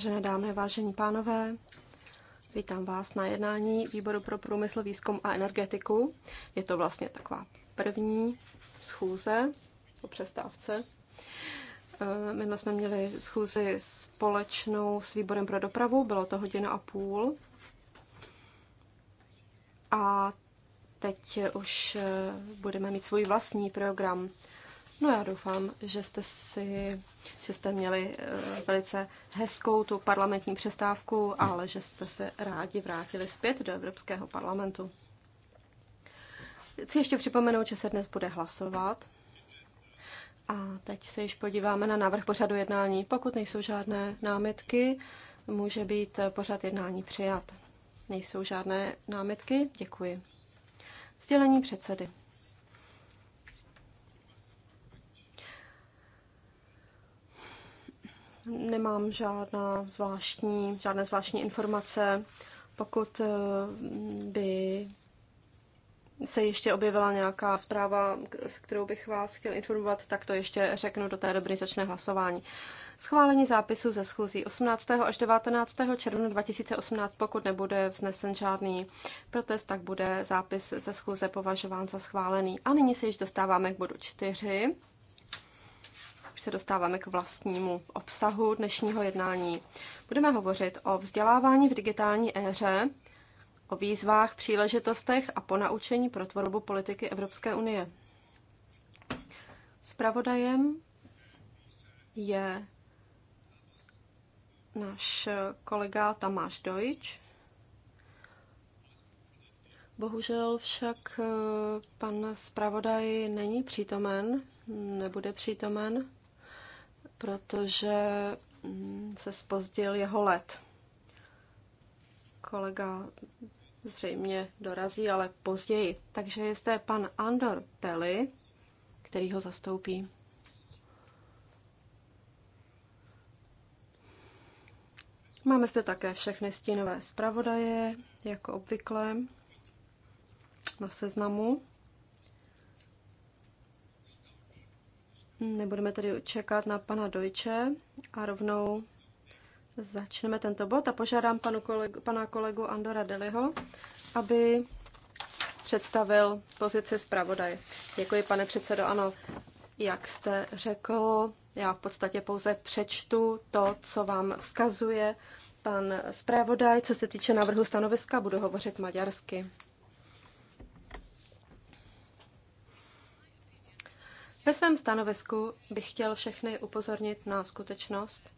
Vážené dámy, vážení pánové, vítám vás na jednání Výboru pro průmysl, výzkum a energetiku. Je to vlastně taková první schůze po přestávce. Eh, my jsme měli schůzi společnou s Výborem pro dopravu, bylo to hodina a půl. A teď už eh, budeme mít svůj vlastní program. No já doufám, že jste si, že jste měli eh, velice hezkou tu parlamentní přestávku, ale že jste se rádi vrátili zpět do Evropského parlamentu. Chci ještě připomenout, že se dnes bude hlasovat. A teď se již podíváme na návrh pořadu jednání. Pokud nejsou žádné námitky, může být pořad jednání přijat. Nejsou žádné námitky? Děkuji. Sdělení předsedy. nemám žádná zvláštní, žádné zvláštní informace. Pokud eh, by se ještě objevila nějaká zpráva, s kterou bych vás chtěl informovat, tak to ještě řeknu do té doby, začne hlasování. Schválení zápisu ze schůzí 18. až 19. června 2018, pokud nebude vznesen žádný protest, tak bude zápis ze schůze považován za schválený. A nyní se již dostáváme k bodu 4. Už se dostáváme k vlastnímu obsahu dnešního jednání. Budeme hovořit o vzdělávání v digitální éře, o výzvách, příležitostech a ponaučení pro tvorbu politiky Evropské unie. Spravodajem je náš kolega Tamáš Dojč. Bohužel však eh, pan zpravodaj není přítomen, nebude přítomen protože mm, se spozdil jeho let. Kolega zřejmě dorazí, ale později. Takže je zde pan Andor Telly, který ho zastoupí. Máme zde také všechny stínové zpravodaje, jako obvykle, na seznamu. Nebudeme tedy čekat na pana Dojče a rovnou začneme tento bod a požádám panu kolegu, pana kolegu Andora Deliho, aby představil pozici zpravodaje. Děkuji, pane předsedo. Ano, jak jste řekl, já v podstatě pouze přečtu to, co vám vzkazuje pan zpravodaj. Co se týče návrhu stanoviska, budu hovořit maďarsky. Ve svém stanovisku bych chtěl všechny upozornit na skutečnost,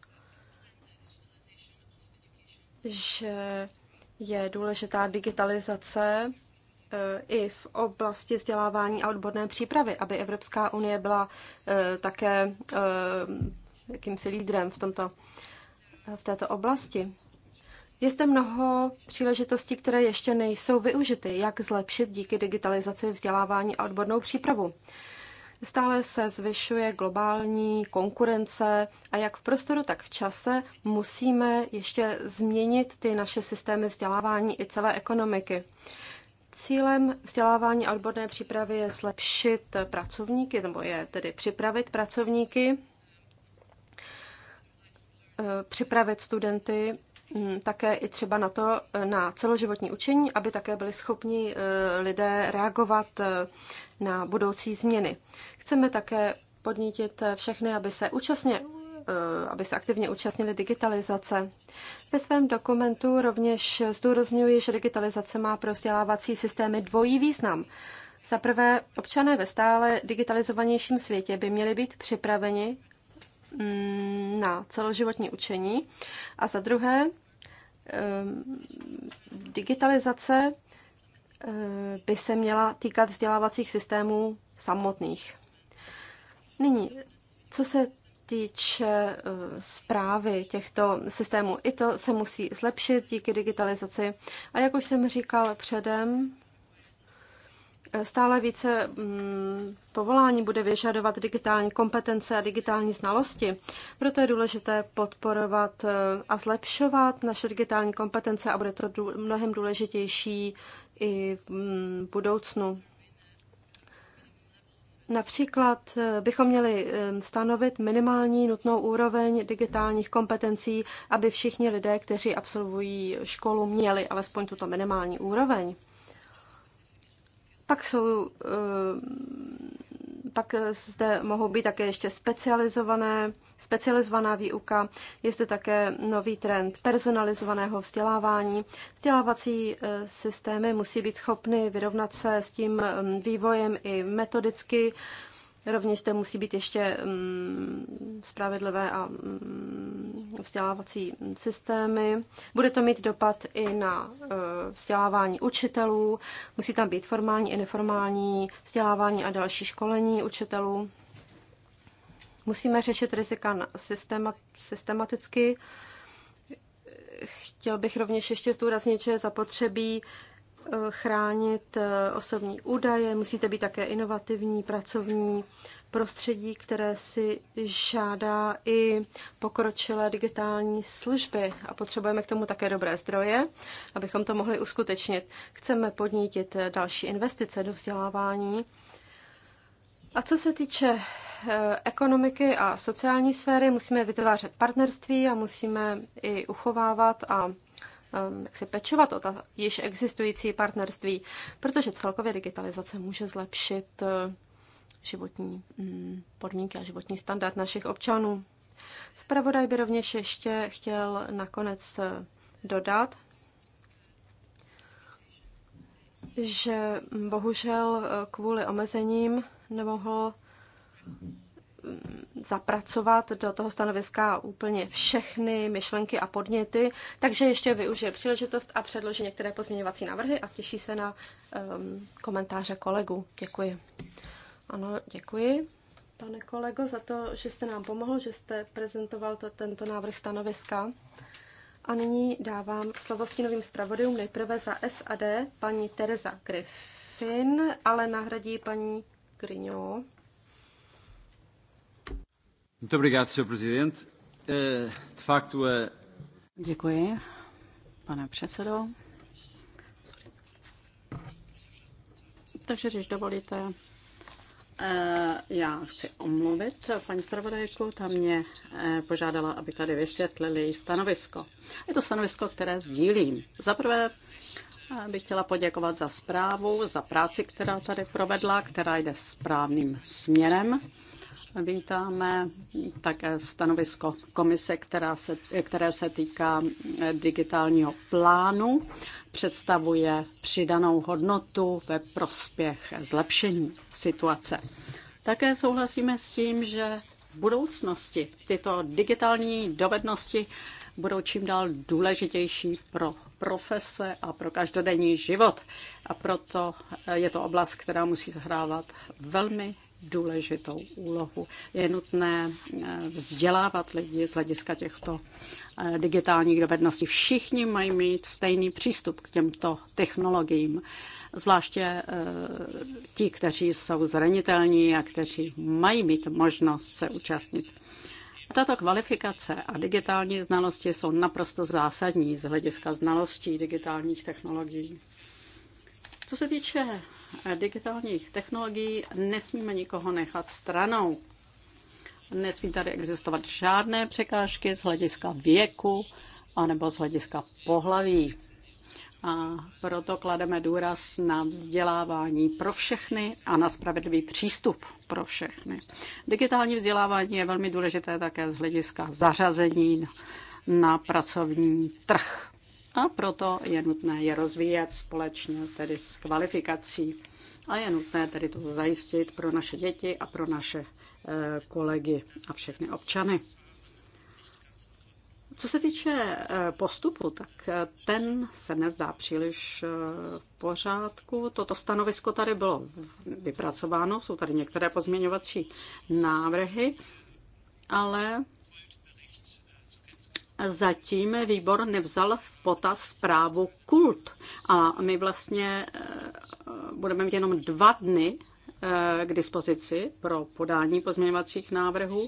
že je důležitá digitalizace eh, i v oblasti vzdělávání a odborné přípravy, aby Evropská unie byla eh, také eh, jakýmsi lídrem v, tomto, v této oblasti. Je zde mnoho příležitostí, které ještě nejsou využity, jak zlepšit díky digitalizaci vzdělávání a odbornou přípravu. Stále se zvyšuje globální konkurence a jak v prostoru, tak v čase musíme ještě změnit ty naše systémy vzdělávání i celé ekonomiky. Cílem vzdělávání a odborné přípravy je zlepšit pracovníky, nebo je tedy připravit pracovníky, eh, připravit studenty Mm, také i třeba na to, na celoživotní učení, aby také byli schopni eh, lidé reagovat eh, na budoucí změny. Chceme také podnítit eh, všechny, aby se účastně aby se aktivně účastnili digitalizace. Ve svém dokumentu rovněž zdůrazňuji, že digitalizace má pro vzdělávací systémy dvojí význam. Za prvé, občané ve stále digitalizovanějším světě by měli být připraveni mm, na celoživotní učení a za druhé, Ehm, digitalizace eh, by se měla týkat vzdělávacích systémů samotných. Nyní, co se týče eh, zprávy těchto systémů, i to se musí zlepšit díky digitalizaci. A jak už jsem říkal předem, stále více mm, povolání bude vyžadovat digitální kompetence a digitální znalosti. Proto je důležité podporovat e, a zlepšovat naše digitální kompetence a bude to mnohem důležitější i v mm, budoucnu. Například e, bychom měli e, stanovit minimální nutnou úroveň digitálních kompetencí, aby všichni lidé, kteří absolvují školu, měli alespoň tuto minimální úroveň. Pak jsou, eh, pak zde mohou být také ještě specializované, specializovaná výuka. Je zde také nový trend personalizovaného vzdělávání. Vzdělávací eh, systémy musí být schopny vyrovnat se s tím mm, vývojem i metodicky, Rovněž to musí být ještě um, spravedlivé a um, vzdělávací systémy. Bude to mít dopad i na uh, vzdělávání učitelů. Musí tam být formální i neformální vzdělávání a další školení učitelů. Musíme řešit rizika systéma, systematicky. Chtěl bych rovněž ještě zdůraznit, že zapotřebí uh, Eh, chránit eh, osobní údaje, musíte být také inovativní, pracovní prostředí, které si žádá i pokročilé digitální služby a potřebujeme k tomu také dobré zdroje, abychom to mohli uskutečnit. Chceme podnítit eh, další investice do vzdělávání. A co se týče ekonomiky a sociální sféry, musíme vytvářet partnerství a musíme i uchovávat a Um, jak si pečovat o ta již existující partnerství, protože celkově digitalizace může zlepšit uh, životní mm, podmínky a životní standard našich občanů. Spravodaj by rovněž ještě chtěl nakonec uh, dodat, že bohužel uh, kvůli omezením nemohl zapracovat do toho stanoviska úplně všechny myšlenky a podněty, takže ještě využije příležitost a předloží některé pozměňovací návrhy a těší se na um, komentáře kolegu. Děkuji. Ano, děkuji, pane kolego, za to, že jste nám pomohl, že jste prezentoval to, tento návrh stanoviska. A nyní dávám slovo stínovým zpravodajům nejprve za SAD paní Teresa Griffin, ale nahradí paní Grignot. Eh, Děkuji, pane předsedo. Takže, když dovolíte, eh, já chci omluvit paní zpravodajku, ta mě eh, požádala, aby tady vysvětlili její stanovisko. Je to stanovisko, které sdílím. Zaprvé bych chtěla poděkovat za zprávu, za práci, která tady provedla, která jde správným směrem. Vítáme také stanovisko komise, která se, které se týká digitálního plánu. Představuje přidanou hodnotu ve prospěch zlepšení situace. Také souhlasíme s tím, že v budoucnosti tyto digitální dovednosti budou čím dál důležitější pro profese a pro každodenní život. A proto je to oblast, která musí zahrávat velmi důležitou úlohu. Je nutné eh, vzdělávat lidi z hlediska těchto eh, digitálních dovedností. Všichni mají mít stejný přístup k těmto technologiím, zvláště eh, ti, kteří jsou zranitelní a kteří mají mít možnost se účastnit. Tato kvalifikace a digitální znalosti jsou naprosto zásadní z hlediska znalostí digitálních technologií. Co se týče eh, digitálních technologií, nesmíme nikoho nechat stranou. Nesmí tady existovat žádné překážky z hlediska věku anebo z hlediska pohlaví. A proto klademe důraz na vzdělávání pro všechny a na spravedlivý přístup pro všechny. Digitální vzdělávání je velmi důležité také z hlediska zařazení na pracovní trh a proto je nutné je rozvíjet společně tedy s kvalifikací a je nutné tedy to zajistit pro naše děti a pro naše eh, kolegy a všechny občany. Co se týče eh, postupu, tak eh, ten se nezdá příliš v pořádku. Toto stanovisko tady bylo vypracováno, jsou tady některé pozměňovací návrhy, ale Zatím výbor nevzal v potaz zprávu kult a my vlastně eh, budeme mít jenom dva dny eh, k dispozici pro podání pozměňovacích návrhů.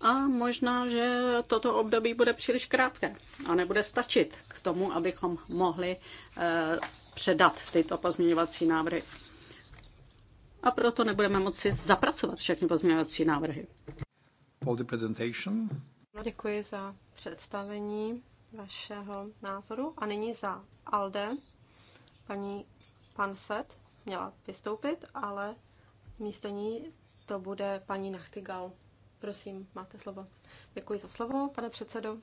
A možná, že toto období bude příliš krátké a nebude stačit k tomu, abychom mohli eh, předat tyto pozměňovací návrhy. A proto nebudeme moci zapracovat všechny pozměňovací návrhy. For the presentation. No, děkuji za představení vašeho názoru. A nyní za Alde. Paní Panset měla vystoupit, ale místo ní to bude paní Nachtigal. Prosím, máte slovo. Děkuji za slovo, pane předsedo.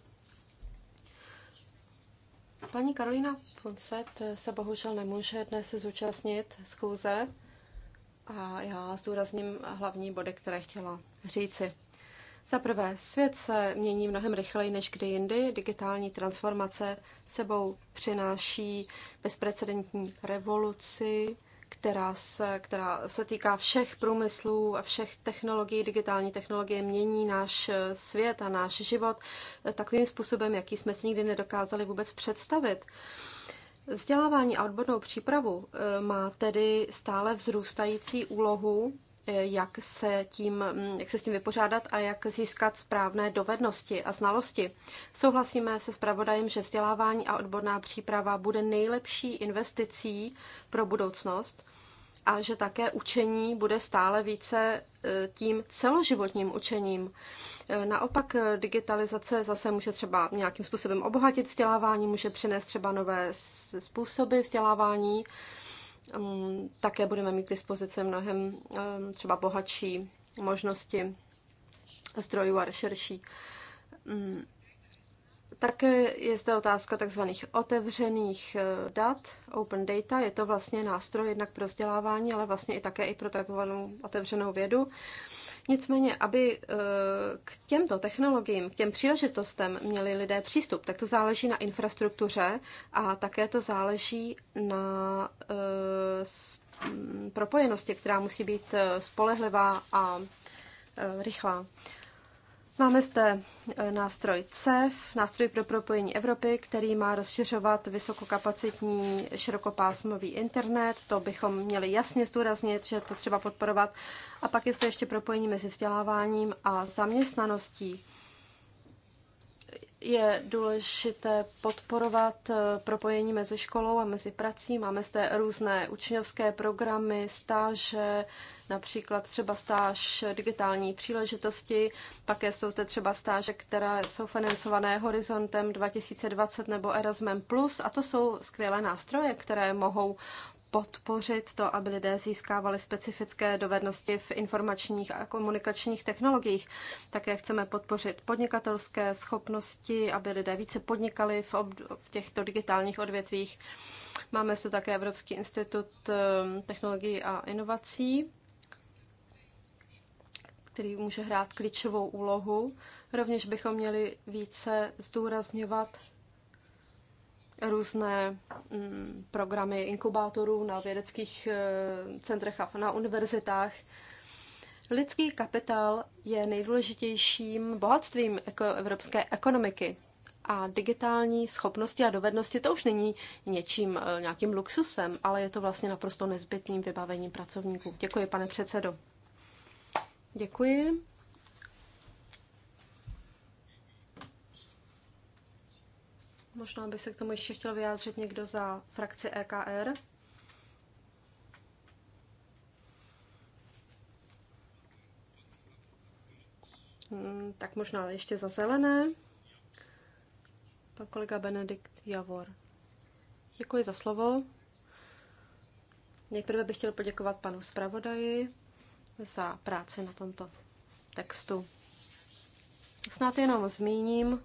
Paní Karolina Ponset se bohužel nemůže dnes zúčastnit schůze a já zdůrazním hlavní body, které chtěla říci. Za prvé, svět se mění mnohem rychleji než kdy jindy. Digitální transformace sebou přináší bezprecedentní revoluci, která se, která se týká všech průmyslů a všech technologií. Digitální technologie mění náš eh, svět a náš život eh, takovým způsobem, jaký jsme si nikdy nedokázali vůbec představit. Vzdělávání a odbornou přípravu eh, má tedy stále vzrůstající úlohu jak se, tím, mm, jak se s tím vypořádat a jak získat správné dovednosti a znalosti. Souhlasíme se zpravodajem, že vzdělávání a odborná příprava bude nejlepší investicí pro budoucnost a že také učení bude stále více e, tím celoživotním učením. E, naopak e, digitalizace zase může třeba nějakým způsobem obohatit vzdělávání, může přinést třeba nové způsoby vzdělávání, také budeme mít k dispozici mnohem třeba bohatší možnosti zdrojů a rešerší. Také je zde otázka tzv. otevřených eh, dat, open data. Je to vlastně nástroj jednak pro vzdělávání, ale vlastně i také i pro takzvanou otevřenou vědu. Nicméně, aby eh, k těmto technologiím, k těm příležitostem měli lidé přístup, tak to záleží na infrastruktuře a také to záleží na eh, mm, propojenosti, která musí být eh, spolehlivá a rychlá. Máme zde e, nástroj CEF, nástroj pro propojení Evropy, který má rozšiřovat vysokokapacitní širokopásmový internet. To bychom měli jasně zdůraznit, že to třeba podporovat. A pak je zde ještě propojení mezi vzděláváním a zaměstnaností je důležité podporovat eh, propojení mezi školou a mezi prací. Máme zde různé učňovské programy, stáže, například třeba stáž digitální příležitosti, pak jsou zde třeba stáže, které jsou financované Horizontem 2020 nebo Erasmem+, a to jsou skvělé nástroje, které mohou podpořit to, aby lidé získávali specifické dovednosti v informačních a komunikačních technologiích. Také chceme podpořit podnikatelské schopnosti, aby lidé více podnikali v, v těchto digitálních odvětvích. Máme se také Evropský institut ehm, technologií a inovací, který může hrát klíčovou úlohu. Rovněž bychom měli více zdůrazňovat různé mm, programy inkubátorů na vědeckých eh, centrech a na univerzitách. Lidský kapitál je nejdůležitějším bohatstvím evropské ekonomiky a digitální schopnosti a dovednosti to už není něčím, eh, nějakým luxusem, ale je to vlastně naprosto nezbytným vybavením pracovníků. Děkuji, pane předsedo. Děkuji. Možná by se k tomu ještě chtěl vyjádřit někdo za frakci EKR. Hmm, tak možná ještě za zelené. Pan kolega Benedikt Javor. Děkuji za slovo. Nejprve bych chtěl poděkovat panu zpravodaji za práci na tomto textu. Snad jenom zmíním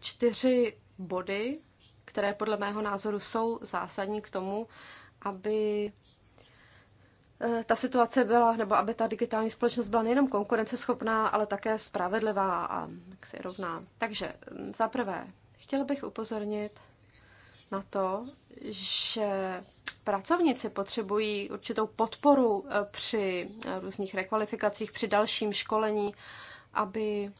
čtyři body, které podle mého názoru jsou zásadní k tomu, aby eh, ta situace byla, nebo aby ta digitální společnost byla nejenom konkurenceschopná, ale také spravedlivá a jaksi rovná. Takže mm, za prvé, chtěla bych upozornit na to, že pracovníci potřebují určitou podporu eh, při eh, různých rekvalifikacích, při dalším školení, aby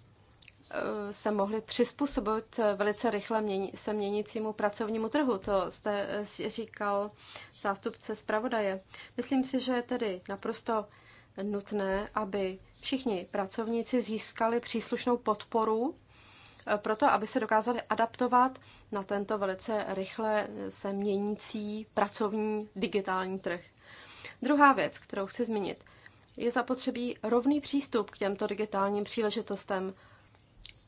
Eh, se mohli přizpůsobit eh, velice rychle mění, se měnícímu pracovnímu trhu. To jste eh, říkal zástupce zpravodaje. Myslím si, že je tedy naprosto nutné, aby všichni pracovníci získali příslušnou podporu proto, aby se dokázali adaptovat na tento velice rychle se měnící pracovní digitální trh. Druhá věc, kterou chci zmínit, je zapotřebí rovný přístup k těmto digitálním příležitostem.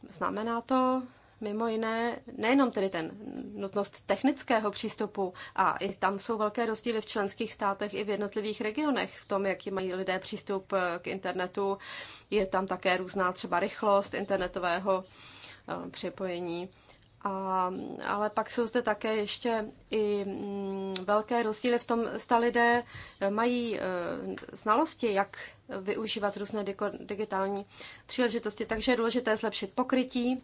Znamená to mimo jiné nejenom tedy ten nutnost technického přístupu, a i tam jsou velké rozdíly v členských státech i v jednotlivých regionech v tom, jaký mají lidé přístup eh, k internetu. Je tam také různá třeba rychlost internetového eh, připojení. A, ale pak jsou zde také ještě i mm, velké rozdíly v tom, zda lidé eh, mají znalosti, jak využívat různé digitální příležitosti. Takže je důležité zlepšit pokrytí,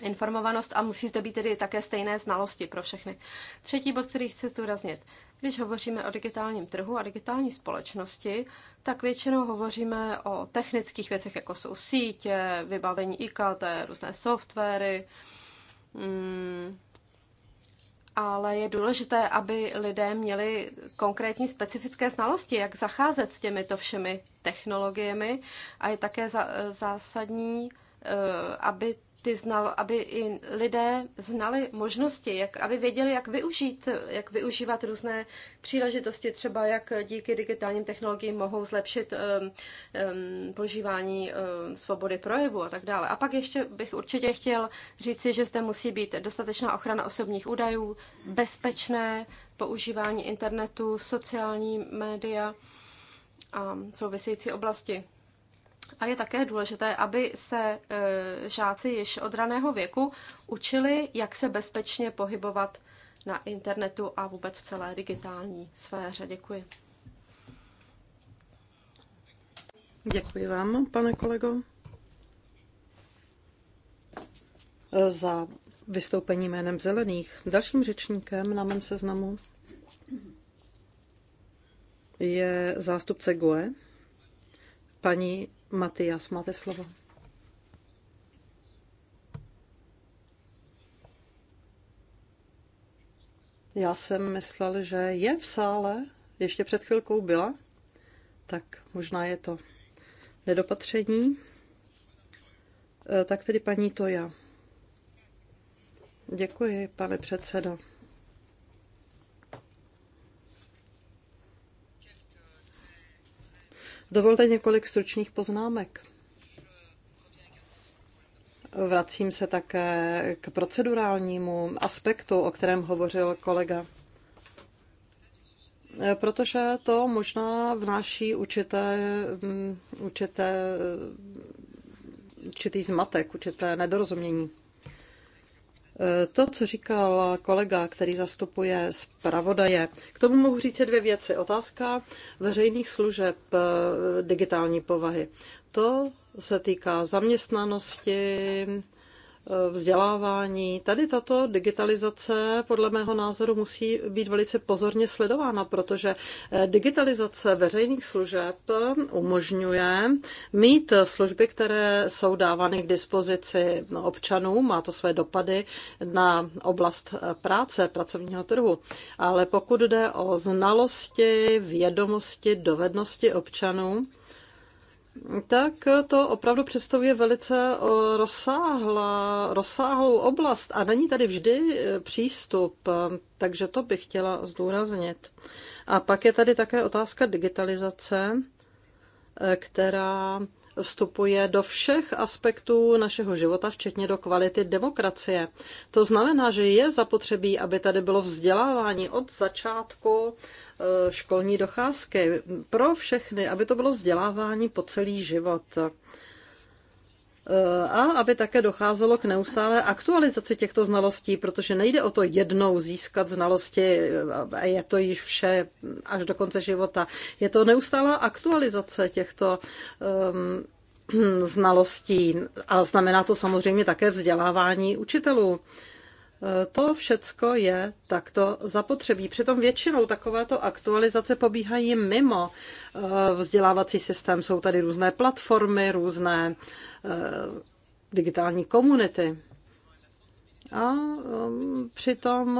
informovanost a musí zde být tedy také stejné znalosti pro všechny. Třetí bod, který chci zdůraznit. Když hovoříme o digitálním trhu a digitální společnosti, tak většinou hovoříme o technických věcech, jako jsou sítě, vybavení IKT, různé softwary, mm, ale je důležité, aby lidé měli konkrétní specifické znalosti, jak zacházet s těmito všemi technologiemi a je také zásadní, eh, aby ty znal, aby i lidé znali možnosti, jak, aby věděli, jak využít, jak využívat různé příležitosti, třeba jak díky digitálním technologiím mohou zlepšit um, um, požívání um, svobody projevu a tak dále. A pak ještě bych určitě chtěl říci, že zde musí být dostatečná ochrana osobních údajů, bezpečné používání internetu, sociální média a související oblasti. A je také důležité, aby se e, žáci již od raného věku učili, jak se bezpečně pohybovat na internetu a vůbec v celé digitální sféře. Děkuji. Děkuji vám, pane kolego, za vystoupení jménem Zelených. Dalším řečníkem na mém seznamu je zástupce GUE, paní Matias, máte slovo. Já jsem myslel, že je v sále, ještě před chvilkou byla, tak možná je to nedopatření. E, tak tedy paní Toja. Děkuji, pane předsedo. Dovolte několik stručných poznámek. Vracím se také k procedurálnímu aspektu, o kterém hovořil kolega. Protože to možná vnáší určité, mm, určité, mm, určitý zmatek, určité nedorozumění. Eh, to, co říkal kolega, který zastupuje zpravodaje, k tomu mohu říct dvě věci. Otázka veřejných služeb eh, digitální povahy. To se týká zaměstnanosti, Eh, vzdělávání. Tady tato digitalizace podle mého názoru musí být velice pozorně sledována, protože eh, digitalizace veřejných služeb eh, umožňuje mít služby, které jsou dávány k dispozici no, občanům, má to své dopady na oblast práce, pracovního trhu. Ale pokud jde o znalosti, vědomosti, dovednosti občanů, tak to opravdu představuje velice eh, rozsáhlá, rozsáhlou oblast a není tady vždy eh, přístup, eh, takže to bych chtěla zdůraznit. A pak je tady také otázka digitalizace, která vstupuje do všech aspektů našeho života, včetně do kvality demokracie. To znamená, že je zapotřebí, aby tady bylo vzdělávání od začátku Eh, školní docházky pro všechny, aby to bylo vzdělávání po celý život. Eh, a aby také docházelo k neustálé aktualizaci těchto znalostí, protože nejde o to jednou získat znalosti, eh, je to již vše až do konce života. Je to neustálá aktualizace těchto um, znalostí a znamená to samozřejmě také vzdělávání učitelů. Eh, to všecko je takto zapotřebí. Přitom většinou takovéto aktualizace pobíhají mimo eh, vzdělávací systém. Jsou tady různé platformy, různé eh, digitální komunity. A přitom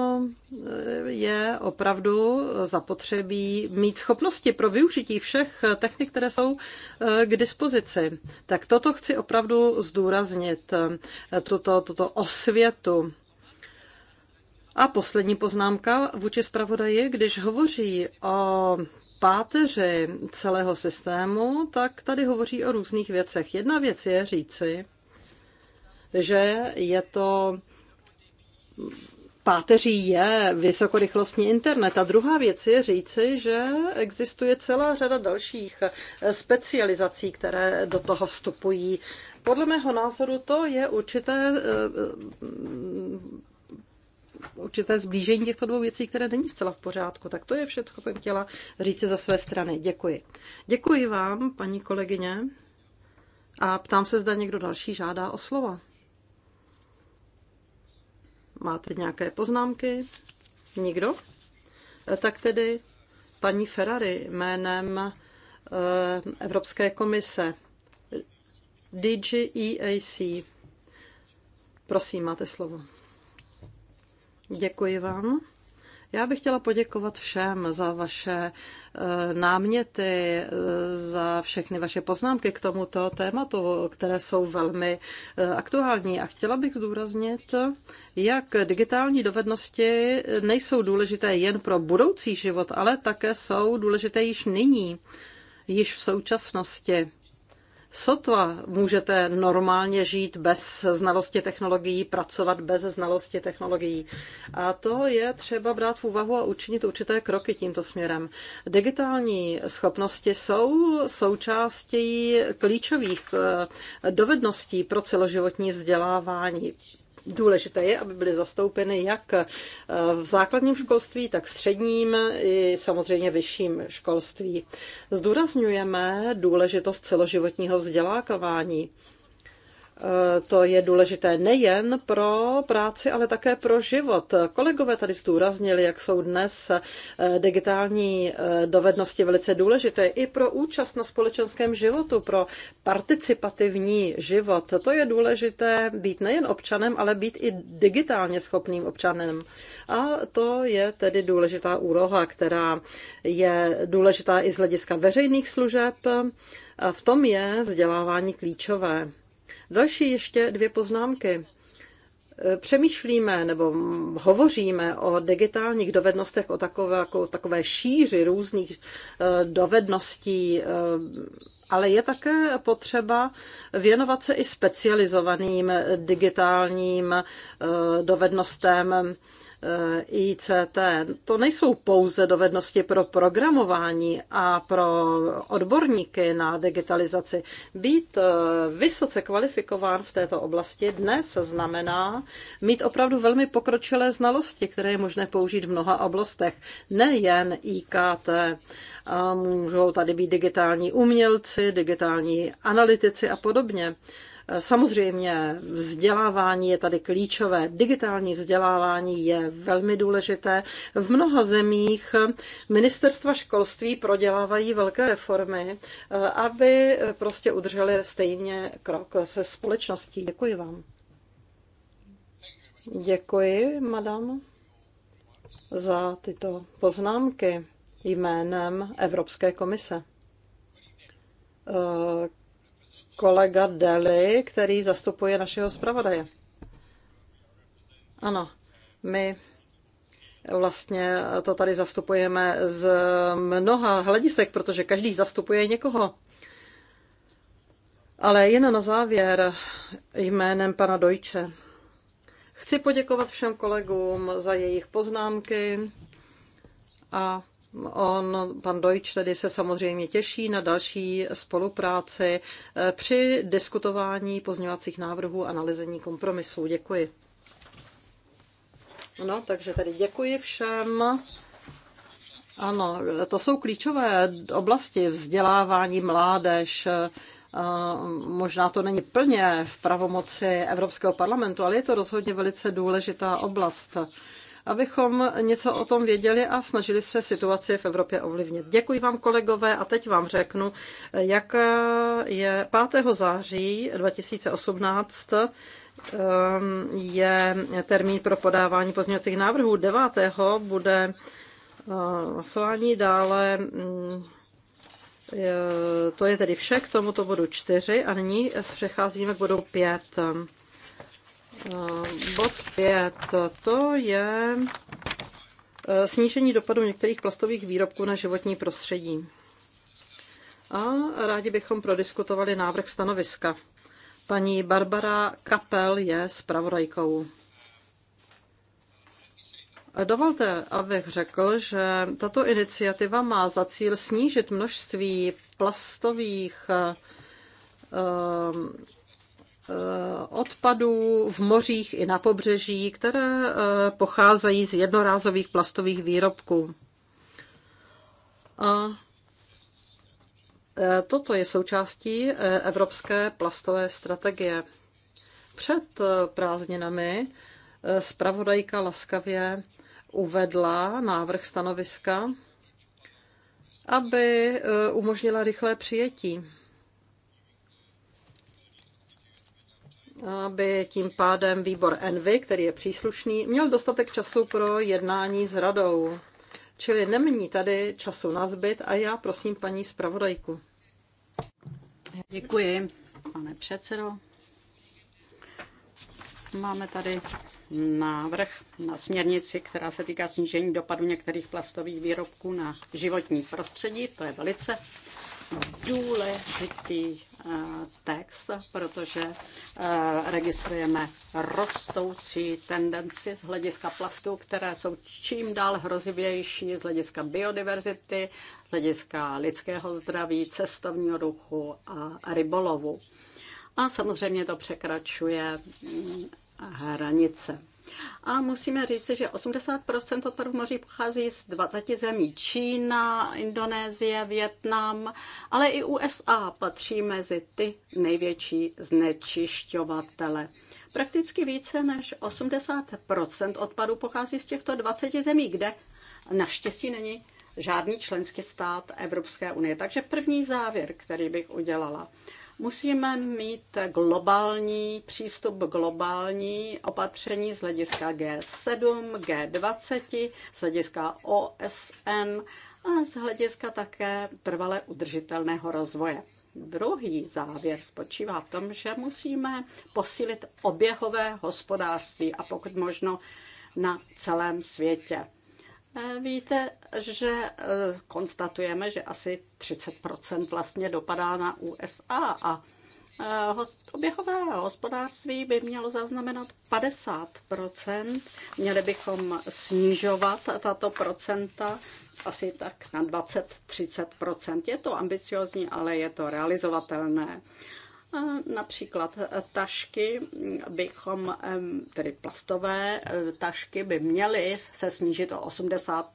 je opravdu zapotřebí mít schopnosti pro využití všech technik, které jsou k dispozici. Tak toto chci opravdu zdůraznit, tuto, tuto osvětu a poslední poznámka vůči zpravodaji, když hovoří o páteři celého systému, tak tady hovoří o různých věcech. Jedna věc je říci, že je to páteří je vysokorychlostní internet. A druhá věc je říci, že existuje celá řada dalších specializací, které do toho vstupují. Podle mého názoru to je určité eh, určité zblížení těchto dvou věcí, které není zcela v pořádku. Tak to je všechno, co jsem chtěla říct ze své strany. Děkuji. Děkuji vám, paní kolegyně. A ptám se, zda někdo další žádá o slova. Máte nějaké poznámky? Nikdo? E, tak tedy paní Ferrari jménem e, Evropské komise DGEAC. Prosím, máte slovo. Děkuji vám. Já bych chtěla poděkovat všem za vaše eh, náměty, eh, za všechny vaše poznámky k tomuto tématu, které jsou velmi eh, aktuální. A chtěla bych zdůraznit, jak digitální dovednosti nejsou důležité jen pro budoucí život, ale také jsou důležité již nyní, již v současnosti. Sotva můžete normálně žít bez znalosti technologií, pracovat bez znalosti technologií. A to je třeba brát v úvahu a učinit určité kroky tímto směrem. Digitální schopnosti jsou součástí klíčových eh, dovedností pro celoživotní vzdělávání. Důležité je, aby byly zastoupeny jak eh, v základním školství, tak středním i samozřejmě vyšším školství. Zdůrazňujeme důležitost celoživotního vzdělávání Eh, to je důležité nejen pro práci, ale také pro život. Kolegové tady zdůraznili, jak jsou dnes eh, digitální eh, dovednosti velice důležité i pro účast na společenském životu, pro participativní život. To je důležité být nejen občanem, ale být i digitálně schopným občanem. A to je tedy důležitá úloha, která je důležitá i z hlediska veřejných služeb. V tom je vzdělávání klíčové. Další ještě dvě poznámky. Eh, přemýšlíme nebo hovoříme o digitálních dovednostech, o takové, jako, takové šíři různých eh, dovedností, eh, ale je také potřeba věnovat se i specializovaným digitálním dovednostem Eh, ICT, to nejsou pouze dovednosti pro programování a pro odborníky na digitalizaci. Být eh, vysoce kvalifikován v této oblasti dnes znamená mít opravdu velmi pokročilé znalosti, které je možné použít v mnoha oblastech, nejen IKT. Můžou tady být digitální umělci, digitální analytici a podobně. Samozřejmě vzdělávání je tady klíčové. Digitální vzdělávání je velmi důležité. V mnoha zemích ministerstva školství prodělávají velké reformy, eh, aby prostě udrželi stejně krok se společností. Děkuji vám. Děkuji, madam, za tyto poznámky jménem Evropské komise eh, kolega Deli, který zastupuje našeho zpravodaje. Ano, my vlastně to tady zastupujeme z mnoha hledisek, protože každý zastupuje někoho. Ale jen na závěr jménem pana Dojče. Chci poděkovat všem kolegům za jejich poznámky a On, pan Deutsch tedy se samozřejmě těší na další spolupráci eh, při diskutování pozměňovacích návrhů a nalezení kompromisů. Děkuji. No, takže tady děkuji všem. Ano, to jsou klíčové oblasti vzdělávání mládež. Eh, možná to není plně v pravomoci Evropského parlamentu, ale je to rozhodně velice důležitá oblast abychom něco o tom věděli a snažili se situaci v Evropě ovlivnit. Děkuji vám, kolegové, a teď vám řeknu, jak je 5. září 2018 eh, je termín pro podávání pozměňovacích návrhů. 9. bude eh, hlasování dále. Eh, to je tedy vše k tomuto bodu 4 a nyní přecházíme k bodu 5. Eh, bod 5. To je eh, snížení dopadu některých plastových výrobků na životní prostředí. A rádi bychom prodiskutovali návrh stanoviska. Paní Barbara Kapel je zpravodajkou. Dovolte, abych řekl, že tato iniciativa má za cíl snížit množství plastových eh, Eh, odpadů v mořích i na pobřeží, které eh, pocházejí z jednorázových plastových výrobků. A eh, toto je součástí evropské plastové strategie. Před prázdninami zpravodajka laskavě uvedla návrh stanoviska, aby umožnila rychlé přijetí. aby tím pádem výbor Envy, který je příslušný, měl dostatek času pro jednání s radou. Čili nemní tady času na zbyt a já prosím paní zpravodajku. Děkuji, pane předsedo. Máme tady návrh na směrnici, která se týká snížení dopadu některých plastových výrobků na životní prostředí. To je velice důležitý text, protože eh, registrujeme rostoucí tendenci z hlediska plastů, které jsou čím dál hrozivější z hlediska biodiverzity, z hlediska lidského zdraví, cestovního ruchu a rybolovu. A samozřejmě to překračuje mm, hranice. A musíme říct, že 80 odpadů moří pochází z 20 zemí. Čína, Indonésie, Větnam, ale i USA patří mezi ty největší znečišťovatele. Prakticky více než 80 odpadů pochází z těchto 20 zemí, kde naštěstí není žádný členský stát Evropské unie. Takže první závěr, který bych udělala. Musíme mít globální přístup, globální opatření z hlediska G7, G20, z hlediska OSN a z hlediska také trvale udržitelného rozvoje. Druhý závěr spočívá v tom, že musíme posílit oběhové hospodářství a pokud možno na celém světě. Eh, víte, že eh, konstatujeme, že asi 30 vlastně dopadá na USA a eh, oběhové hospodářství by mělo zaznamenat 50 Měli bychom snižovat tato procenta asi tak na 20-30 Je to ambiciozní, ale je to realizovatelné. Například eh, tašky bychom, tedy plastové eh, tašky by měly se snížit o 80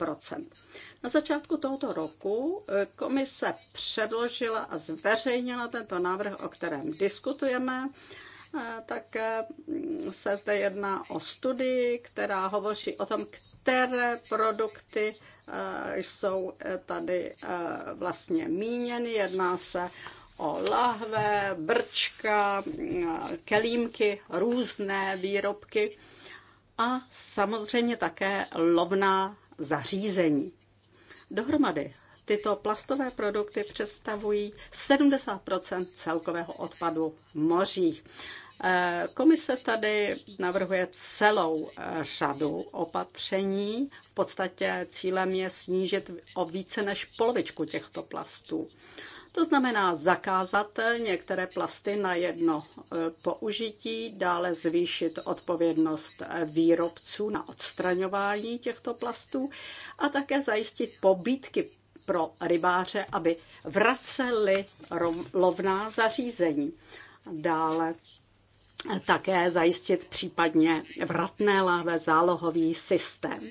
Na začátku tohoto roku eh, komise předložila a zveřejnila tento návrh, o kterém diskutujeme. Tak se zde jedná o studii, která hovoří o tom, které produkty jsou tady vlastně míněny. Jedná se o lahve, brčka, kelímky, různé výrobky a samozřejmě také lovná zařízení. Dohromady tyto plastové produkty představují 70 celkového odpadu v mořích. Komise tady navrhuje celou řadu opatření. V podstatě cílem je snížit o více než polovičku těchto plastů. To znamená zakázat některé plasty na jedno eh, použití, dále zvýšit odpovědnost eh, výrobců na odstraňování těchto plastů a také zajistit pobítky pro rybáře, aby vraceli lovná zařízení. Dále eh, také zajistit případně vratné láve zálohový systém.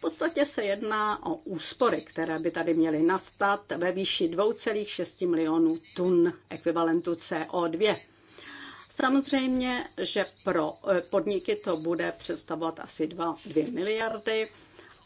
V podstatě se jedná o úspory, které by tady měly nastat ve výši 2,6 milionů tun ekvivalentu CO2. Samozřejmě, že pro eh, podniky to bude představovat asi 2, 2 miliardy.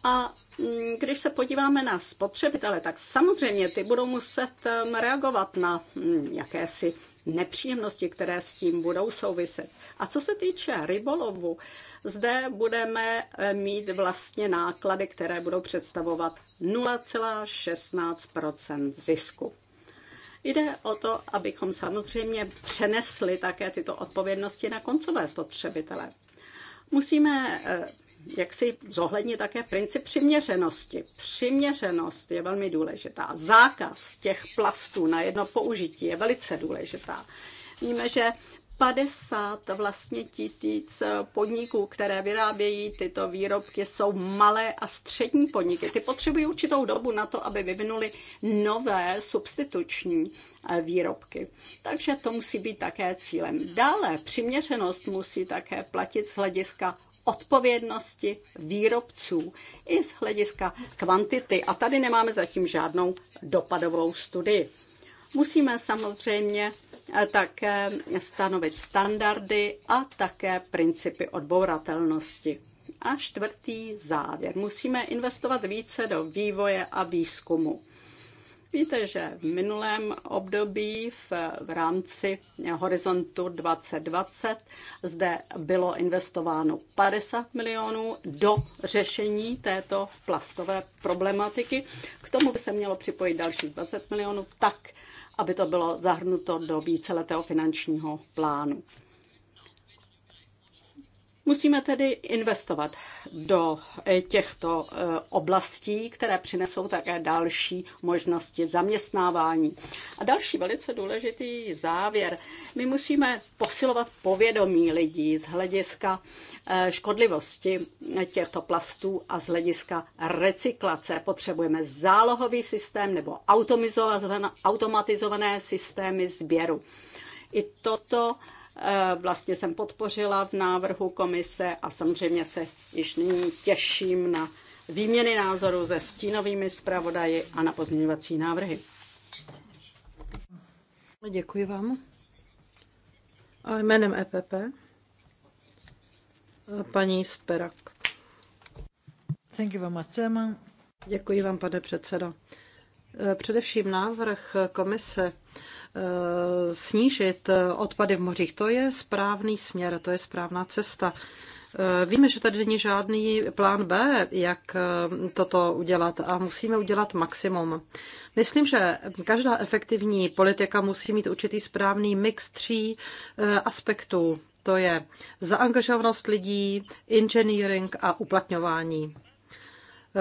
A mm, když se podíváme na spotřebitele, tak samozřejmě ty budou muset eh, reagovat na mm, jakési nepříjemnosti, které s tím budou souviset. A co se týče rybolovu, zde budeme eh, mít vlastně náklady, které budou představovat 0,16 zisku. Jde o to, abychom samozřejmě přenesli také tyto odpovědnosti na koncové spotřebitele. Musíme eh, jak si zohlednit také princip přiměřenosti. Přiměřenost je velmi důležitá. Zákaz těch plastů na jedno použití je velice důležitá. Víme, že 50 vlastně tisíc podniků, které vyrábějí tyto výrobky, jsou malé a střední podniky. Ty potřebují určitou dobu na to, aby vyvinuli nové substituční eh, výrobky. Takže to musí být také cílem. Dále přiměřenost musí také platit z hlediska odpovědnosti výrobců i z hlediska kvantity. A tady nemáme zatím žádnou dopadovou studii. Musíme samozřejmě eh, také stanovit standardy a také principy odbouratelnosti. A čtvrtý závěr. Musíme investovat více do vývoje a výzkumu. Víte, že v minulém období v, v rámci Horizontu 2020 zde bylo investováno 50 milionů do řešení této plastové problematiky. K tomu by se mělo připojit dalších 20 milionů tak, aby to bylo zahrnuto do víceletého finančního plánu. Musíme tedy investovat do eh, těchto eh, oblastí, které přinesou také další možnosti zaměstnávání. A další velice důležitý závěr. My musíme posilovat povědomí lidí z hlediska eh, škodlivosti těchto plastů a z hlediska recyklace. Potřebujeme zálohový systém nebo automatizované systémy sběru. I toto Eh, vlastně jsem podpořila v návrhu komise a samozřejmě se již nyní těším na výměny názorů se stínovými zpravodaji a na pozměňovací návrhy. Děkuji vám. A jménem EPP paní Sperak. Thank you very much, Děkuji vám, pane předsedo. Eh, především návrh komise Eh, snížit eh, odpady v mořích. To je správný směr, to je správná cesta. Eh, víme, že tady není žádný plán B, jak toto udělat a musíme udělat maximum. Myslím, že každá efektivní politika musí mít určitý správný mix tří aspektů. To je zaangažovanost lidí, engineering a uplatňování.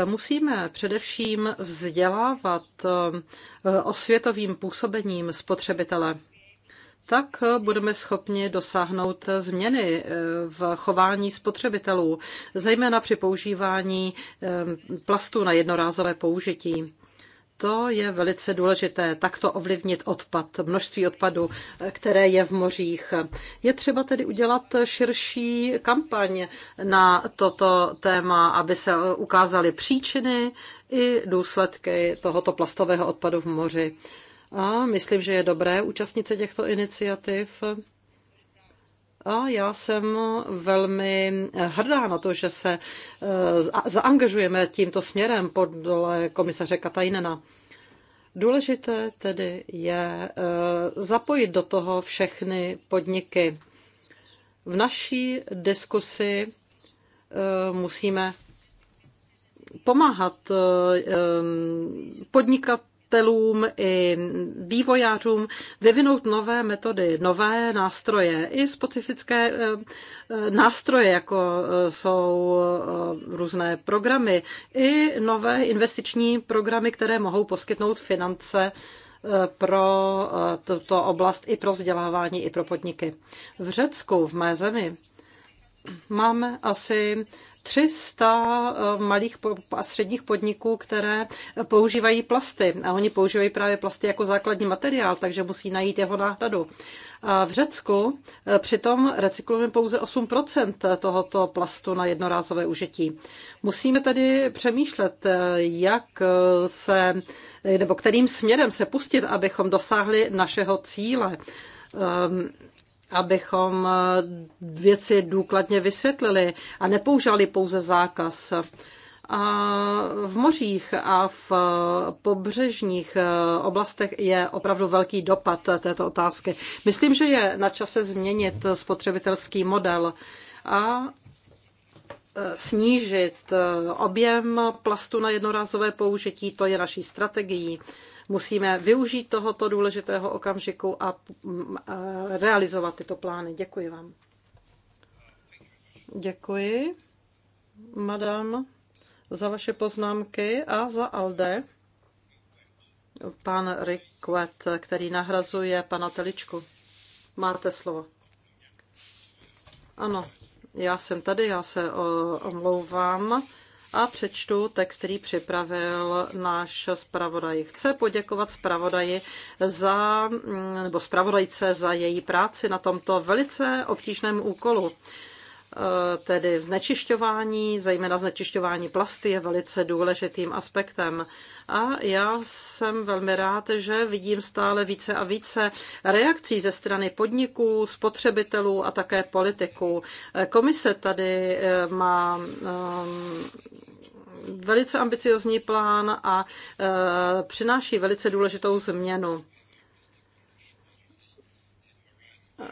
Musíme především vzdělávat eh, osvětovým působením spotřebitele. Tak budeme schopni dosáhnout změny eh, v chování spotřebitelů, zejména při používání eh, plastů na jednorázové použití to je velice důležité, takto ovlivnit odpad, množství odpadu, které je v mořích. Je třeba tedy udělat širší kampaň na toto téma, aby se ukázaly příčiny i důsledky tohoto plastového odpadu v moři. A myslím, že je dobré účastnit se těchto iniciativ a já jsem velmi hrdá na to, že se eh, zaangažujeme tímto směrem podle komisaře Katajnena. Důležité tedy je eh, zapojit do toho všechny podniky. V naší diskusi eh, musíme pomáhat podnikat pěstitelům i vývojářům vyvinout nové metody, nové nástroje, i specifické eh, eh, nástroje, jako eh, jsou různé programy, i nové investiční programy, které mohou poskytnout finance pro tuto oblast i pro vzdělávání, i pro podniky. V Řecku, v mé zemi, máme asi 300 eh, malých a středních podniků, které používají plasty. A oni používají právě plasty jako základní materiál, takže musí najít jeho náhradu. A v Řecku eh, přitom recyklujeme pouze 8 tohoto plastu na jednorázové užití. Musíme tedy přemýšlet, eh, jak se, nebo kterým směrem se pustit, abychom dosáhli našeho cíle ehm, abychom eh, věci důkladně vysvětlili a nepoužali pouze zákaz. A v mořích a v eh, pobřežních eh, oblastech je opravdu velký dopad této otázky. Myslím, že je na čase změnit spotřebitelský model a snížit objem plastu na jednorázové použití. To je naší strategií musíme využít tohoto důležitého okamžiku mm, a realizovat tyto plány. Děkuji vám. Děkuji, madam, za vaše poznámky a za Alde. Pan Rikvet, který nahrazuje pana Teličku. Máte slovo. Ano, já jsem tady, já se omlouvám a přečtu text, který připravil náš zpravodaj. Chce poděkovat zpravodaji za, mm, nebo zpravodajce za její práci na tomto velice obtížném úkolu. Eh, tedy znečišťování, zejména znečišťování plasty je velice důležitým aspektem. A já jsem velmi rád, že vidím stále více a více reakcí ze strany podniků, spotřebitelů a také politiků. Eh, komise tady eh, má velice ambiciozní plán a přináší velice důležitou změnu.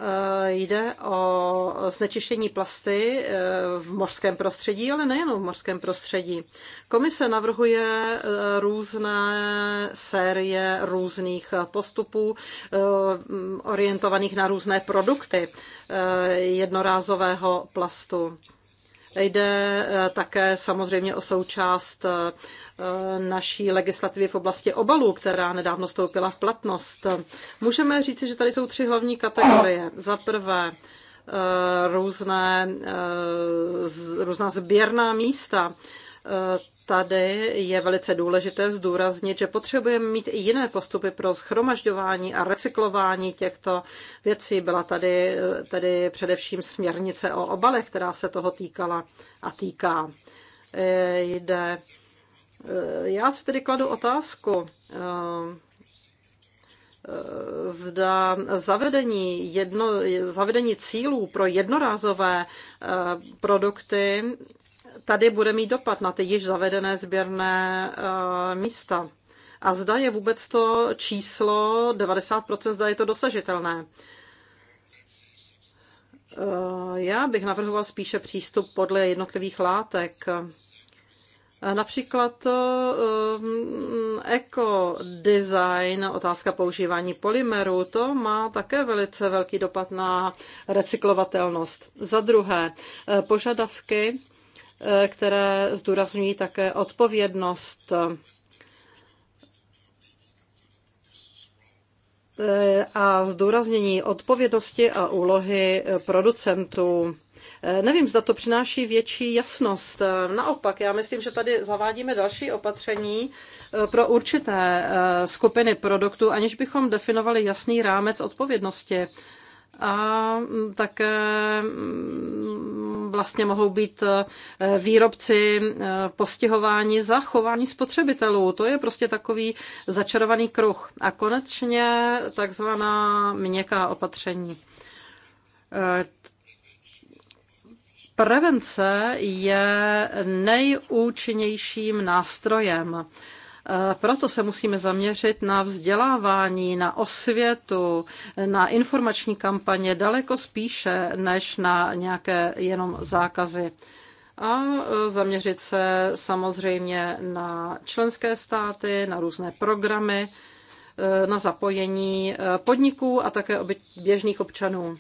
Eh, jde o znečištění plasty eh, v mořském prostředí, ale nejen v mořském prostředí. Komise navrhuje eh, různé série různých postupů orientovaných na různé produkty jednorázového plastu. Jde eh, také samozřejmě o součást eh, naší legislativy v oblasti obalů, která nedávno stoupila v platnost. Můžeme říci, že tady jsou tři hlavní kategorie. Za prvé eh, různé, různá sběrná místa tady je velice důležité zdůraznit, že potřebujeme mít i jiné postupy pro schromažďování a recyklování těchto věcí. Byla tady, tady především směrnice o obalech, která se toho týkala a týká. E, jde. E, já si tedy kladu otázku, e, zda zavedení, jedno, zavedení cílů pro jednorázové produkty tady bude mít dopad na ty již zavedené sběrné eh, místa. A zda je vůbec to číslo 90%, zda je to dosažitelné. Eh, já bych navrhoval spíše přístup podle jednotlivých látek. Eh, například ekodesign, mm, otázka používání polymerů, to má také velice velký dopad na recyklovatelnost. Za druhé, požadavky Eh, které zdůrazňují také odpovědnost eh, a zdůraznění odpovědnosti a úlohy eh, producentů. Nevím, zda to přináší větší jasnost. Naopak, já myslím, že tady zavádíme další opatření pro určité skupiny produktů, aniž bychom definovali jasný rámec odpovědnosti a také vlastně mohou být eh, výrobci eh, postihování, za chování spotřebitelů. To je prostě takový začarovaný kruh. A konečně takzvaná měkká opatření. Eh, prevence je nejúčinnějším nástrojem proto se musíme zaměřit na vzdělávání, na osvětu, na informační kampaně daleko spíše než na nějaké jenom zákazy. A zaměřit se samozřejmě na členské státy, na různé programy, na zapojení podniků a také běžných občanů.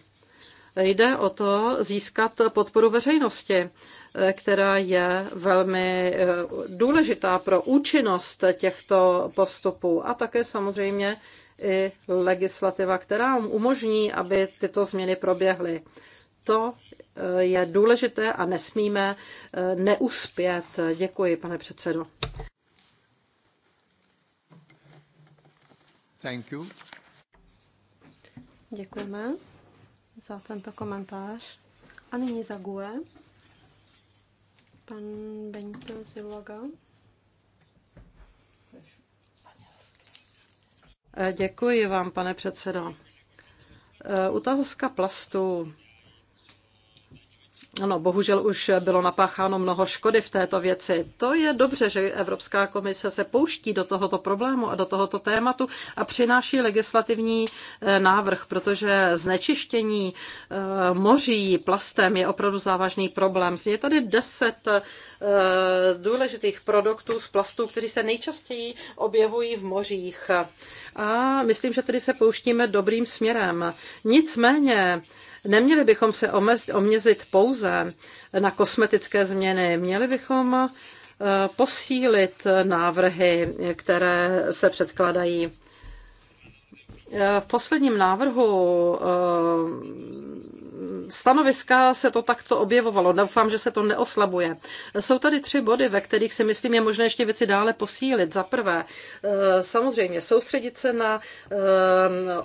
Jde o to získat podporu veřejnosti Eh, která je velmi eh, důležitá pro účinnost těchto postupů a také samozřejmě i legislativa, která umožní, aby tyto změny proběhly. To eh, je důležité a nesmíme neuspět. Děkuji, pane předsedo. Thank you. Děkujeme za tento komentář. A nyní za GUE. Pan Benito Ziloga. Děkuji vám, pane předsedo. Eh, otázka plastu ano, bohužel už bylo napácháno mnoho škody v této věci. To je dobře, že Evropská komise se pouští do tohoto problému a do tohoto tématu a přináší legislativní eh, návrh, protože znečištění eh, moří plastem je opravdu závažný problém. Je tady deset eh, důležitých produktů z plastů, kteří se nejčastěji objevují v mořích. A myslím, že tedy se pouštíme dobrým směrem. Nicméně, Neměli bychom se omezit pouze na kosmetické změny, měli bychom eh, posílit návrhy, které se předkladají. Eh, v posledním návrhu eh, stanoviska se to takto objevovalo. Doufám, že se to neoslabuje. Jsou tady tři body, ve kterých si myslím, je možné ještě věci dále posílit. Za prvé, eh, samozřejmě soustředit se na eh,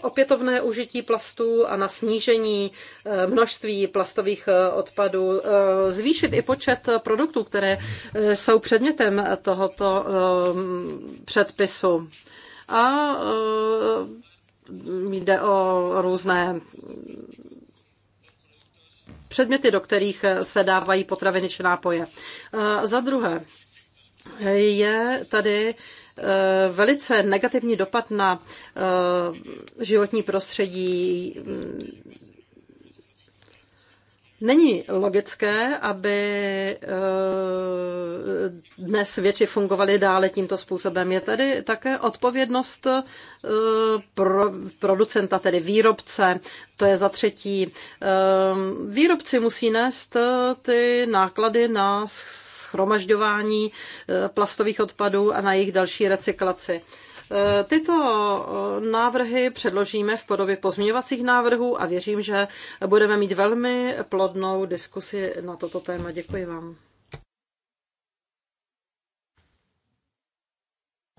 opětovné užití plastů a na snížení eh, množství plastových odpadů, zvýšit i počet produktů, které jsou předmětem tohoto předpisu. A jde o různé předměty, do kterých eh, se dávají potraviny či nápoje. Eh, za druhé, je tady eh, velice negativní dopad na životní prostředí Není logické, aby eh, dnes věci fungovaly dále tímto způsobem. Je tedy také odpovědnost eh, pro producenta, tedy výrobce, to je za třetí. Eh, výrobci musí nést ty náklady na schromažďování plastových odpadů a na jejich další recyklaci. E, tyto e, návrhy předložíme v podobě pozměňovacích návrhů a věřím, že budeme mít velmi plodnou diskusi na toto téma. Děkuji vám.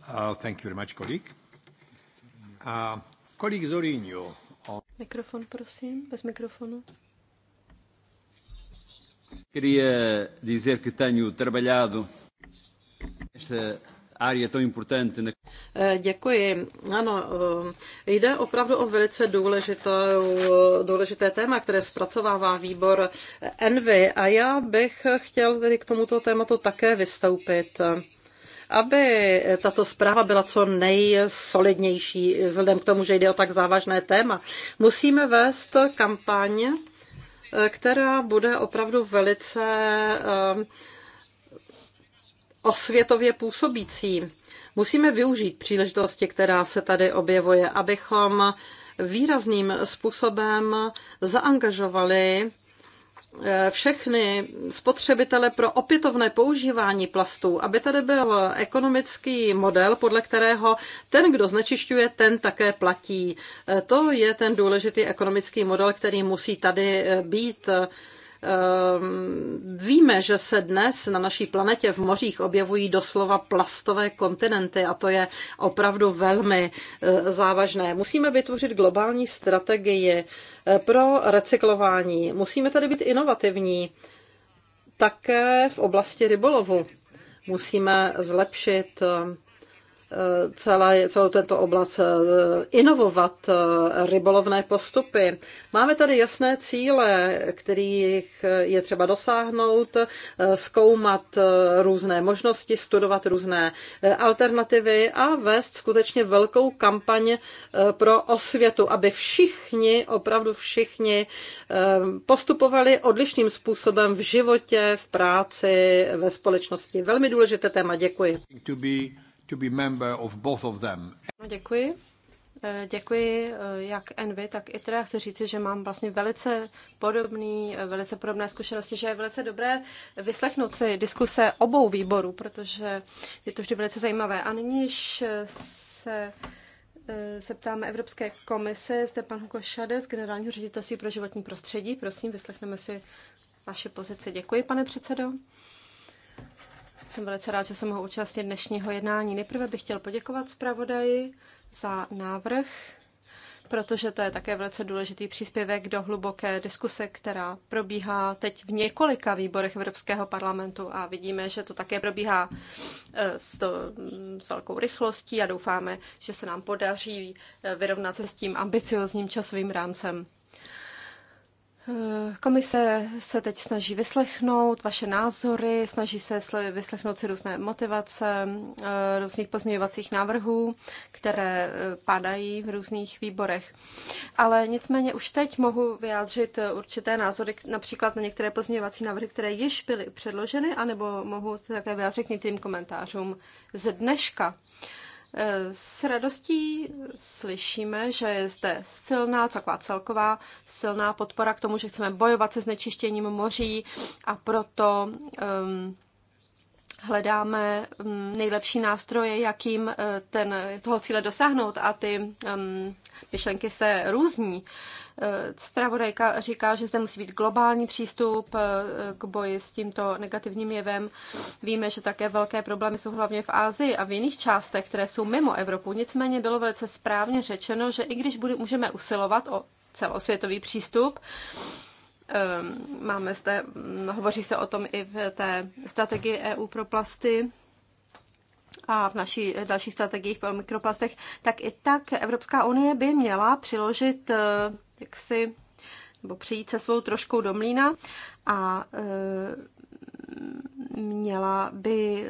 Uh, thank you very much, colleague. Uh, colleague Zorinio. On... Mikrofon, prosím, bez mikrofonu. Queria dizer que tenho trabalhado esta Eh, děkuji. Ano, eh, jde opravdu o velice důležitou, důležité téma, které zpracovává výbor Envy a já bych chtěl tedy k tomuto tématu také vystoupit. Aby tato zpráva byla co nejsolidnější, vzhledem k tomu, že jde o tak závažné téma, musíme vést kampaně, eh, která bude opravdu velice uh, osvětově působící. Musíme využít příležitosti, která se tady objevuje, abychom výrazným způsobem zaangažovali eh, všechny spotřebitele pro opětovné používání plastů, aby tady byl ekonomický model, podle kterého ten, kdo znečišťuje, ten také platí. Eh, to je ten důležitý ekonomický model, který musí tady eh, být Ehm, víme, že se dnes na naší planetě v mořích objevují doslova plastové kontinenty a to je opravdu velmi eh, závažné. Musíme vytvořit globální strategii eh, pro recyklování. Musíme tady být inovativní také v oblasti rybolovu. Musíme zlepšit eh, celé, celou tento oblast eh, inovovat eh, rybolovné postupy. Máme tady jasné cíle, kterých je třeba dosáhnout, eh, zkoumat různé možnosti, studovat různé alternativy a vést skutečně velkou kampaň pro osvětu, aby všichni, opravdu všichni postupovali odlišným způsobem v životě, v práci, ve společnosti. Velmi důležité téma, děkuji to be member of both of them. děkuji. Eh, děkuji eh, jak Envy, tak i teda chci říci, že mám vlastně velice podobný, eh, velice podobné zkušenosti, že je velice dobré vyslechnout si diskuse obou výborů, protože je to vždy velice zajímavé. A nyníž se se ptáme Evropské komise, zde pan Hugo Šades, generálního ředitelství pro životní prostředí. Prosím, vyslechneme si vaše pozice. Děkuji, pane předsedo. Jsem velice rád, že jsem mohl účastnit dnešního jednání. Nejprve bych chtěl poděkovat zpravodaji za návrh, protože to je také velice důležitý příspěvek do hluboké diskuse, která probíhá teď v několika výborech Evropského parlamentu a vidíme, že to také probíhá eh, s, to, mm, s velkou rychlostí a doufáme, že se nám podaří eh, vyrovnat se s tím ambiciozním časovým rámcem. Eh, komise se teď snaží vyslechnout vaše názory, snaží se vyslechnout si různé motivace, eh, různých pozměňovacích návrhů, které eh, padají v různých výborech. Ale nicméně už teď mohu vyjádřit určité názory, například na některé pozměňovací návrhy, které již byly předloženy, anebo mohu se také vyjádřit k některým komentářům z dneška. Uh, s radostí slyšíme, že je zde silná, taková celková silná podpora k tomu, že chceme bojovat se znečištěním moří a proto um, hledáme mm, nejlepší nástroje, jakým eh, ten, toho cíle dosáhnout a ty mm, myšlenky se různí. Spravodajka eh, říká, že zde musí být globální přístup eh, k boji s tímto negativním jevem. Víme, že také velké problémy jsou hlavně v Ázii a v jiných částech, které jsou mimo Evropu. Nicméně bylo velice správně řečeno, že i když bude, můžeme usilovat o celosvětový přístup, Ehm, máme zde, mm, hovoří se o tom i v té strategii EU pro plasty a v naší eh, dalších strategiích pro mikroplastech, tak i tak Evropská unie by měla přiložit eh, jaksi, nebo přijít se svou troškou do mlína a eh, měla by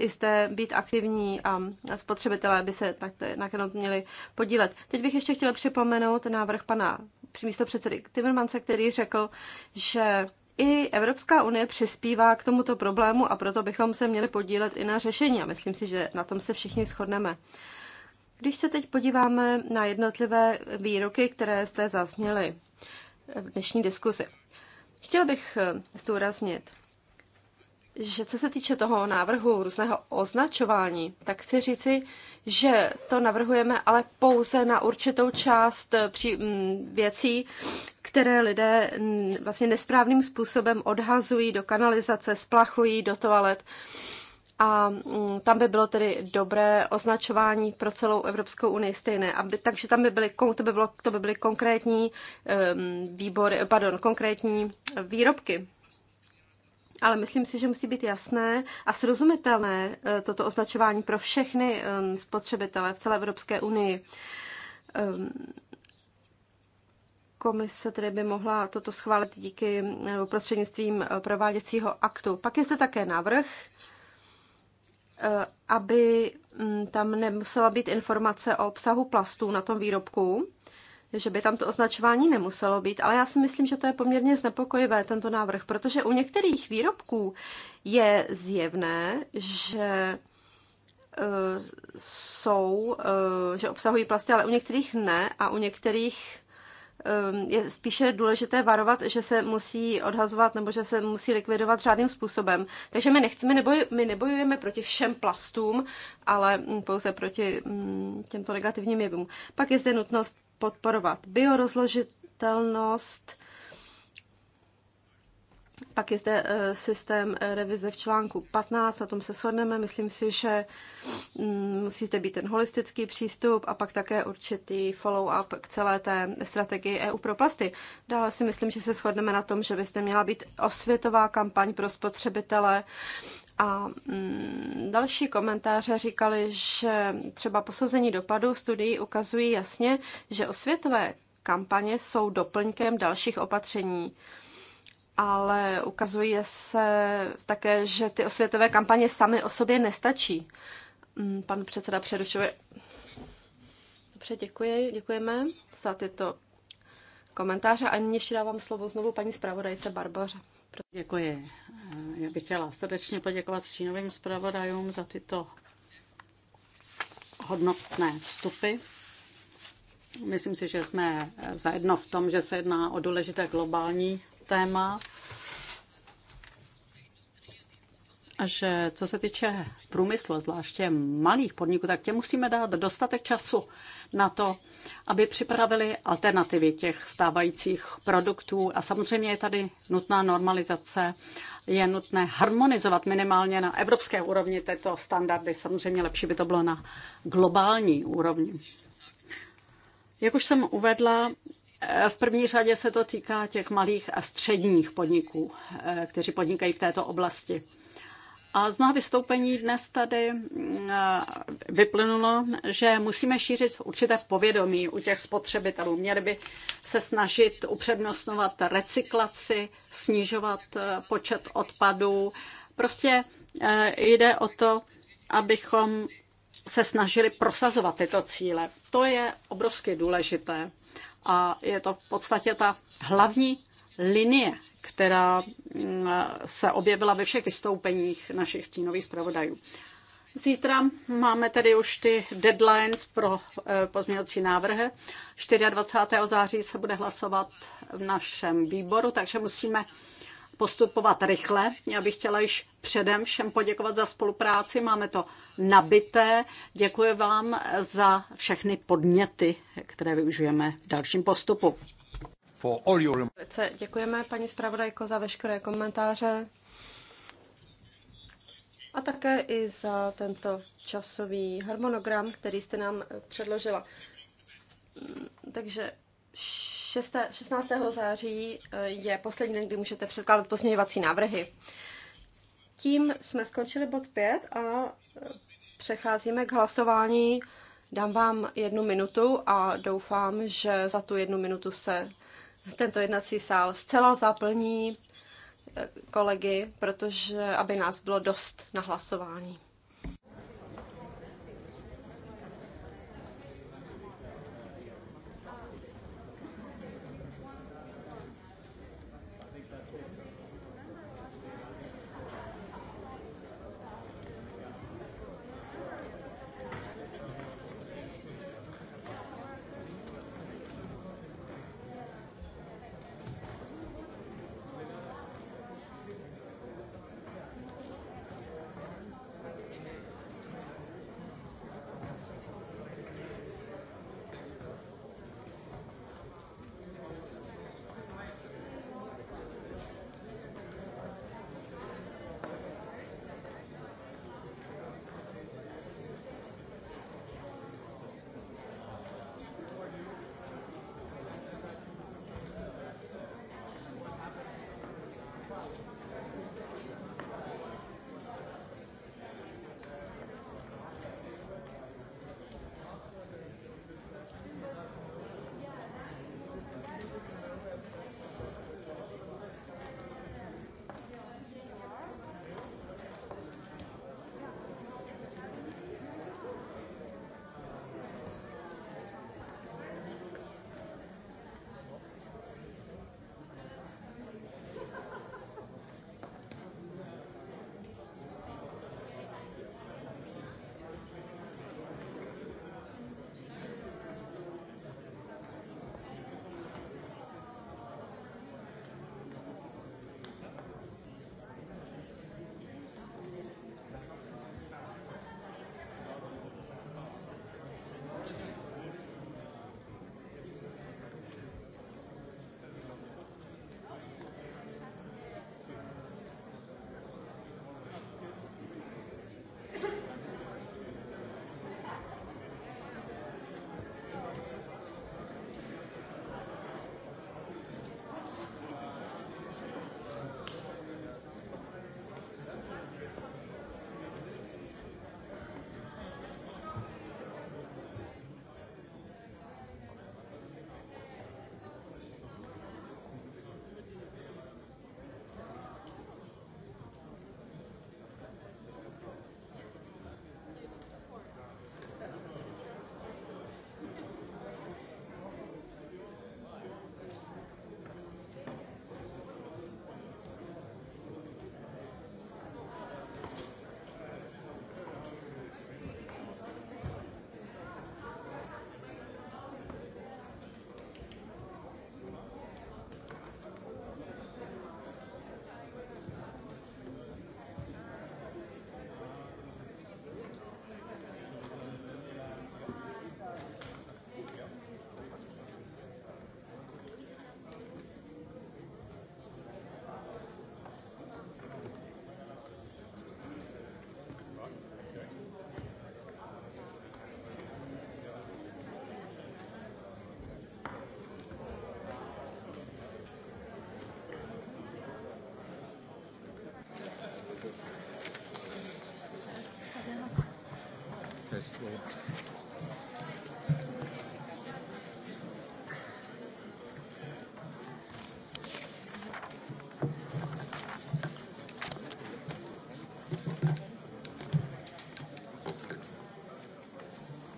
jisté být aktivní a spotřebitelé by se tak nakonec měli podílet. Teď bych ještě chtěla připomenout návrh pana místo předsedy Timmermanse, který řekl, že i Evropská unie přispívá k tomuto problému a proto bychom se měli podílet i na řešení a myslím si, že na tom se všichni shodneme. Když se teď podíváme na jednotlivé výroky, které jste zazněli v dnešní diskuzi, chtěl bych eh, zdůraznit, že co se týče toho návrhu různého označování, tak chci říci, že to navrhujeme ale pouze na určitou část eh, při, mm, věcí, které lidé mm, vlastně nesprávným způsobem odhazují do kanalizace, splachují do toalet. A mm, tam by bylo tedy dobré označování pro celou Evropskou unii stejné. Aby, takže tam by byly, to, by bylo, to by byly konkrétní um, výbory, pardon, konkrétní výrobky ale myslím si, že musí být jasné a srozumitelné eh, toto označování pro všechny ehm, spotřebitele v celé Evropské unii. Ehm, komise tedy by mohla toto schválit díky nebo eh, prostřednictvím eh, prováděcího aktu. Pak je zde také návrh, aby mm, tam nemusela být informace o obsahu plastů na tom výrobku, že by tam to označování nemuselo být, ale já si myslím, že to je poměrně znepokojivé, tento návrh, protože u některých výrobků je zjevné, že eh, jsou, eh, že obsahují plasty, ale u některých ne a u některých eh, je spíše důležité varovat, že se musí odhazovat nebo že se musí likvidovat řádným způsobem. Takže my nechceme, my nebojujeme proti všem plastům, ale pouze proti mm, těmto negativním jevům. Pak je zde nutnost podporovat biorozložitelnost, pak je zde eh, systém eh, revize v článku 15, na tom se shodneme. Myslím si, že mm, musíte být ten holistický přístup a pak také určitý follow-up k celé té strategii EU pro plasty. Dále si myslím, že se shodneme na tom, že byste měla být osvětová kampaň pro spotřebitele, a mm, další komentáře říkali, že třeba posouzení dopadu studií ukazují jasně, že osvětové kampaně jsou doplňkem dalších opatření. Ale ukazuje se také, že ty osvětové kampaně samy o sobě nestačí. Mm, pan předseda přerušuje. Dobře, děkuji, děkujeme za tyto komentáře a nyní ještě dávám slovo znovu paní zpravodajce Barbaře. Děkuji. Já bych chtěla srdečně poděkovat čínovým zpravodajům za tyto hodnotné vstupy. Myslím si, že jsme zajedno v tom, že se jedná o důležité globální téma že co se týče průmyslu, zvláště malých podniků, tak tě musíme dát dostatek času na to, aby připravili alternativy těch stávajících produktů. A samozřejmě je tady nutná normalizace, je nutné harmonizovat minimálně na evropské úrovni tyto standardy. Samozřejmě lepší by to bylo na globální úrovni. Jak už jsem uvedla, v první řadě se to týká těch malých a středních podniků, eh, kteří podnikají v této oblasti. A z mnoha vystoupení dnes tady eh, vyplynulo, že musíme šířit určité povědomí u těch spotřebitelů. Měli by se snažit upřednostňovat recyklaci, snižovat eh, počet odpadů. Prostě eh, jde o to, abychom se snažili prosazovat tyto cíle. To je obrovsky důležité a je to v podstatě ta hlavní linie, která mm, se objevila ve všech vystoupeních našich stínových zpravodajů. Zítra máme tedy už ty deadlines pro eh, pozměňovací návrhy. 24. září se bude hlasovat v našem výboru, takže musíme postupovat rychle. Já bych chtěla již předem všem poděkovat za spolupráci. Máme to nabité. Děkuji vám za všechny podněty, které využijeme v dalším postupu for all your... Děkujeme, paní zpravodajko, za veškeré komentáře a také i za tento časový harmonogram, který jste nám předložila. Mm, takže 6, 16. září eh, je poslední den, kdy můžete předkládat pozměňovací návrhy. Tím jsme skončili bod 5 a eh, přecházíme k hlasování. Dám vám jednu minutu a doufám, že za tu jednu minutu se tento jednací sál zcela zaplní eh, kolegy, protože aby nás bylo dost na hlasování.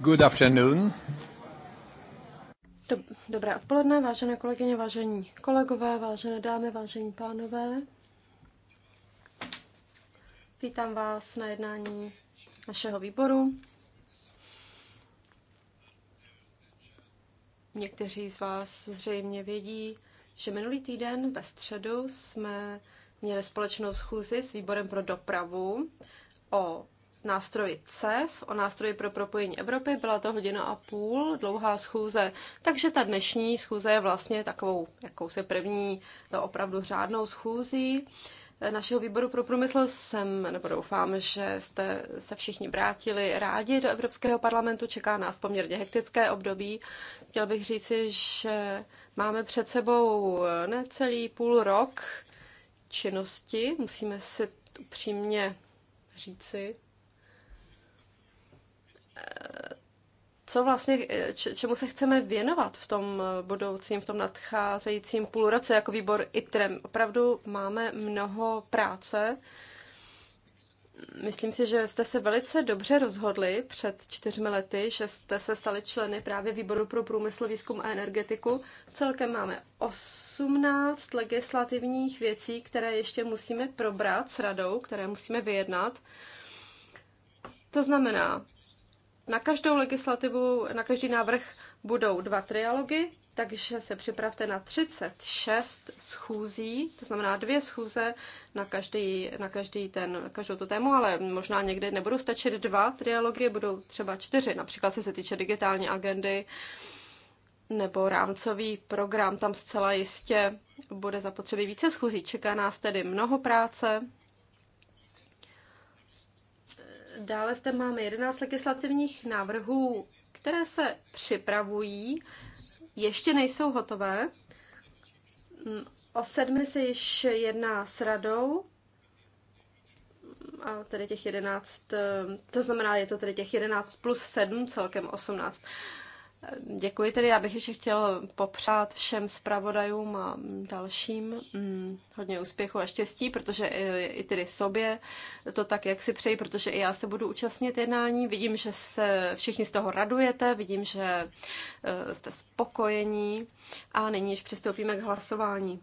Good afternoon. Dobré odpoledne, vážené kolegyně, vážení kolegové, vážené dámy, vážení pánové. Vítám vás na jednání našeho výboru. Někteří z vás zřejmě vědí, že minulý týden ve středu jsme měli společnou schůzi s výborem pro dopravu o nástroji CEF, o nástroji pro propojení Evropy. Byla to hodina a půl dlouhá schůze, takže ta dnešní schůze je vlastně takovou jakousi první no, opravdu řádnou schůzí našeho výboru pro průmysl jsem, nebo doufám, že jste se všichni vrátili rádi do Evropského parlamentu. Čeká nás poměrně hektické období. Chtěl bych říci, že máme před sebou necelý půl rok činnosti. Musíme si upřímně říci co vlastně, eh, čemu se chceme věnovat v tom eh, budoucím, v tom nadcházejícím půlroce jako výbor ITREM. Opravdu máme mnoho práce. Myslím si, že jste se velice dobře rozhodli před čtyřmi lety, že jste se stali členy právě výboru pro průmysl, výzkum a energetiku. Celkem máme 18 legislativních věcí, které ještě musíme probrat s radou, které musíme vyjednat. To znamená, na každou legislativu, na každý návrh budou dva trialogy, takže se připravte na 36 schůzí, to znamená dvě schůze na, každý, na každý ten, na každou tu tému, ale možná někdy nebudou stačit dva trialogy, budou třeba čtyři, například co se týče digitální agendy nebo rámcový program, tam zcela jistě bude zapotřebí více schůzí. Čeká nás tedy mnoho práce, Dále zde máme 11 legislativních návrhů, které se připravují, ještě nejsou hotové. Mm, o sedmi se již jedná s radou, a tedy těch 11, eh, to znamená, je to tedy těch 11 plus 7, celkem 18. Děkuji tedy, já bych ještě chtěl popřát všem zpravodajům a dalším hmm, hodně úspěchu a štěstí, protože i, i tedy sobě to tak, jak si přeji, protože i já se budu účastnit jednání. Vidím, že se všichni z toho radujete, vidím, že e, jste spokojení a nyní již přistoupíme k hlasování.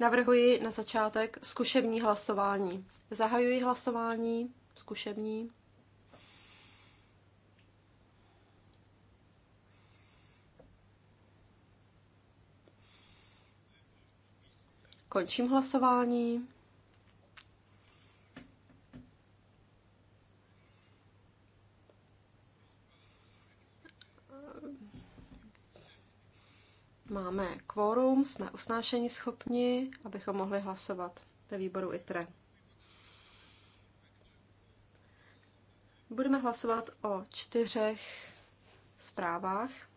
Navrhuji na začátek zkušební hlasování. Zahajuji hlasování zkušební. Končím hlasování. Máme kvórum, jsme usnášení schopni, abychom mohli hlasovat ve výboru ITRE. Budeme hlasovat o čtyřech zprávách.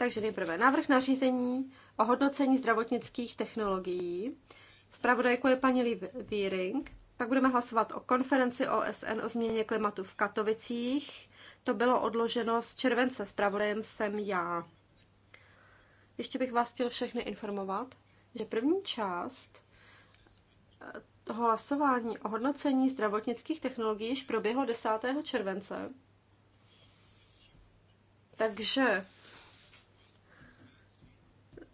Takže nejprve návrh nařízení o hodnocení zdravotnických technologií. Zpravodajku je paní Víring. Pak budeme hlasovat o konferenci OSN o změně klimatu v Katovicích. To bylo odloženo z července. Zpravodajem jsem já. Ještě bych vás chtěl všechny informovat, že první část eh, toho hlasování o hodnocení zdravotnických technologií již proběhlo 10. července. Takže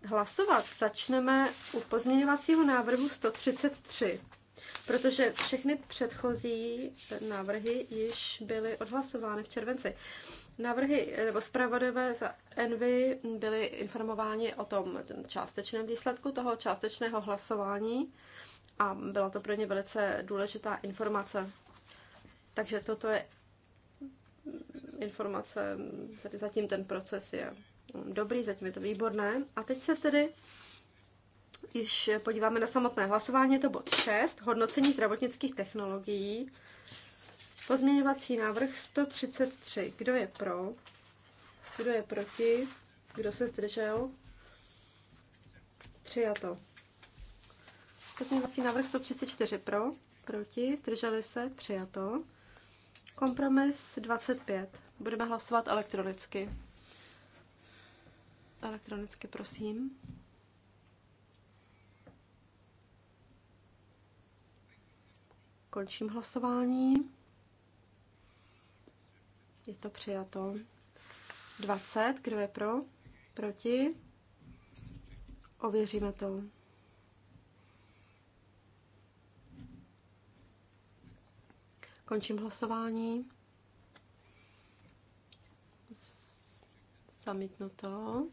hlasovat začneme u pozměňovacího návrhu 133, protože všechny předchozí návrhy již byly odhlasovány v červenci. Návrhy nebo zpravodové za Envy byly informováni o tom částečném výsledku toho částečného hlasování a byla to pro ně velice důležitá informace. Takže toto je informace, tady zatím ten proces je Dobrý, zatím je to výborné. A teď se tedy když podíváme na samotné hlasování, je to bod 6, hodnocení zdravotnických technologií. Pozměňovací návrh 133. Kdo je pro? Kdo je proti? Kdo se zdržel? Přijato. Pozměňovací návrh 134 pro, proti, zdrželi se, přijato. Kompromis 25. Budeme hlasovat elektronicky. Elektronicky, prosím. Končím hlasování. Je to přijato. 20, kdo je pro? Proti? Ověříme to. Končím hlasování. Zamítnuto.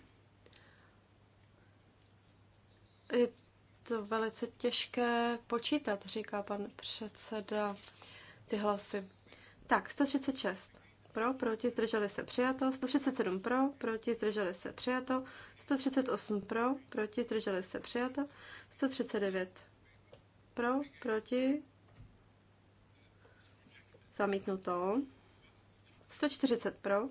Je to velice těžké počítat, říká pan předseda ty hlasy. Tak, 136 pro, proti, zdrželi se přijato, 137 pro, proti, zdrželi se přijato, 138 pro, proti, zdrželi se přijato, 139 pro, proti, zamítnuto, 140 pro,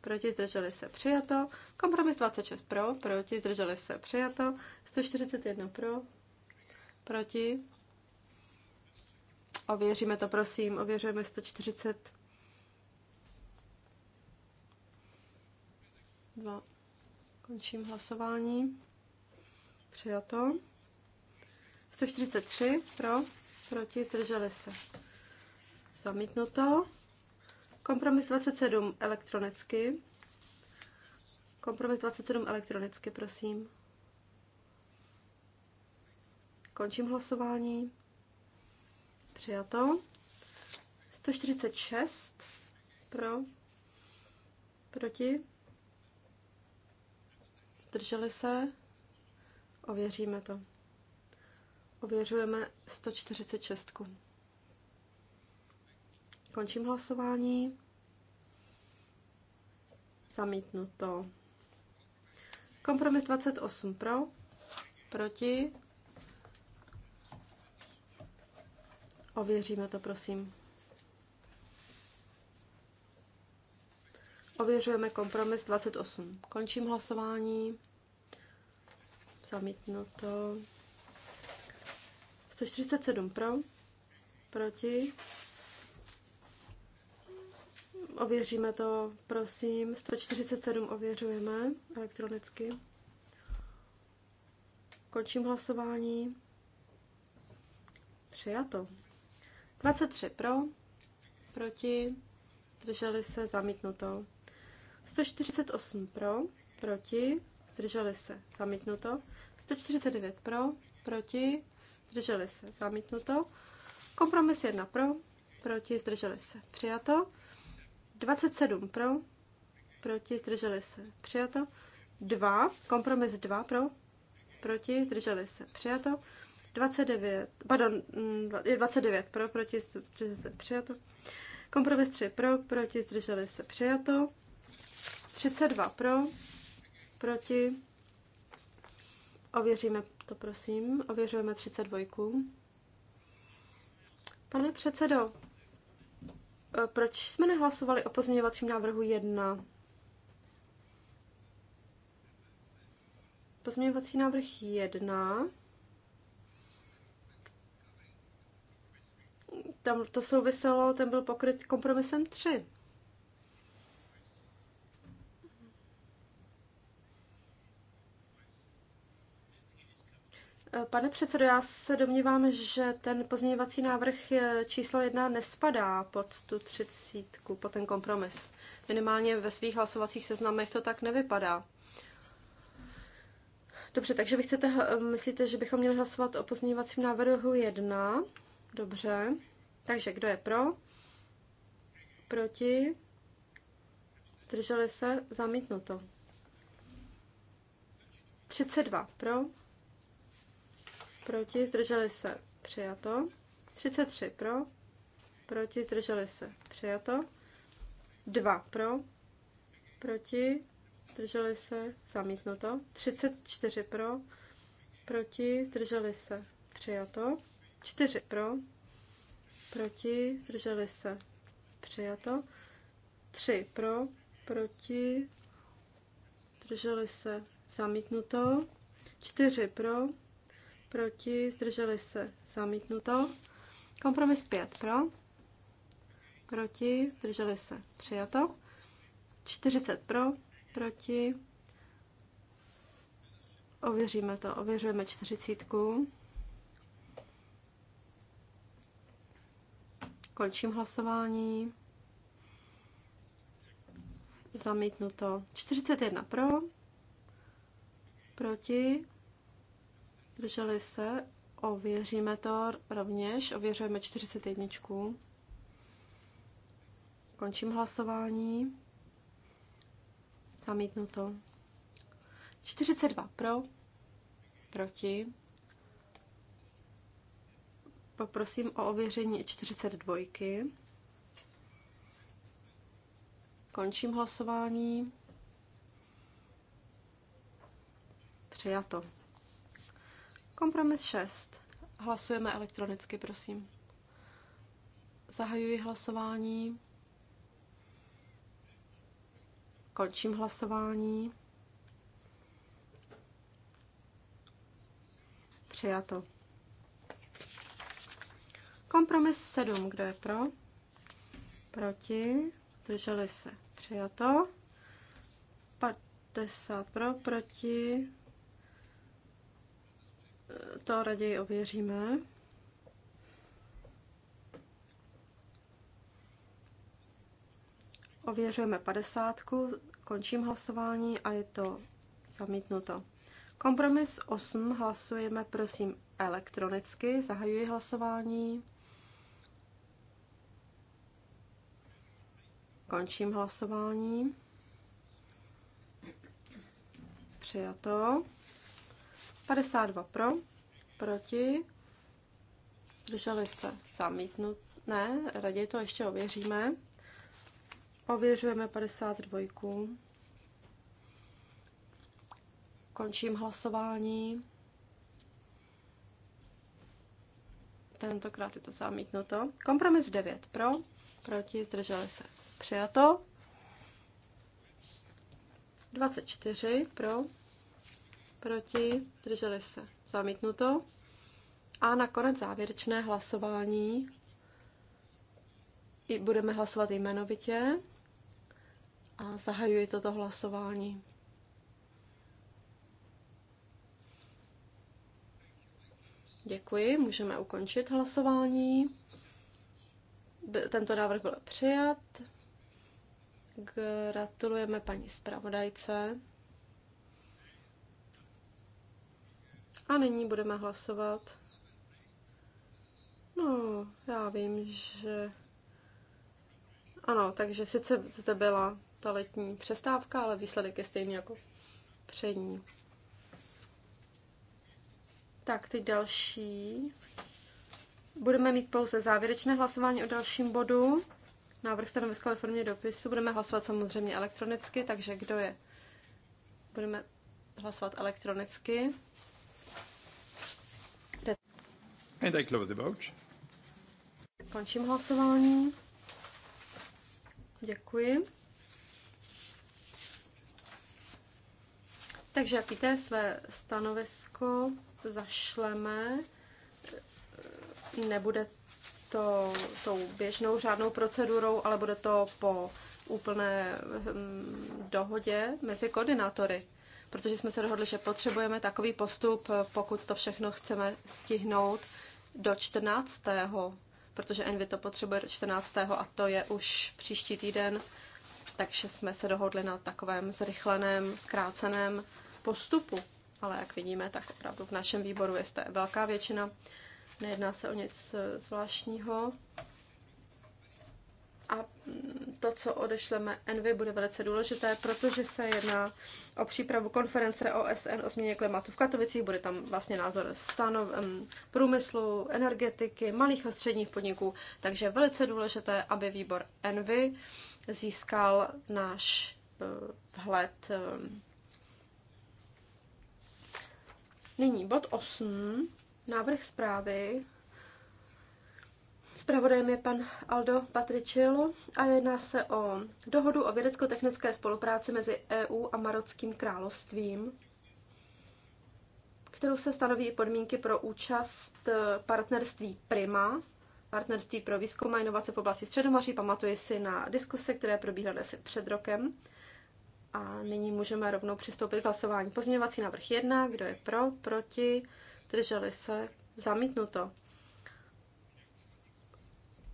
proti zdrželi se přijato, kompromis 26 pro, proti zdrželi se přijato, 141 pro, proti. Ověříme to, prosím, ověřujeme 140. 2. Končím hlasování. Přijato. 143 pro, proti, zdrželi se. Zamítnuto. Kompromis 27 elektronicky. Kompromis 27 elektronicky, prosím. Končím hlasování. Přijato. 146 pro, proti. Drželi se. Ověříme to. Ověřujeme 146. Končím hlasování. Zamítnuto. Kompromis 28 pro, proti. Ověříme to, prosím. Ověřujeme kompromis 28. Končím hlasování. Zamítnuto. 147 pro, proti. Ověříme to, prosím. 147 ověřujeme elektronicky. Končím hlasování. Přijato. 23 pro, proti, zdrželi se, zamítnuto. 148 pro, proti, zdrželi se, zamítnuto. 149 pro, proti, zdrželi se, zamítnuto. Kompromis 1 pro, proti, zdrželi se, přijato. 27 pro, proti, zdrželi se, přijato. 2, kompromis 2 pro, proti, zdrželi se, přijato. 29, pardon, 29 mm, pro, proti, zdrželi se, přijato. Kompromis 3 pro, proti, zdrželi se, přijato. 32 pro, proti, ověříme to, prosím, ověřujeme 32. Pane předsedo, Eh, proč jsme nehlasovali o pozměňovacím návrhu 1? Pozměňovací návrh 1. Tam to souviselo, ten byl pokryt kompromisem 3. Eh, pane předsedo, já se domnívám, že ten pozměňovací návrh eh, číslo jedna nespadá pod tu třicítku, pod ten kompromis. Minimálně ve svých hlasovacích seznamech to tak nevypadá. Dobře, takže vy chcete, eh, myslíte, že bychom měli hlasovat o pozměňovacím návrhu 1. Dobře. Takže kdo je pro? Proti? Drželi se? Zamítnuto. 32 pro proti, zdrželi se, přijato. 33 pro, proti, zdrželi se, přijato. 2 pro, proti, zdrželi se, zamítnuto. 34 pro, proti, zdrželi se, přijato. 4 pro, proti, zdrželi se, přijato. 3 pro, proti, zdrželi se, zamítnuto. 4 pro, proti, zdrželi se, zamítnuto. Kompromis 5 pro, proti, zdrželi se, přijato. 40 pro, proti, ověříme to, ověřujeme 40. Končím hlasování. Zamítnuto. 41 pro, proti, Drželi se. Ověříme to rovněž. Ověřujeme 41. Končím hlasování. to. 42 pro, proti. Poprosím o ověření 42. Končím hlasování. Přijato. Kompromis 6. Hlasujeme elektronicky, prosím. Zahajuji hlasování. Končím hlasování. Přijato. Kompromis 7. Kdo je pro? Proti. Drželi se. Přijato. 50 pro, proti to raději ověříme. Ověřujeme padesátku, končím hlasování a je to zamítnuto. Kompromis 8 hlasujeme prosím elektronicky, zahajuji hlasování. Končím hlasování. Přijato. 52 pro, proti, drželi se zamítnut, ne, raději to ještě ověříme. Ověřujeme 52. Končím hlasování. Tentokrát je to zamítnuto. Kompromis 9 pro, proti, zdrželi se. Přijato. 24 pro, proti, drželi se, zamítnuto. A nakonec závěrečné hlasování. I budeme hlasovat jmenovitě a zahajuji toto hlasování. Děkuji, můžeme ukončit hlasování. Tento návrh byl přijat. Gratulujeme paní zpravodajce. A nyní budeme hlasovat. No, já vím, že... Ano, takže sice zde byla ta letní přestávka, ale výsledek je stejný jako přední. Tak, teď další. Budeme mít pouze závěrečné hlasování o dalším bodu. Návrh stanoviska ve formě dopisu. Budeme hlasovat samozřejmě elektronicky, takže kdo je? Budeme hlasovat elektronicky. And I close the vote. Končím hlasování. Děkuji. Takže jak víte, své stanovisko zašleme. Nebude to tou běžnou řádnou procedurou, ale bude to po úplné hm, dohodě mezi koordinátory, protože jsme se dohodli, že potřebujeme takový postup, pokud to všechno chceme stihnout do 14. protože Envy to potřebuje do 14. a to je už příští týden, takže jsme se dohodli na takovém zrychleném, zkráceném postupu. Ale jak vidíme, tak opravdu v našem výboru je velká většina. Nejedná se o nic eh, zvláštního a to, co odešleme Envy, bude velice důležité, protože se jedná o přípravu konference OSN o změně klimatu v Katovicích. Bude tam vlastně názor stanov, průmyslu, energetiky, malých a středních podniků. Takže velice důležité, aby výbor Envy získal náš eh, vhled. Nyní bod 8, návrh zprávy Spravodajem je pan Aldo Patriciello a jedná se o dohodu o vědecko-technické spolupráci mezi EU a Marockým královstvím, kterou se stanoví podmínky pro účast eh, partnerství Prima, partnerství pro výzkum a inovace v oblasti středomoří. Pamatuji si na diskuse, které probíhaly asi před rokem. A nyní můžeme rovnou přistoupit k hlasování. Pozměňovací návrh 1, kdo je pro, proti, drželi se, zamítnuto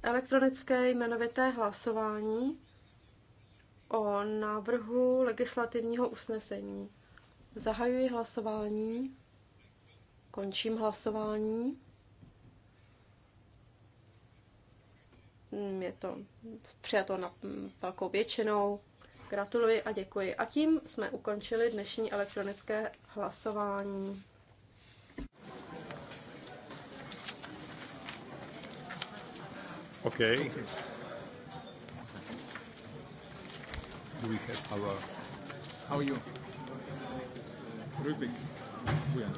elektronické jmenovité hlasování o návrhu legislativního usnesení. Zahajuji hlasování, končím hlasování. Hmm, je to přijato na velkou většinou. Gratuluji a děkuji. A tím jsme ukončili dnešní elektronické hlasování. Okay. Do we have our... How are you? Rubik. We are.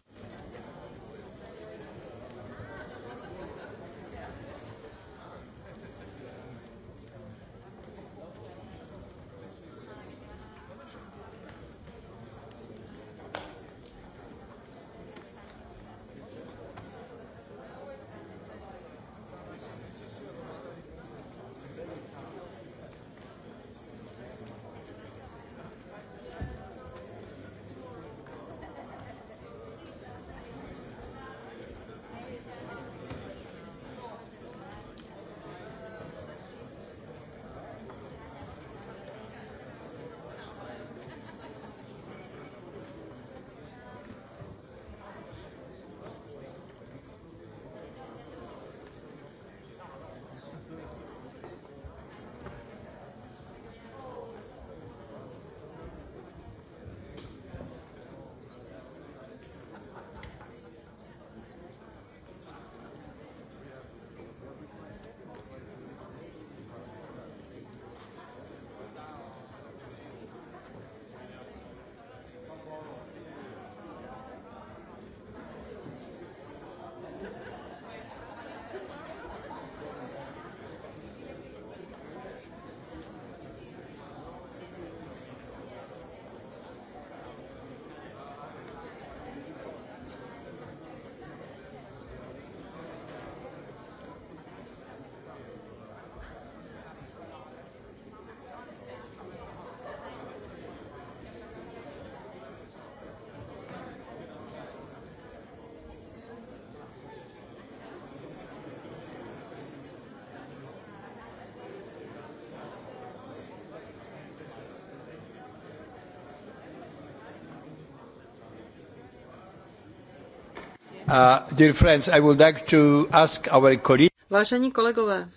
Vážení kolegové,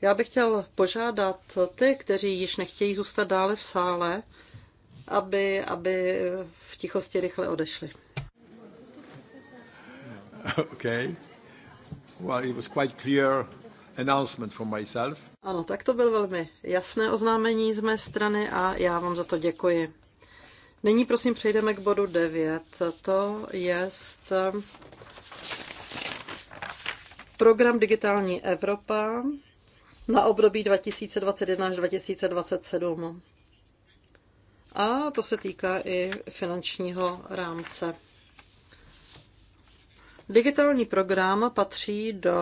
já bych chtěl požádat ty, kteří již nechtějí zůstat dále v sále, aby, aby v tichosti rychle odešli. Okay. Well, it was quite clear announcement from myself. Ano, tak to bylo velmi jasné oznámení z mé strany a já vám za to děkuji. Nyní prosím přejdeme k bodu 9. To je eh, program Digitální Evropa na období 2021 až 2027. A to se týká i finančního rámce. Digitální program patří do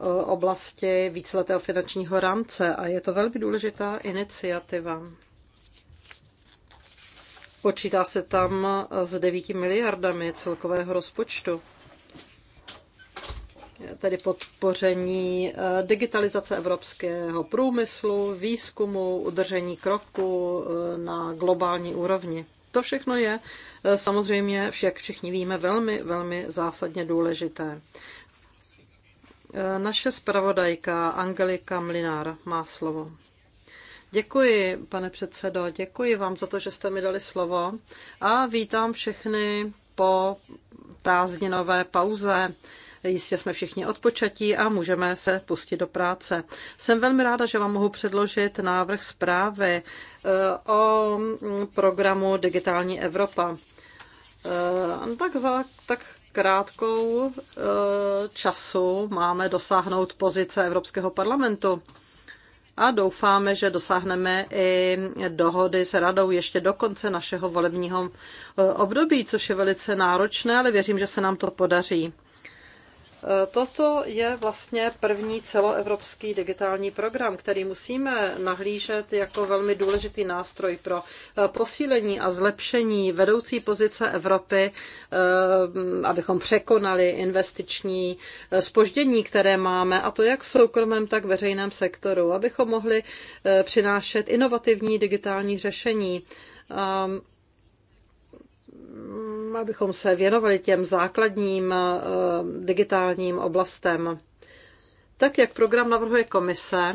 eh, oblasti víceletého finančního rámce a je to velmi důležitá iniciativa. Počítá se tam s 9 miliardami celkového rozpočtu tedy podpoření eh, digitalizace evropského průmyslu, výzkumu, udržení kroku eh, na globální úrovni. To všechno je eh, samozřejmě, jak všichni víme, velmi, velmi zásadně důležité. Naše zpravodajka Angelika Mlinár má slovo. Děkuji, pane předsedo, děkuji vám za to, že jste mi dali slovo a vítám všechny po prázdninové pauze. Jistě jsme všichni odpočatí a můžeme se pustit do práce. Jsem velmi ráda, že vám mohu předložit návrh zprávy eh, o programu Digitální Evropa. Eh, tak, za, tak krátkou eh, času máme dosáhnout pozice Evropského parlamentu a doufáme, že dosáhneme i dohody s radou ještě do konce našeho volebního eh, období, což je velice náročné, ale věřím, že se nám to podaří. Toto je vlastně první celoevropský digitální program, který musíme nahlížet jako velmi důležitý nástroj pro eh, posílení a zlepšení vedoucí pozice Evropy, eh, abychom překonali investiční spoždění, eh, které máme, a to jak v soukromém, tak v veřejném sektoru, abychom mohli přinášet inovativní digitální řešení ehm, Mm, abychom se věnovali těm základním eh, digitálním oblastem. Tak, jak program navrhuje komise,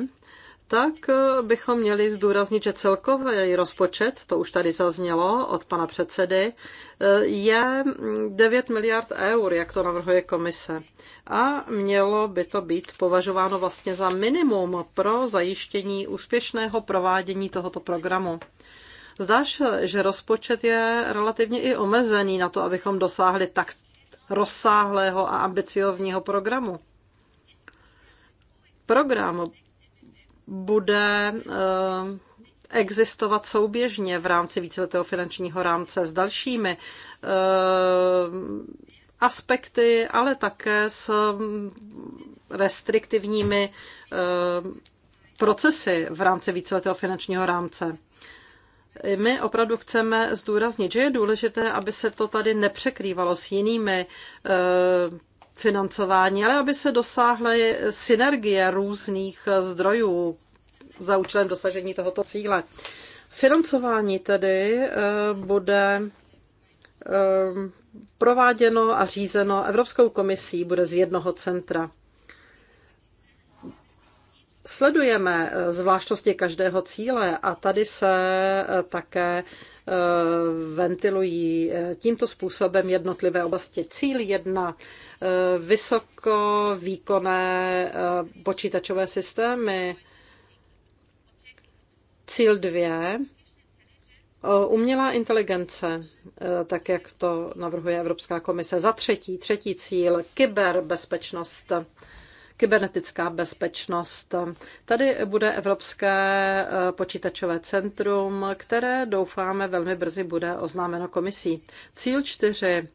tak eh, bychom měli zdůraznit, že celkový rozpočet, to už tady zaznělo od pana předsedy, eh, je 9 mm, miliard eur, jak to navrhuje komise. A mělo by to být považováno vlastně za minimum pro zajištění úspěšného provádění tohoto programu. Zdáš, že rozpočet je relativně i omezený na to, abychom dosáhli tak rozsáhlého a ambiciozního programu. Program bude eh, existovat souběžně v rámci víceletého finančního rámce s dalšími eh, aspekty, ale také s mm, restriktivními eh, procesy v rámci víceletého finančního rámce. My opravdu chceme zdůraznit, že je důležité, aby se to tady nepřekrývalo s jinými eh, financování, ale aby se dosáhly synergie různých eh, zdrojů za účelem dosažení tohoto cíle. Financování tedy eh, bude prováděno a řízeno Evropskou komisí, bude z jednoho centra. Sledujeme eh, zvláštnosti každého cíle a tady se eh, také eh, ventilují tímto způsobem jednotlivé oblasti. Cíl jedna vysoko výkonné počítačové systémy. Cíl dvě Umělá inteligence, tak jak to navrhuje Evropská komise. Za třetí, třetí cíl, kyberbezpečnost kybernetická bezpečnost. Tady bude Evropské eh, počítačové centrum, které doufáme velmi brzy bude oznámeno komisí. Cíl čtyři eh,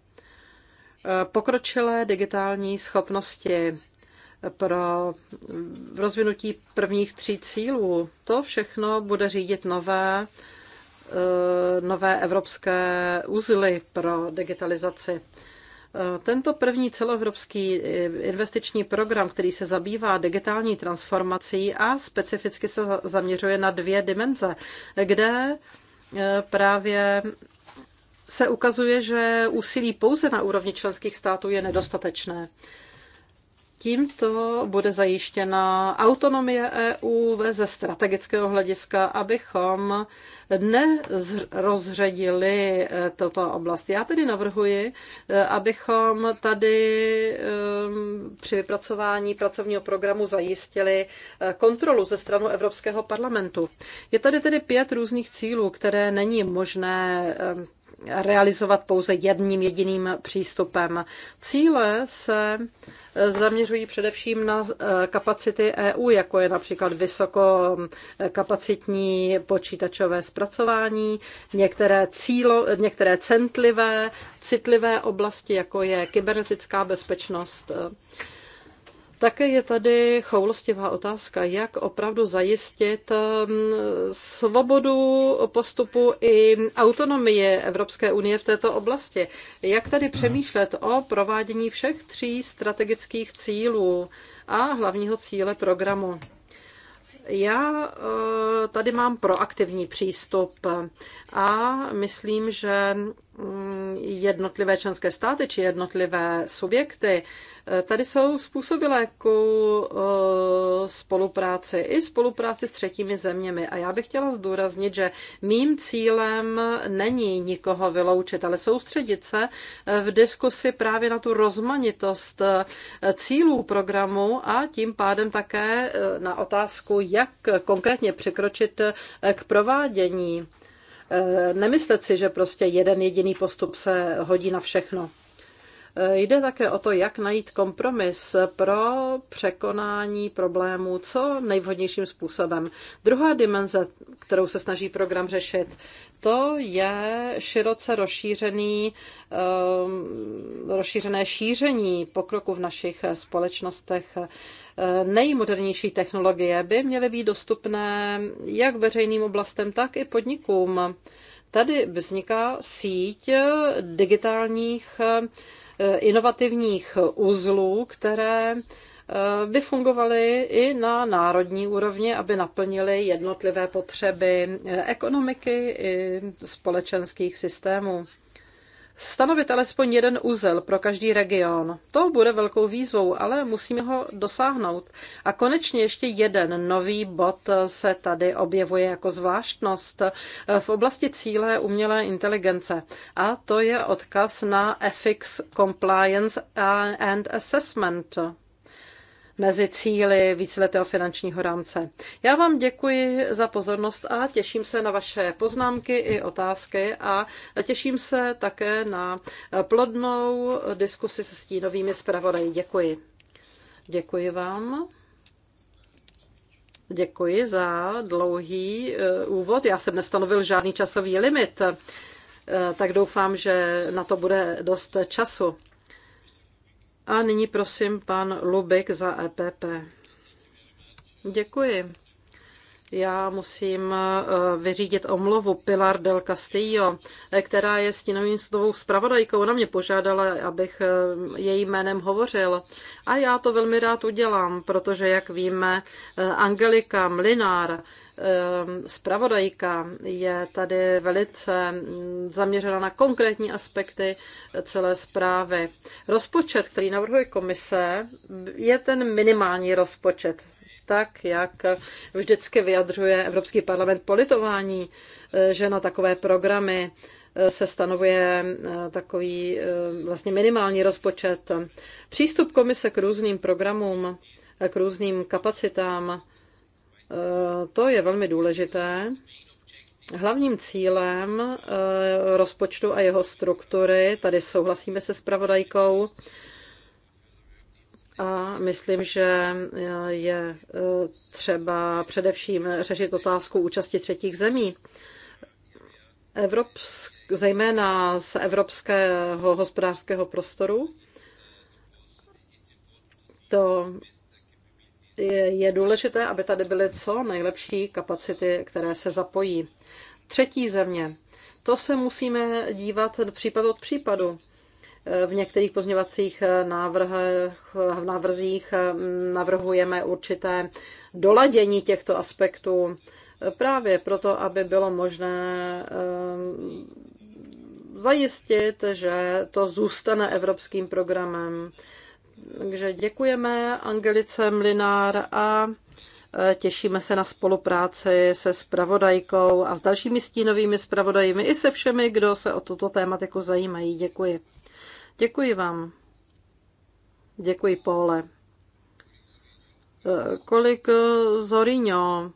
Pokročilé digitální schopnosti pro mm, rozvinutí prvních tří cílů. To všechno bude řídit nové, eh, nové evropské uzly pro digitalizaci. Tento první celoevropský eh, investiční program, který se zabývá digitální transformací a specificky se zaměřuje na dvě dimenze, kde eh, právě se ukazuje, že úsilí pouze na úrovni členských států je nedostatečné. Tímto bude zajištěna autonomie EU ze strategického hlediska, abychom nerozředili eh, toto oblast. Já tedy navrhuji, eh, abychom tady ehm, při vypracování pracovního programu zajistili eh, kontrolu ze stranu Evropského parlamentu. Je tady tedy pět různých cílů, které není možné ehm, realizovat pouze jedním jediným přístupem. Cíle se eh, zaměřují především na eh, kapacity EU, jako je například vysokokapacitní počítačové zpracování, některé, cílo, některé centlivé, citlivé oblasti, jako je kybernetická bezpečnost. Eh, také je tady choulostivá otázka, jak opravdu zajistit um, svobodu postupu i autonomie Evropské unie v této oblasti. Jak tady přemýšlet o provádění všech tří strategických cílů a hlavního cíle programu? Já uh, tady mám proaktivní přístup a myslím, že Mm, jednotlivé členské státy či jednotlivé subjekty. Eh, tady jsou způsobilé ku eh, spolupráci i spolupráci s třetími zeměmi. A já bych chtěla zdůraznit, že mým cílem není nikoho vyloučit, ale soustředit se eh, v diskusi právě na tu rozmanitost cílů programu a tím pádem také na otázku, jak konkrétně překročit k provádění Eh, nemyslet si, že prostě jeden jediný postup se hodí na všechno. Eh, jde také o to, jak najít kompromis pro překonání problémů co nejvhodnějším způsobem. Druhá dimenze, kterou se snaží program řešit, to je široce rozšířený, ehm, rozšířené šíření pokroku v našich společnostech. Eh, nejmodernější technologie by měly být dostupné jak veřejným oblastem, tak i podnikům. Tady vzniká síť digitálních eh, inovativních uzlů, které Eh, by fungovaly i na národní úrovni, aby naplnily jednotlivé potřeby eh, ekonomiky i společenských systémů. Stanovit alespoň jeden úzel pro každý region. To bude velkou výzvou, ale musíme ho dosáhnout. A konečně ještě jeden nový bod se tady objevuje jako zvláštnost eh, v oblasti cíle umělé inteligence. A to je odkaz na Ethics Compliance and Assessment mezi cíly víceletého finančního rámce. Já vám děkuji za pozornost a těším se na vaše poznámky i otázky a těším se také na plodnou diskusi se stínovými zpravodaji. Děkuji. Děkuji vám. Děkuji za dlouhý eh, úvod. Já jsem nestanovil žádný časový limit, eh, tak doufám, že na to bude dost času. A nyní prosím pan Lubik za EPP. Děkuji. Já musím e, vyřídit omluvu Pilar del Castillo, e, která je stínovým slovou zpravodajkou. Ona mě požádala, abych e, jejím jménem hovořil. A já to velmi rád udělám, protože, jak víme, Angelika Mlinár Spravodajka ehm, je tady velice mm, zaměřena na konkrétní aspekty celé zprávy. Rozpočet, který navrhuje komise, je ten minimální rozpočet, tak jak vždycky vyjadřuje Evropský parlament politování, eh, že na takové programy eh, se stanovuje eh, takový vlastně minimální rozpočet. Přístup komise k různým programům, k různým kapacitám Eh, to je velmi důležité. Hlavním cílem eh, rozpočtu a jeho struktury, tady souhlasíme se spravodajkou, a myslím, že eh, je třeba především řešit otázku účasti třetích zemí. Evropsk, zejména z evropského hospodářského prostoru. To je důležité, aby tady byly co nejlepší kapacity, které se zapojí. Třetí země. To se musíme dívat případ od případu. Eh, v některých pozměvacích eh, návrhech, eh, návrzích navrhujeme určité doladění těchto aspektů právě proto, aby bylo možné zajistit, že to zůstane evropským programem takže děkujeme Angelice Mlinár a e, těšíme se na spolupráci se spravodajkou a s dalšími stínovými spravodajmi i se všemi, kdo se o tuto tématiku zajímají. Děkuji. Děkuji vám. Děkuji, Pole. E, kolik e, Zorino?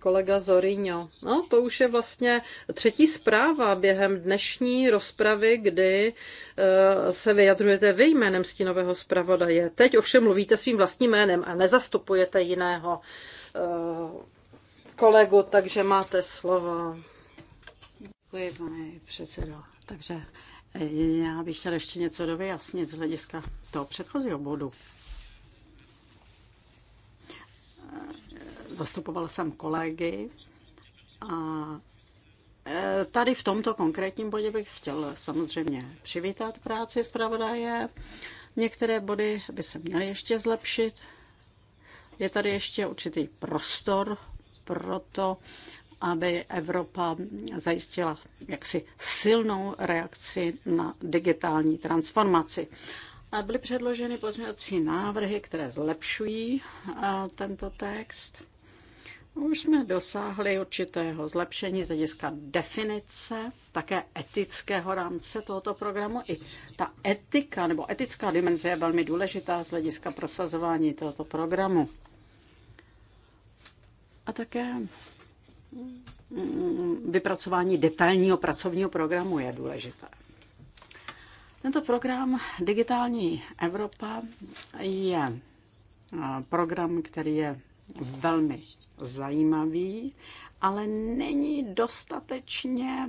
kolega Zorino. No, to už je vlastně třetí zpráva během dnešní rozpravy, kdy eh, se vyjadřujete vy jménem stínového zpravodaje. Teď ovšem mluvíte svým vlastním jménem a nezastupujete jiného eh, kolegu, takže máte slovo. Děkuji, pane předsedo. Takže eh, já bych chtěl ještě něco dovyjasnit z hlediska toho předchozího bodu zastupovala jsem kolegy a e, Tady v tomto konkrétním bodě bych chtěl samozřejmě přivítat práci zpravodaje. Některé body by se měly ještě zlepšit. Je tady ještě určitý prostor pro to, aby Evropa zajistila jaksi silnou reakci na digitální transformaci. A byly předloženy pozměňovací návrhy, které zlepšují tento text. No, už jsme dosáhli určitého zlepšení z hlediska definice, také etického rámce tohoto programu. I ta etika nebo etická dimenze je velmi důležitá z hlediska prosazování tohoto programu. A také mm, vypracování detailního pracovního programu je důležité. Tento program Digitální Evropa je program, který je velmi zajímavý, ale není dostatečně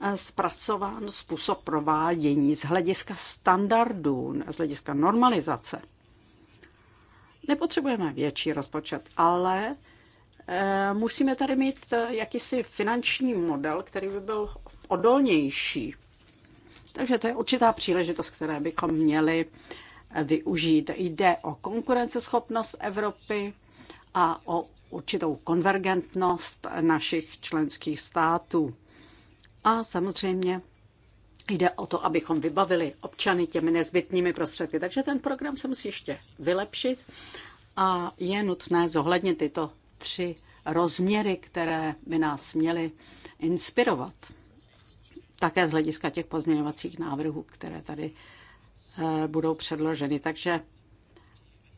eh, zpracován způsob provádění z hlediska standardů, z hlediska normalizace. Nepotřebujeme větší rozpočet, ale eh, musíme tady mít eh, jakýsi finanční model, který by byl odolnější. Takže to je určitá příležitost, které bychom měli využít. Jde o konkurenceschopnost Evropy, a o určitou konvergentnost našich členských států. A samozřejmě jde o to, abychom vybavili občany těmi nezbytnými prostředky. Takže ten program se musí ještě vylepšit a je nutné zohlednit tyto tři rozměry, které by nás měly inspirovat. Také z hlediska těch pozměňovacích návrhů, které tady eh, budou předloženy. Takže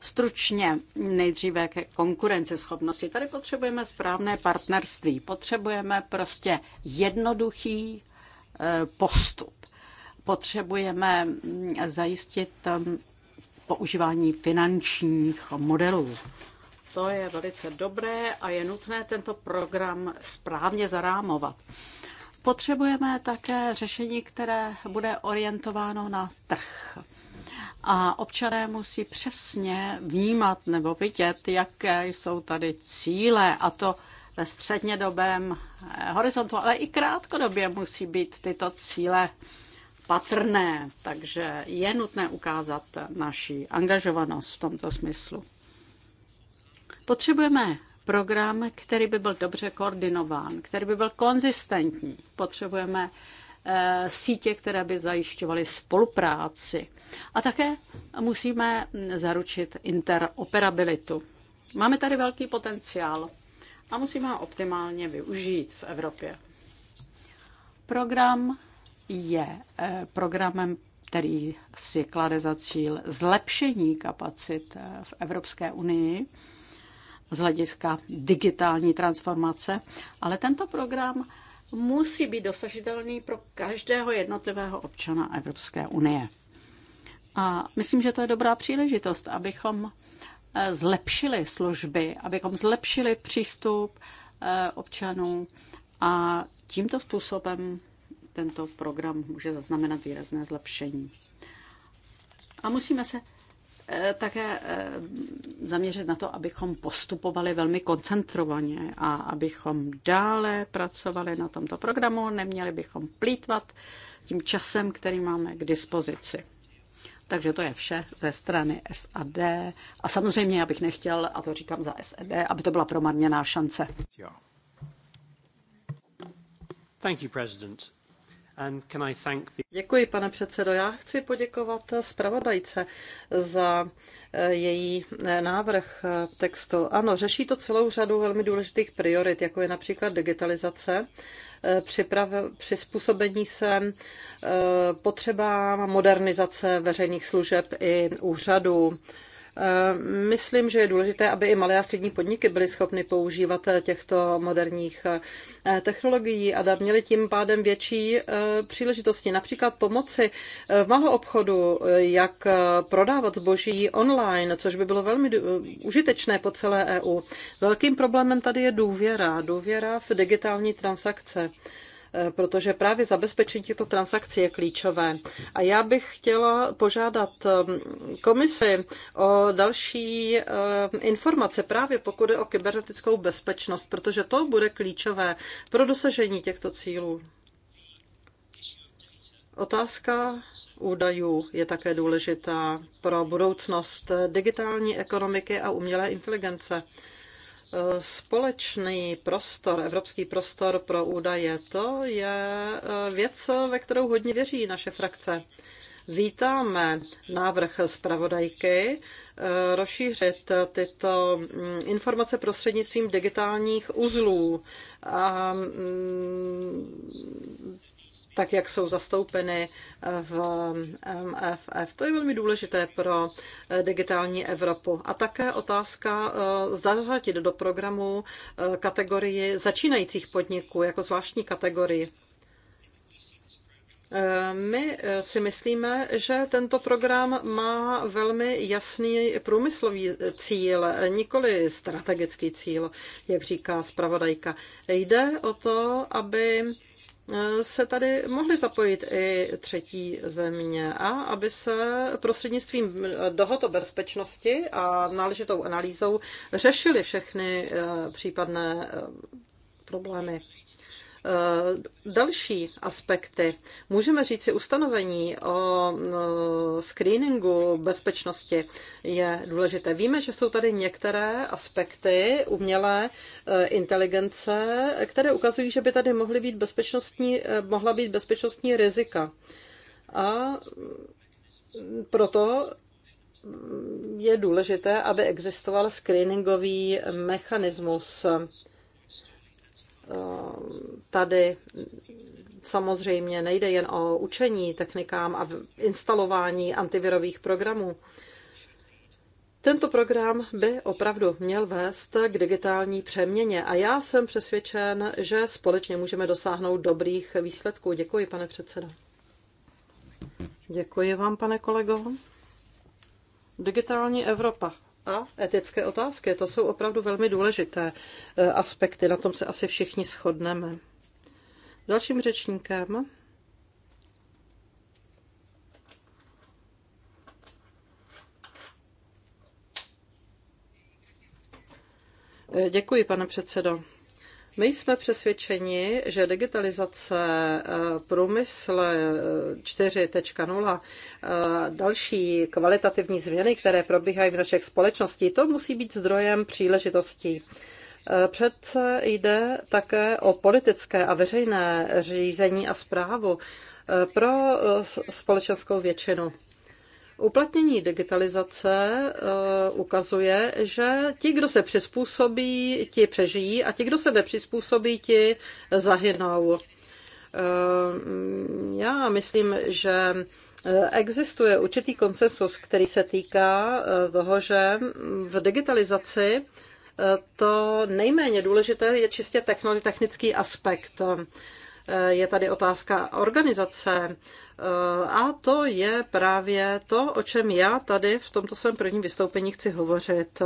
Stručně nejdříve ke konkurenceschopnosti. Tady potřebujeme správné partnerství, potřebujeme prostě jednoduchý eh, postup. Potřebujeme mm, zajistit mm, používání finančních modelů. To je velice dobré a je nutné tento program správně zarámovat. Potřebujeme také řešení, které bude orientováno na trh a občané musí přesně vnímat nebo vidět, jaké jsou tady cíle a to ve střednědobém eh, horizontu, ale i krátkodobě musí být tyto cíle patrné, takže je nutné ukázat naši angažovanost v tomto smyslu. Potřebujeme program, který by byl dobře koordinován, který by byl konzistentní. Potřebujeme Eh, sítě, které by zajišťovaly spolupráci. A také musíme zaručit interoperabilitu. Máme tady velký potenciál a musíme ho optimálně využít v Evropě. Program je eh, programem, který si klade za cíl zlepšení kapacit eh, v Evropské unii z hlediska digitální transformace, ale tento program musí být dosažitelný pro každého jednotlivého občana Evropské unie. A myslím, že to je dobrá příležitost, abychom eh, zlepšili služby, abychom zlepšili přístup eh, občanů a tímto způsobem tento program může zaznamenat výrazné zlepšení. A musíme se Eh, také eh, zaměřit na to, abychom postupovali velmi koncentrovaně a abychom dále pracovali na tomto programu, neměli bychom plítvat tím časem, který máme k dispozici. Takže to je vše ze strany SAD. A samozřejmě, abych nechtěl, a to říkám za SAD, e aby to byla promarněná šance. Thank you, President. Děkuji, pane předsedo. Já chci poděkovat zpravodajce za eh, její eh, návrh eh, textu. Ano, řeší to celou řadu velmi důležitých priorit, jako je například digitalizace, připrav, přizpůsobení se potřebám modernizace veřejných služeb i úřadů Eh, myslím, že je důležité, aby i malé a střední podniky byly schopny používat eh, těchto moderních eh, technologií a měly tím pádem větší příležitosti, například pomoci v malou obchodu, jak prodávat zboží online, což by bylo velmi užitečné po celé EU. Velkým problémem tady je důvěra, důvěra v digitální transakce. Eh, protože právě zabezpečení těchto transakcí je klíčové. A já bych chtěla požádat eh, komisi o další eh, informace právě pokud je o kybernetickou bezpečnost, protože to bude klíčové pro dosažení těchto cílů. Otázka údajů je také důležitá pro budoucnost digitální ekonomiky a umělé inteligence společný prostor, evropský prostor pro údaje, to je eh, věc, ve kterou hodně věří naše frakce. Vítáme návrh zpravodajky eh, rozšířit tyto mm, informace prostřednictvím digitálních uzlů. A mm, tak jak jsou zastoupeny v MFF. To je velmi důležité pro eh, digitální Evropu. A také otázka eh, zařadit do programu eh, kategorii začínajících podniků jako zvláštní kategorii. My si myslíme, že tento program má velmi jasný průmyslový cíl, nikoli strategický cíl, jak říká zpravodajka. Jde o to, aby se tady mohly zapojit i třetí země a aby se prostřednictvím dohod o bezpečnosti a náležitou analýzou řešily všechny eh, případné eh, problémy. Eh, další aspekty. Můžeme říct si ustanovení o eh, screeningu bezpečnosti je důležité. Víme, že jsou tady některé aspekty umělé eh, inteligence, které ukazují, že by tady mohly být bezpečnostní, mohla být bezpečnostní rizika. A proto je důležité, aby existoval screeningový mechanismus Ehm, tady samozřejmě nejde jen o učení technikám a instalování antivirových programů. Tento program by opravdu měl vést k digitální přeměně a já jsem přesvědčen, že společně můžeme dosáhnout dobrých výsledků. Děkuji, pane předsedo. Děkuji vám, pane kolego. Digitální Evropa a etické otázky. To jsou opravdu velmi důležité eh, aspekty, na tom se asi všichni shodneme. Dalším řečníkem eh, Děkuji, pane předsedo. My jsme přesvědčeni, že digitalizace eh, průmysl 4.0, eh, eh, další kvalitativní změny, které probíhají v našich společnosti, to musí být zdrojem příležitostí. Přece jde také o politické a veřejné řízení a zprávu pro společenskou většinu. Uplatnění digitalizace eh, ukazuje, že ti, kdo se přizpůsobí, ti přežijí a ti, kdo se nepřizpůsobí, ti zahynou. Eh, já myslím, že eh, existuje určitý konsensus, který se týká toho, že v digitalizaci to nejméně důležité je čistě technický aspekt. Eh, je tady otázka organizace. Eh, a to je právě to, o čem já tady v tomto svém prvním vystoupení chci hovořit.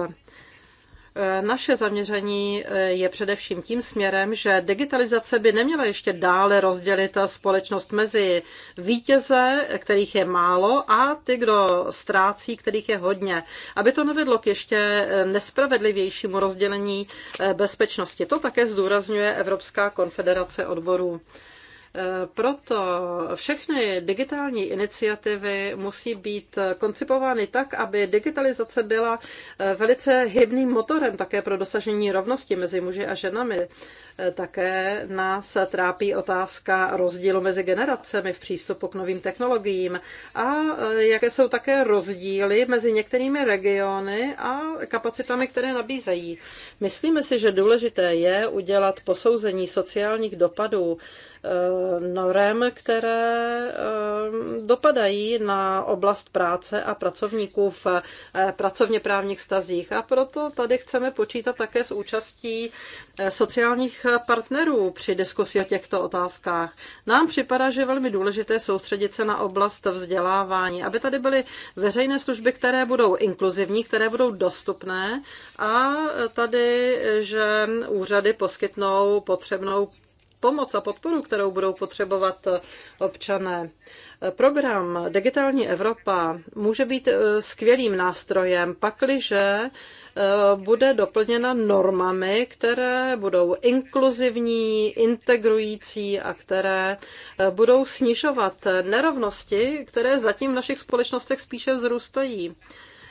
Eh, naše zaměření eh, je především tím směrem, že digitalizace by neměla ještě dále rozdělit společnost mezi vítěze, kterých je málo, a ty, kdo ztrácí, kterých je hodně. Aby to nevedlo k ještě eh, nespravedlivějšímu rozdělení bezpečnosti. To také zdůrazňuje Evropská konfederace odborů. Proto všechny digitální iniciativy musí být koncipovány tak, aby digitalizace byla velice hybným motorem také pro dosažení rovnosti mezi muži a ženami. Také nás trápí otázka rozdílu mezi generacemi v přístupu k novým technologiím a e, jaké jsou také rozdíly mezi některými regiony a kapacitami, které nabízejí. Myslíme si, že důležité je udělat posouzení sociálních dopadů e, norem, které e, dopadají na oblast práce a pracovníků v pracovně právních stazích. A proto tady chceme počítat také s účastí Eh, sociálních eh, partnerů při diskusi o těchto otázkách. Nám připadá, že je velmi důležité soustředit se na oblast vzdělávání, aby tady byly veřejné služby, které budou inkluzivní, které budou dostupné a tady, eh, že úřady poskytnou potřebnou pomoc a podporu, kterou budou potřebovat eh, občané. Eh, program Digitální Evropa může být eh, skvělým nástrojem, pakliže bude doplněna normami, které budou inkluzivní, integrující a které budou snižovat nerovnosti, které zatím v našich společnostech spíše vzrůstají.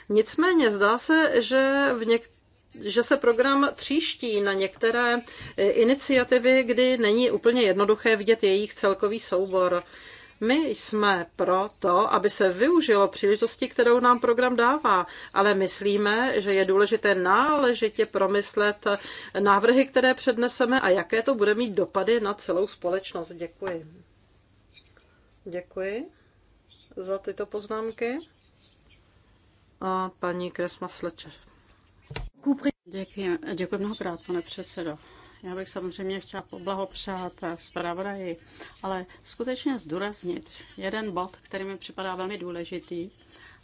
Nicméně zdá se, že v některých že se program tříští na některé e, iniciativy, kdy není úplně jednoduché vidět jejich celkový soubor. My jsme pro to, aby se využilo příležitosti, kterou nám program dává, ale myslíme, že je důležité náležitě promyslet návrhy, které předneseme a jaké to bude mít dopady na celou společnost. Děkuji. Děkuji za tyto poznámky. A paní Kresma Slečer. Děkuji, děkuji mnohokrát, pane předsedo. Já bych samozřejmě chtěla poblahopřát zpravodaji, ale skutečně zdůraznit jeden bod, který mi připadá velmi důležitý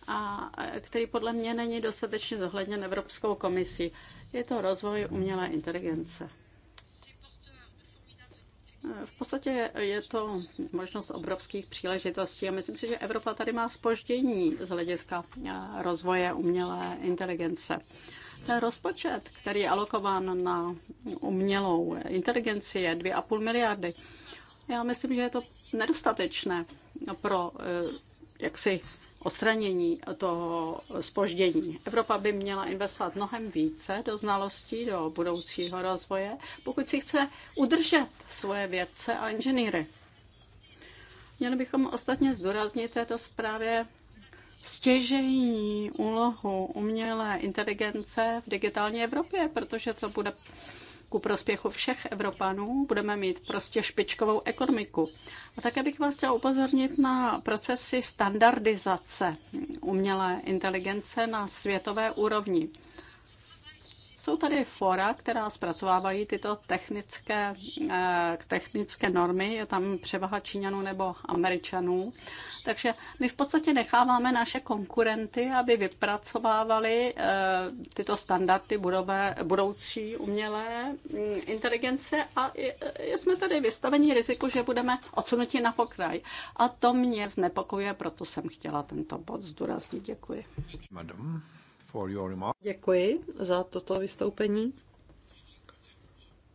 a který podle mě není dostatečně zohledněn Evropskou komisí. Je to rozvoj umělé inteligence. V podstatě je to možnost obrovských příležitostí a myslím si, že Evropa tady má spoždění z hlediska rozvoje umělé inteligence. Ten rozpočet, který je alokován na umělou inteligenci, je 2,5 miliardy. Já myslím, že je to nedostatečné pro eh, jaksi osranění toho spoždění. Evropa by měla investovat mnohem více do znalostí, do budoucího rozvoje, pokud si chce udržet svoje vědce a inženýry. Měli bychom ostatně zdůraznit této zprávě stěžejní úlohu umělé inteligence v digitální Evropě, protože to bude ku prospěchu všech Evropanů, budeme mít prostě špičkovou ekonomiku. A také bych vás chtěla upozornit na procesy standardizace umělé inteligence na světové úrovni. Jsou tady fora, která zpracovávají tyto technické, eh, technické normy, je tam převaha Číňanů nebo Američanů. Takže my v podstatě necháváme naše konkurenty, aby vypracovávali eh, tyto standardy budové, budoucí umělé mm, inteligence a jsme tady vystaveni riziku, že budeme odsunutí na pokraj. A to mě znepokojuje, proto jsem chtěla tento bod zdůraznit. Děkuji. Madam for your remark. Děkuji za toto vystoupení.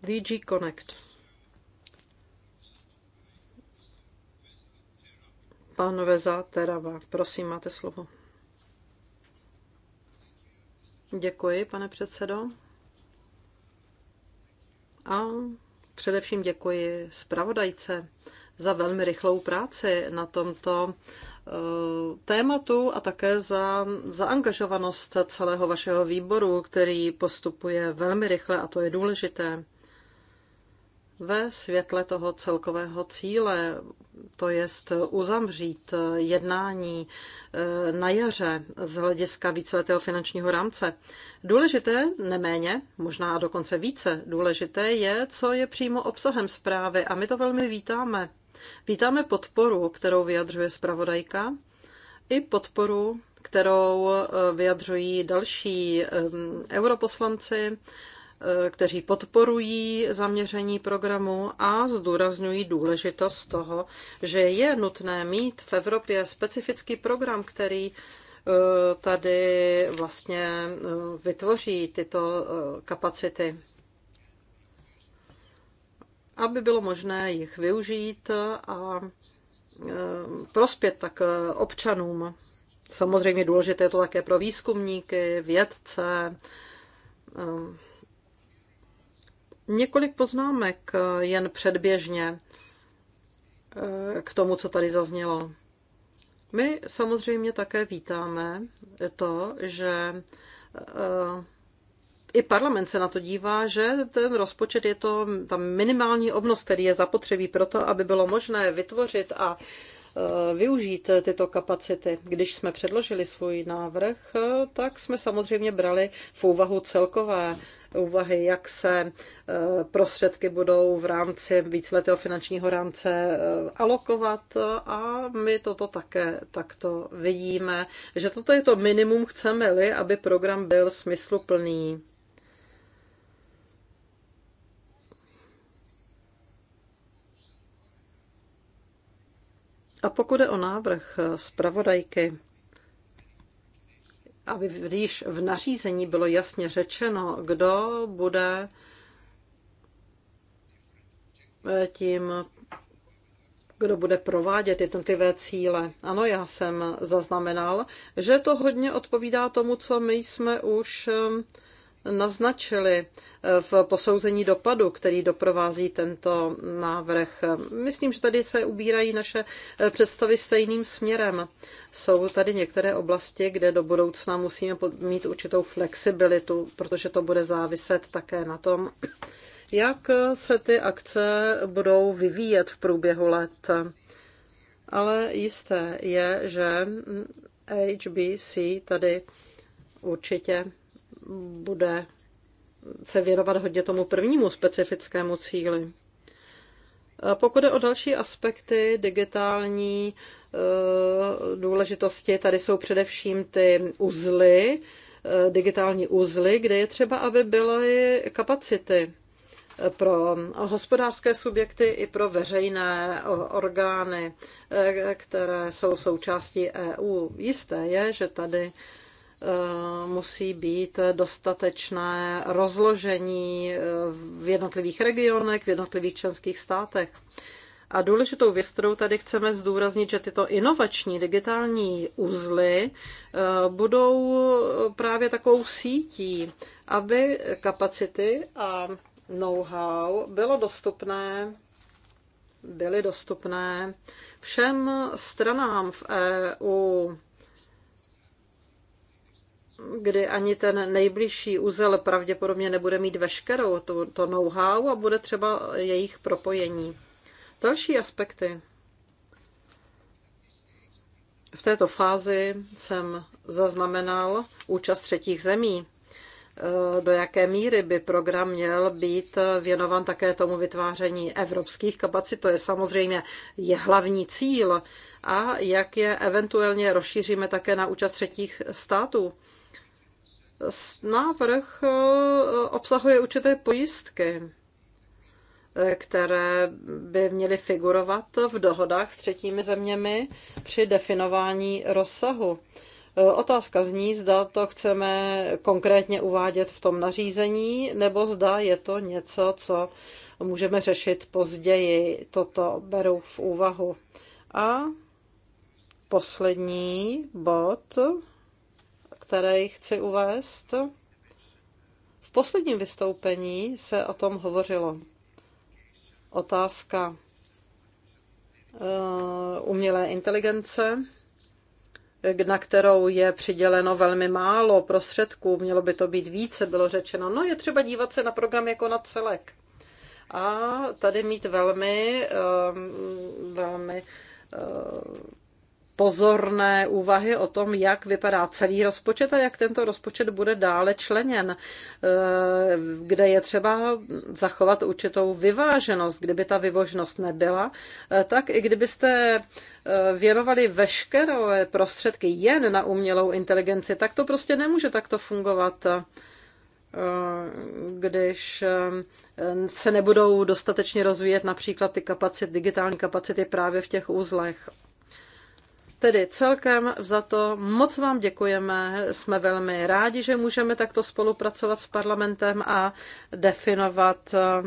DG Connect. Pan za Terava, prosím, máte slovo. Děkuji, pane předsedo. A především děkuji zpravodajce za velmi rychlou práci na tomto Eh, tématu a také za zaangažovanost celého vašeho výboru, který postupuje velmi rychle a to je důležité. Ve světle toho celkového cíle, to jest uzamřít jednání eh, na jaře z hlediska víceletého finančního rámce. Důležité, neméně, možná a dokonce více důležité je, co je přímo obsahem zprávy a my to velmi vítáme Vítáme podporu, kterou vyjadřuje zpravodajka, i podporu, kterou e, vyjadřují další europoslanci, e, kteří podporují zaměření programu a zdůrazňují důležitost toho, že je nutné mít v Evropě specifický program, který e, tady vlastně vytvoří tyto kapacity aby bylo možné jich využít a e, prospět tak občanům. Samozřejmě důležité je to také pro výzkumníky, vědce. E, několik poznámek jen předběžně e, k tomu, co tady zaznělo. My samozřejmě také vítáme to, že i parlament se na to dívá, že ten rozpočet je to ta minimální obnos, který je zapotřebí pro to, aby bylo možné vytvořit a e, využít tyto kapacity. Když jsme předložili svůj návrh, e, tak jsme samozřejmě brali v úvahu celkové úvahy, jak se e, prostředky budou v rámci víceletého finančního rámce alokovat a my toto také takto vidíme, že toto je to minimum, chceme-li, aby program byl smysluplný. A pokud je o návrh eh, zpravodajky, aby když v nařízení bylo jasně řečeno, kdo bude eh, tím, kdo bude provádět jednotlivé cíle. Ano, já jsem zaznamenal, že to hodně odpovídá tomu, co my jsme už eh, naznačili eh, v posouzení dopadu, který doprovází tento návrh. Myslím, že tady se ubírají naše eh, představy stejným směrem. Jsou tady některé oblasti, kde do budoucna musíme mít určitou flexibilitu, protože to bude záviset také na tom, jak eh, se ty akce budou vyvíjet v průběhu let. Ale jisté je, že mm, HBC tady určitě bude se věnovat hodně tomu prvnímu specifickému cíli. Pokud je o další aspekty digitální eh, důležitosti, tady jsou především ty uzly, eh, digitální uzly, kde je třeba, aby byly kapacity eh, pro hospodářské subjekty i pro veřejné orgány, které jsou součástí EU. Jisté je, že tady Eh, musí být dostatečné rozložení eh, v jednotlivých regionech, v jednotlivých členských státech. A důležitou věc, kterou tady chceme zdůraznit, že tyto inovační digitální uzly eh, budou právě takovou sítí, aby kapacity a know-how bylo dostupné, byly dostupné všem stranám v EU kdy ani ten nejbližší úzel pravděpodobně nebude mít veškerou to, to know-how a bude třeba jejich propojení. Další aspekty. V této fázi jsem zaznamenal účast třetích zemí. E, do jaké míry by program měl být věnovan také tomu vytváření evropských kapacit? To je samozřejmě je hlavní cíl. A jak je eventuálně rozšíříme také na účast třetích států? návrh eh, obsahuje určité pojistky, eh, které by měly figurovat v dohodách s třetími zeměmi při definování rozsahu. Eh, otázka zní, zda to chceme konkrétně uvádět v tom nařízení, nebo zda je to něco, co můžeme řešit později. Toto beru v úvahu. A poslední bod které chci uvést. V posledním vystoupení se o tom hovořilo. Otázka eh, umělé inteligence, na kterou je přiděleno velmi málo prostředků, mělo by to být více, bylo řečeno. No je třeba dívat se na program jako na celek. A tady mít velmi, eh, velmi eh, pozorné úvahy o tom, jak vypadá celý rozpočet a jak tento rozpočet bude dále členěn, eh, kde je třeba zachovat určitou vyváženost. Kdyby ta vyvožnost nebyla, eh, tak i kdybyste eh, věnovali veškeré prostředky jen na umělou inteligenci, tak to prostě nemůže takto fungovat když se nebudou dostatečně rozvíjet například ty kapacity, digitální kapacity právě v těch úzlech. Tedy celkem za to moc vám děkujeme. Jsme velmi rádi, že můžeme takto spolupracovat s parlamentem a definovat eh,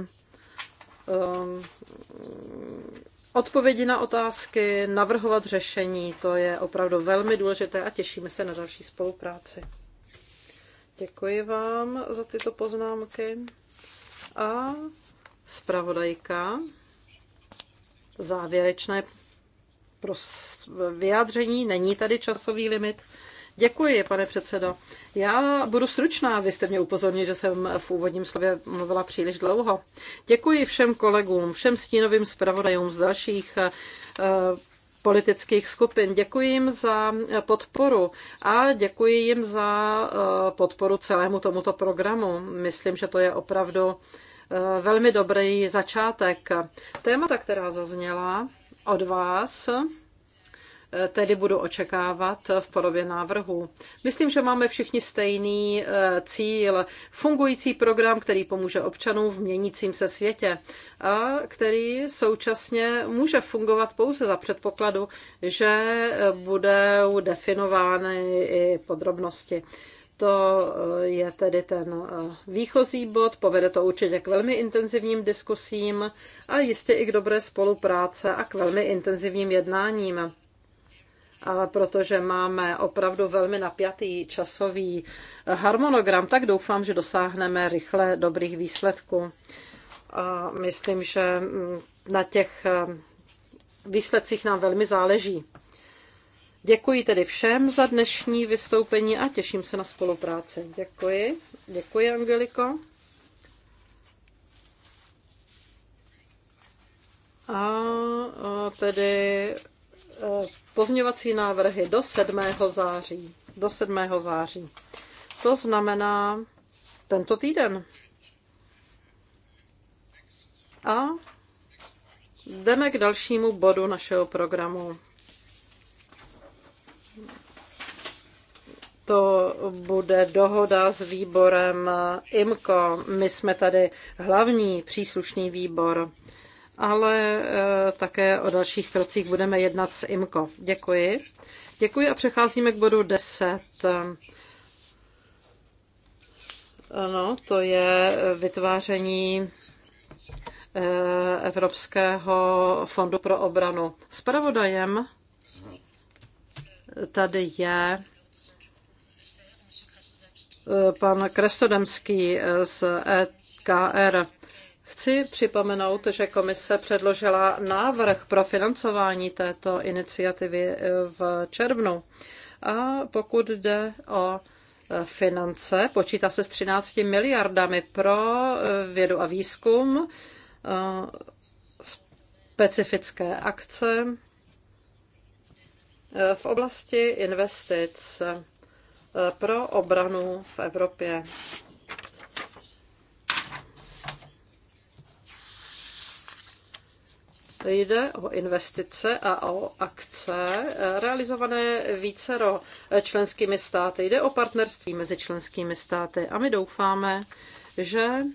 um, odpovědi na otázky, navrhovat řešení. To je opravdu velmi důležité a těšíme se na další spolupráci. Děkuji vám za tyto poznámky. A zpravodajka závěrečné pro vyjádření. Není tady časový limit. Děkuji, pane předsedo. Já budu stručná, vy jste mě upozornili, že jsem v úvodním slově mluvila příliš dlouho. Děkuji všem kolegům, všem stínovým zpravodajům z dalších eh, politických skupin. Děkuji jim za podporu a děkuji jim za eh, podporu celému tomuto programu. Myslím, že to je opravdu eh, velmi dobrý začátek. Témata, která zazněla, od vás eh, tedy budu očekávat v podobě návrhu. Myslím, že máme všichni stejný eh, cíl. Fungující program, který pomůže občanům v měnícím se světě a který současně může fungovat pouze za předpokladu, že eh, budou definovány i podrobnosti. To eh, je tedy ten eh, výchozí bod, povede to určitě k velmi intenzivním diskusím a jistě i k dobré spolupráce a k velmi intenzivním jednáním. A protože máme opravdu velmi napjatý časový eh, harmonogram, tak doufám, že dosáhneme rychle dobrých výsledků. A myslím, že mm, na těch výsledcích nám velmi záleží. Děkuji tedy všem za dnešní vystoupení a těším se na spolupráci. Děkuji. Děkuji, Angeliko. A tedy e, pozměňovací návrhy do 7. září. Do 7. září. To znamená tento týden. A jdeme k dalšímu bodu našeho programu. to bude dohoda s výborem IMCO. My jsme tady hlavní příslušný výbor, ale eh, také o dalších krocích budeme jednat s IMCO. Děkuji. Děkuji a přecházíme k bodu 10. Ano, to je vytváření eh, Evropského fondu pro obranu. Spravodajem tady je Eh, pan Krestodemský eh, z EKR. Chci připomenout, že komise předložila návrh pro financování této iniciativy eh, v červnu. A pokud jde o finance, počítá se s 13 miliardami pro vědu a výzkum, specifické akce v oblasti investic pro obranu v Evropě. Jde o investice a o akce realizované vícero členskými státy. Jde o partnerství mezi členskými státy a my doufáme, že eh,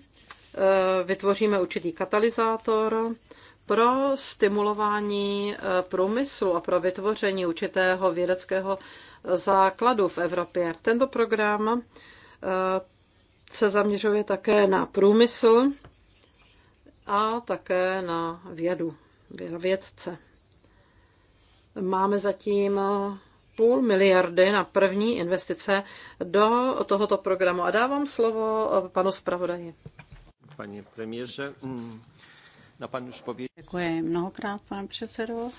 vytvoříme určitý katalyzátor pro stimulování eh, průmyslu a pro vytvoření určitého vědeckého základů v Evropě. Tento program eh, se zaměřuje také na průmysl a také na vědu, vědce. Máme zatím půl miliardy na první investice do tohoto programu. A dávám slovo panu zpravodaji. Pane premiére, mm, na pan už pověděl. Děkuji mnohokrát, pane předsedo.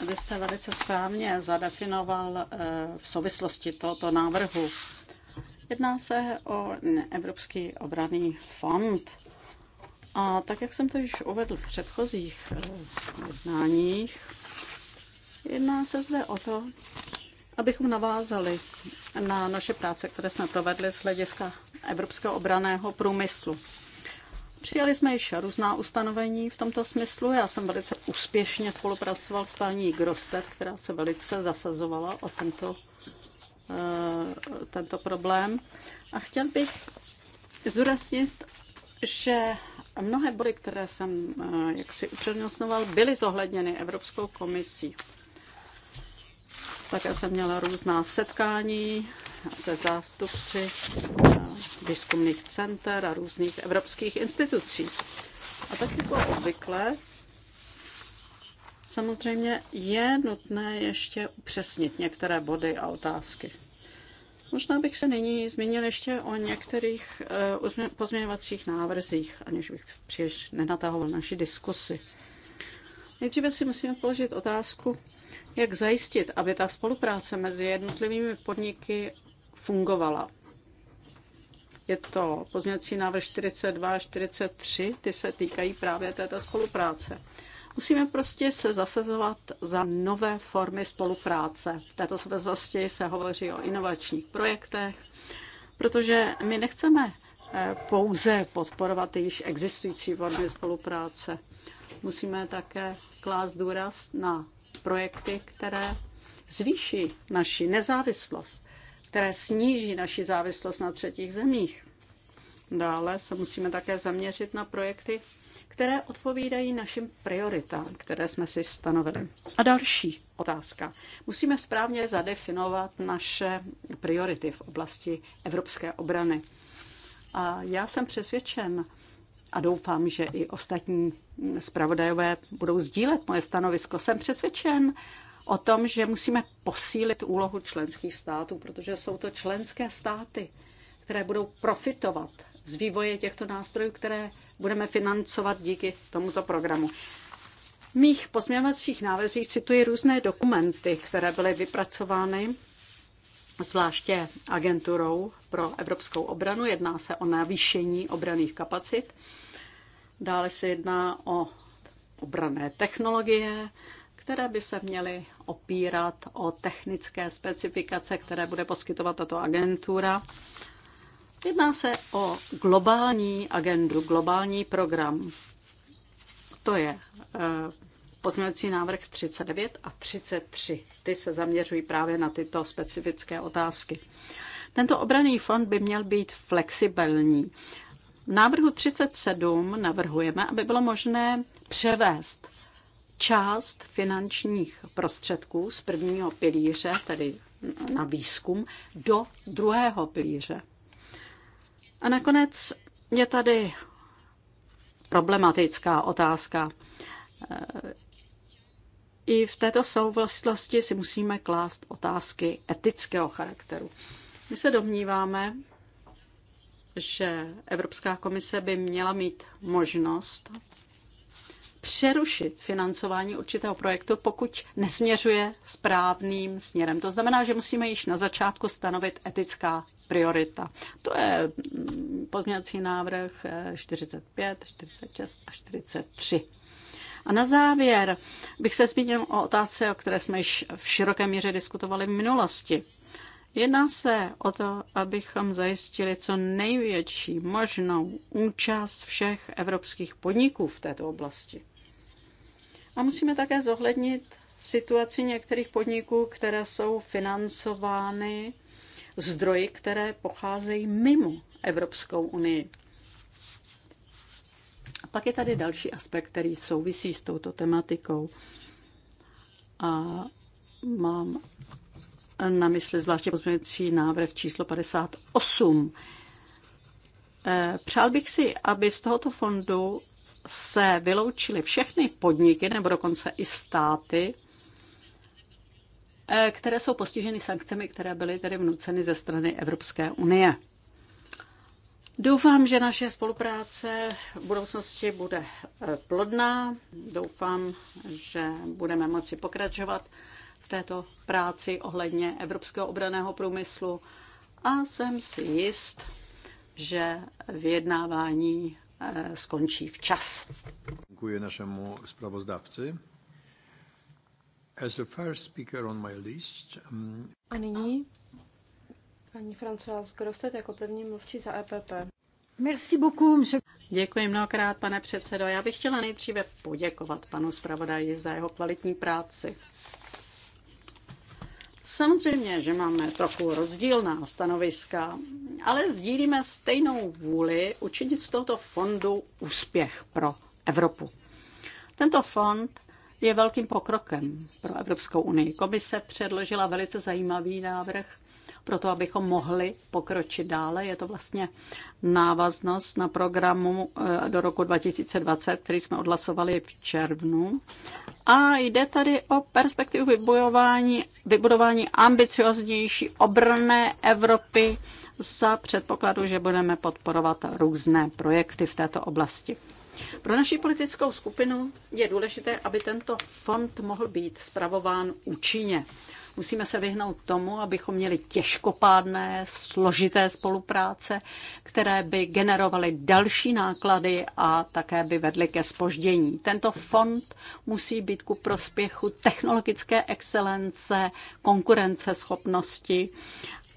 Vy jste velice správně zadefinoval eh, v souvislosti tohoto návrhu. Jedná se o Evropský obranný fond. A tak, jak jsem to již uvedl v předchozích eh, jednáních, jedná se zde o to, abychom navázali na naše práce, které jsme provedli z hlediska evropského obraného průmyslu. Přijali jsme již různá ustanovení v tomto smyslu. Já jsem velice úspěšně spolupracoval s paní Grostet, která se velice zasazovala o tento, eh, tento problém. A chtěl bych zdůraznit, že mnohé body, které jsem eh, jaksi upřednostňoval, byly zohledněny Evropskou komisí. Také jsem měla různá setkání se zástupci výzkumných center a různých evropských institucí. A tak jako obvykle, samozřejmě je nutné ještě upřesnit některé body a otázky. Možná bych se nyní zmínil ještě o některých eh, pozměňovacích návrzích, aniž bych příliš nenatahoval naši diskusi. Nejdříve si musíme položit otázku, jak zajistit, aby ta spolupráce mezi jednotlivými podniky fungovala. Je to pozměňovací návrh 42 a 43, ty se týkají právě této spolupráce. Musíme prostě se zasazovat za nové formy spolupráce. V této souvislosti se hovoří o inovačních projektech, protože my nechceme eh, pouze podporovat již existující formy spolupráce. Musíme také klást důraz na projekty, které zvýší naši nezávislost které sníží naši závislost na třetích zemích. Dále se musíme také zaměřit na projekty, které odpovídají našim prioritám, které jsme si stanovili. A další otázka. Musíme správně zadefinovat naše priority v oblasti evropské obrany. A já jsem přesvědčen, a doufám, že i ostatní zpravodajové budou sdílet moje stanovisko. Jsem přesvědčen o tom, že musíme posílit úlohu členských států, protože jsou to členské státy, které budou profitovat z vývoje těchto nástrojů, které budeme financovat díky tomuto programu. V mých pozměňovacích návrzích cituji různé dokumenty, které byly vypracovány zvláště agenturou pro evropskou obranu. Jedná se o navýšení obraných kapacit. Dále se jedná o obrané technologie, které by se měly opírat o technické specifikace, které bude poskytovat tato agentura. Jedná se o globální agendu, globální program. To je eh, pozměňovací návrh 39 a 33. Ty se zaměřují právě na tyto specifické otázky. Tento obraný fond by měl být flexibilní. V návrhu 37 navrhujeme, aby bylo možné převést část finančních prostředků z prvního pilíře, tedy na výzkum, do druhého pilíře. A nakonec je tady problematická otázka. E, I v této souvislosti si musíme klást otázky etického charakteru. My se domníváme, že Evropská komise by měla mít možnost přerušit financování určitého projektu, pokud nesměřuje správným směrem. To znamená, že musíme již na začátku stanovit etická priorita. To je mm, pozměňovací návrh 45, eh, 46 a 43. A na závěr bych se zmínil o otázce, o které jsme již v široké míře diskutovali v minulosti. Jedná se o to, abychom zajistili co největší možnou účast všech evropských podniků v této oblasti. A musíme také zohlednit situaci některých podniků, které jsou financovány zdroji, které pocházejí mimo Evropskou unii. A pak je tady další aspekt, který souvisí s touto tematikou. A mám na mysli zvláště pozměňující návrh číslo 58. Eh, přál bych si, aby z tohoto fondu se vyloučily všechny podniky nebo dokonce i státy, eh, které jsou postiženy sankcemi, které byly tedy vnuceny ze strany Evropské unie. Doufám, že naše spolupráce v budoucnosti bude eh, plodná. Doufám, že budeme moci pokračovat v této práci ohledně evropského obraného průmyslu a jsem si jist, že vyjednávání Eh, skončí včas. Děkuji našemu zpravodajci. As the first speaker on my list, um... A nyní paní Françoise Grostet jako první mluvčí za EPP. Merci beaucoup, monsieur. Děkuji mnohokrát, pane předsedo. Já bych chtěla nejdříve poděkovat panu zpravodaji za jeho kvalitní práci. Samozřejmě, že máme trochu rozdílná stanoviska, ale sdílíme stejnou vůli učinit z tohoto fondu úspěch pro Evropu. Tento fond je velkým pokrokem pro Evropskou unii. Komise předložila velice zajímavý návrh proto abychom mohli pokročit dále. Je to vlastně návaznost na programu eh, do roku 2020, který jsme odhlasovali v červnu. A jde tady o perspektivu vybojování, vybudování ambicioznější obrné Evropy za předpokladu, že budeme podporovat různé projekty v této oblasti. Pro naši politickou skupinu je důležité, aby tento fond mohl být spravován účinně. Musíme se vyhnout tomu, abychom měli těžkopádné, složité spolupráce, které by generovaly další náklady a také by vedly ke spoždění. Tento fond musí být ku prospěchu technologické excelence, konkurenceschopnosti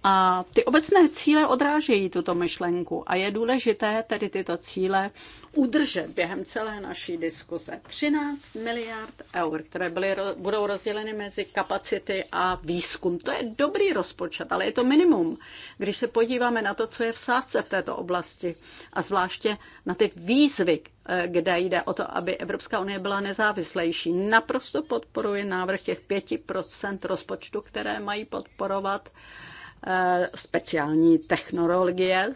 a ty obecné cíle odrážejí tuto myšlenku a je důležité tedy tyto cíle udržet během celé naší diskuse. 13 miliard eur, které byly, budou rozděleny mezi kapacity a výzkum. To je dobrý rozpočet, ale je to minimum, když se podíváme na to, co je v sázce v této oblasti a zvláště na ty výzvy, eh, kde jde o to, aby Evropská unie byla nezávislejší. Naprosto podporuji návrh těch 5% rozpočtu, které mají podporovat Eh, speciální technologie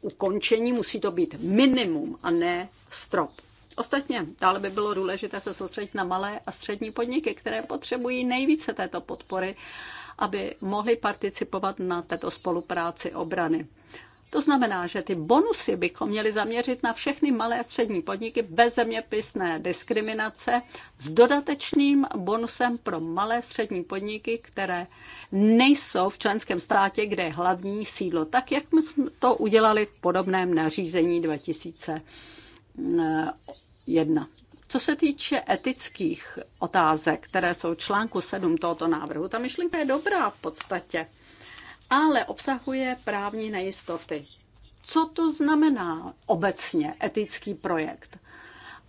ukončení. Musí to být minimum a ne strop. Ostatně, dále by bylo důležité se soustředit na malé a střední podniky, které potřebují nejvíce této podpory, aby mohly participovat na této spolupráci obrany. To znamená, že ty bonusy bychom měli zaměřit na všechny malé a střední podniky bez zeměpisné diskriminace s dodatečným bonusem pro malé a střední podniky, které nejsou v členském státě, kde je hlavní sídlo, tak jak jsme to udělali v podobném nařízení 2001. Co se týče etických otázek, které jsou článku 7 tohoto návrhu, ta myšlenka je dobrá v podstatě ale obsahuje právní nejistoty. Co to znamená obecně etický projekt?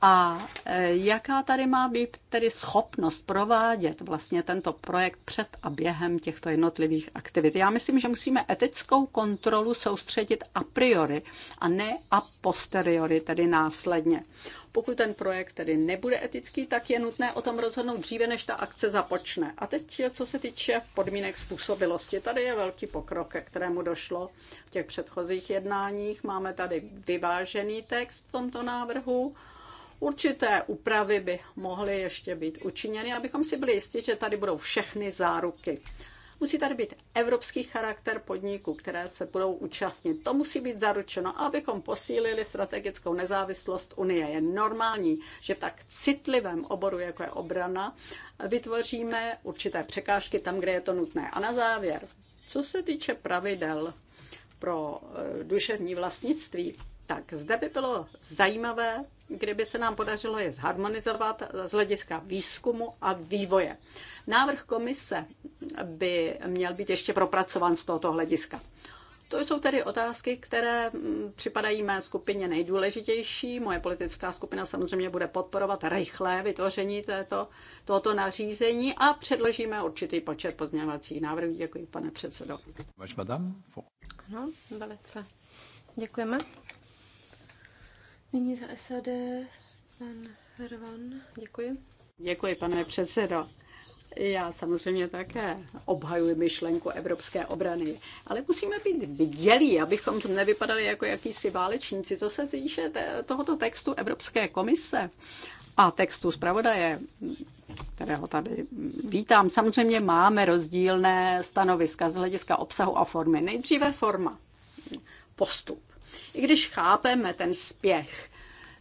A e, jaká tady má být tedy schopnost provádět vlastně tento projekt před a během těchto jednotlivých aktivit? Já myslím, že musíme etickou kontrolu soustředit a priori a ne a posteriori, tedy následně. Pokud ten projekt tedy nebude etický, tak je nutné o tom rozhodnout dříve, než ta akce započne. A teď, co se týče podmínek způsobilosti, tady je velký pokrok, ke kterému došlo v těch předchozích jednáních. Máme tady vyvážený text v tomto návrhu. Určité úpravy by mohly ještě být učiněny, abychom si byli jistí, že tady budou všechny záruky. Musí tady být evropský charakter podniků, které se budou účastnit. To musí být zaručeno, abychom posílili strategickou nezávislost Unie. Je normální, že v tak citlivém oboru, jako je obrana, vytvoříme určité překážky tam, kde je to nutné. A na závěr, co se týče pravidel pro eh, duševní vlastnictví, tak zde by bylo zajímavé, kdyby se nám podařilo je zharmonizovat z hlediska výzkumu a vývoje. Návrh komise by měl být ještě propracován z tohoto hlediska. To jsou tedy otázky, které mm, připadají mé skupině nejdůležitější. Moje politická skupina samozřejmě bude podporovat rychlé vytvoření této, tohoto nařízení a předložíme určitý počet pozměňovacích návrhů. Děkuji, pane předsedo. Máš, madam? No, velice. Děkujeme. Nyní za SAD pan Hervan. Děkuji. Děkuji, pane předsedo. Já samozřejmě také obhajuji myšlenku evropské obrany, ale musíme být vidělí, abychom nevypadali jako jakýsi válečníci. Co se týče tohoto textu Evropské komise a textu zpravodaje, kterého tady vítám, samozřejmě máme rozdílné stanoviska z hlediska obsahu a formy. Nejdříve forma, postup. I když chápeme ten spěch,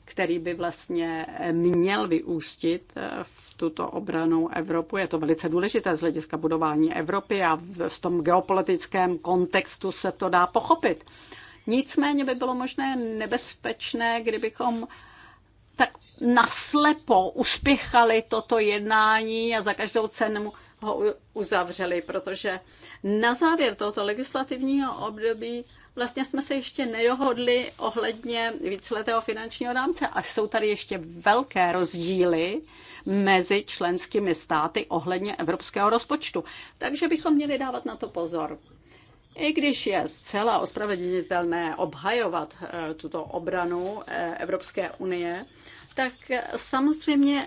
který by vlastně měl vyústit eh, v tuto obranou Evropu. Je to velice důležité z hlediska budování Evropy a v tom geopolitickém kontextu se to dá pochopit. Nicméně by bylo možné nebezpečné, kdybychom tak naslepo uspěchali toto jednání a za každou cenu ho uzavřeli, protože na závěr tohoto legislativního období vlastně jsme se ještě nedohodli ohledně víceletého finančního rámce a jsou tady ještě velké rozdíly mezi členskými státy ohledně evropského rozpočtu. Takže bychom měli dávat na to pozor. I když je zcela ospravedlnitelné obhajovat eh, tuto obranu eh, Evropské unie, tak eh, samozřejmě,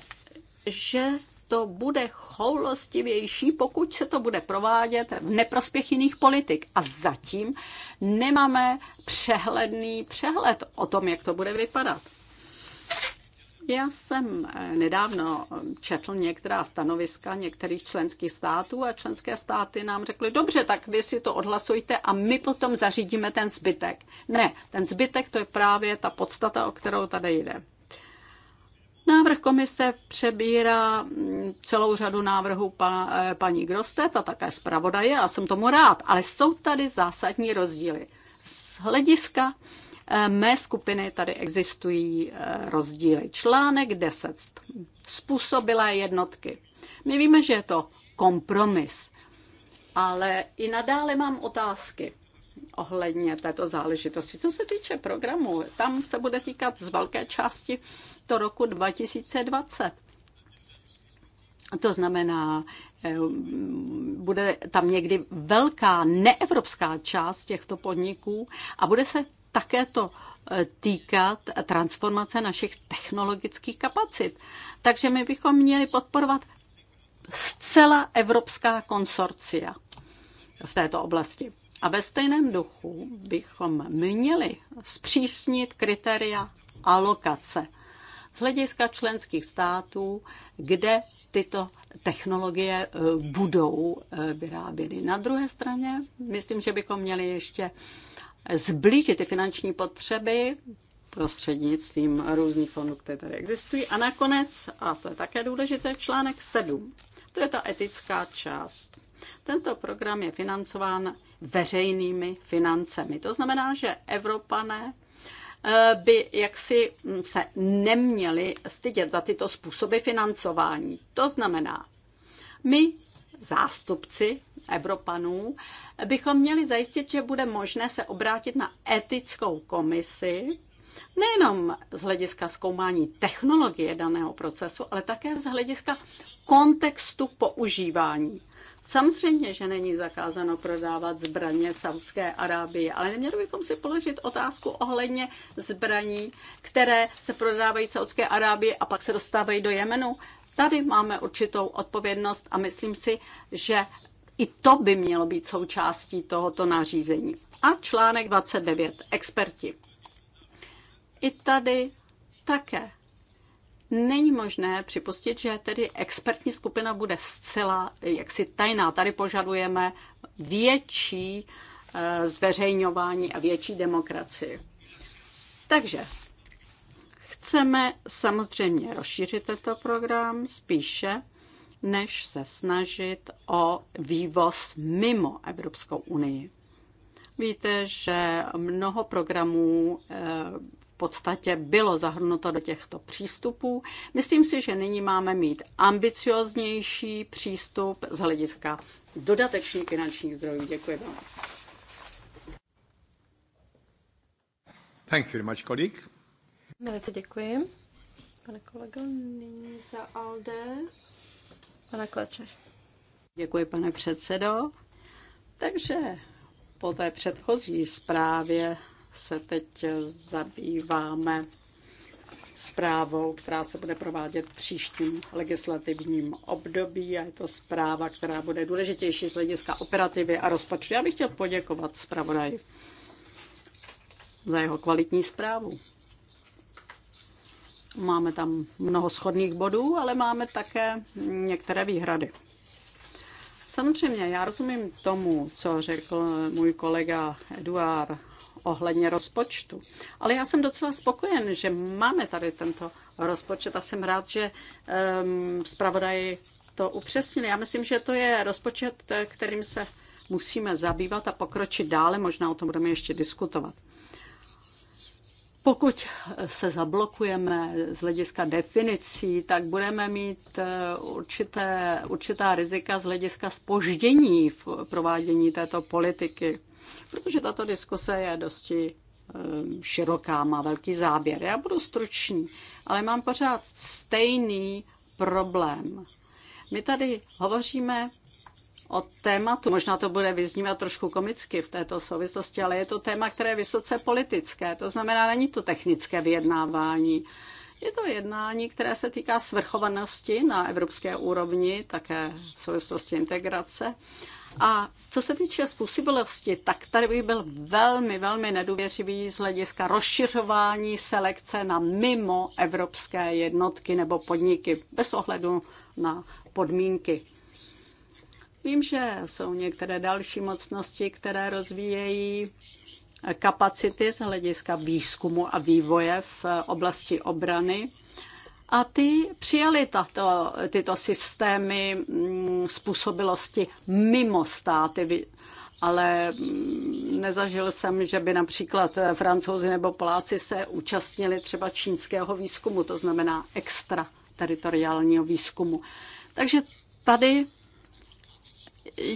že to bude choulostivější, pokud se to bude provádět v neprospěch jiných politik. A zatím nemáme přehledný přehled o tom, jak to bude vypadat. Já jsem eh, nedávno eh, četl některá stanoviska některých členských států a členské státy nám řekly, dobře, tak vy si to odhlasujte a my potom zařídíme ten zbytek. Ne, ten zbytek to je právě ta podstata, o kterou tady jde. Návrh komise přebírá celou řadu návrhů pa, eh, paní Grostet a také zpravodaje a jsem tomu rád, ale jsou tady zásadní rozdíly. Z hlediska eh, mé skupiny tady existují eh, rozdíly. Článek 10. Způsobilé jednotky. My víme, že je to kompromis, ale i nadále mám otázky ohledně této záležitosti. Co se týče programu, tam se bude týkat z velké části to roku 2020. To znamená, eh, bude tam někdy velká neevropská část těchto podniků a bude se také to eh, týkat transformace našich technologických kapacit. Takže my bychom měli podporovat zcela evropská konsorcia v této oblasti. A ve stejném duchu bychom měli zpřísnit kritéria alokace z hlediska členských států, kde tyto technologie e, budou e, vyráběny. Na druhé straně, myslím, že bychom měli ještě zblížit ty finanční potřeby prostřednictvím různých fondů, které tady existují. A nakonec, a to je také důležité, článek 7. To je ta etická část. Tento program je financován veřejnými financemi. To znamená, že Evropané eh, by jaksi se neměli stydět za tyto způsoby financování. To znamená, my zástupci Evropanů bychom měli zajistit, že bude možné se obrátit na etickou komisi, nejenom z hlediska zkoumání technologie daného procesu, ale také z hlediska kontextu používání. Samozřejmě, že není zakázáno prodávat zbraně v Saudské Arábii, ale neměli bychom si položit otázku ohledně zbraní, které se prodávají v Saudské Arábii a pak se dostávají do Jemenu. Tady máme určitou odpovědnost a myslím si, že i to by mělo být součástí tohoto nařízení. A článek 29. Experti. I tady také Není možné připustit, že tedy expertní skupina bude zcela jaksi tajná. Tady požadujeme větší eh, zveřejňování a větší demokracii. Takže chceme samozřejmě rozšířit tento program spíše, než se snažit o vývoz mimo Evropskou unii. Víte, že mnoho programů eh, podstatě bylo zahrnuto do těchto přístupů. Myslím si, že nyní máme mít ambicioznější přístup z hlediska dodatečných finančních zdrojů. Děkuji vám. Thank you very much, colleague. Velice děkuji. Pane kolego, nyní za Alde. Pane Klečeš. Děkuji, pane předsedo. Takže po té předchozí zprávě se teď zabýváme zprávou, která se bude provádět v příštím legislativním období a je to zpráva, která bude důležitější z hlediska operativy a rozpočtu. Já bych chtěl poděkovat zpravodaji za jeho kvalitní zprávu. Máme tam mnoho schodných bodů, ale máme také některé výhrady. Samozřejmě, já rozumím tomu, co řekl můj kolega Eduard ohledně rozpočtu. Ale já jsem docela spokojen, že máme tady tento rozpočet a jsem rád, že um, zpravodaji to upřesnili. Já myslím, že to je rozpočet, kterým se musíme zabývat a pokročit dále. Možná o tom budeme ještě diskutovat. Pokud se zablokujeme z hlediska definicí, tak budeme mít eh, určité, určitá rizika z hlediska spoždění v provádění této politiky protože tato diskuse je dosti ehm, široká, má velký záběr. Já budu stručný, ale mám pořád stejný problém. My tady hovoříme o tématu, možná to bude vyznívat trošku komicky v této souvislosti, ale je to téma, které je vysoce politické, to znamená, není to technické vyjednávání. Je to jednání, které se týká svrchovanosti na evropské úrovni, také v souvislosti integrace. A co se týče způsobilosti, tak tady bych byl velmi, velmi nedůvěřivý z hlediska rozšiřování selekce na mimo evropské jednotky nebo podniky bez ohledu na podmínky. Vím, že jsou některé další mocnosti, které rozvíjejí kapacity z hlediska výzkumu a vývoje v oblasti obrany a ty přijali tato, tyto systémy mm, způsobilosti mimo státy ale mm, nezažil jsem, že by například eh, francouzi nebo Poláci se účastnili třeba čínského výzkumu, to znamená extrateritoriálního výzkumu. Takže tady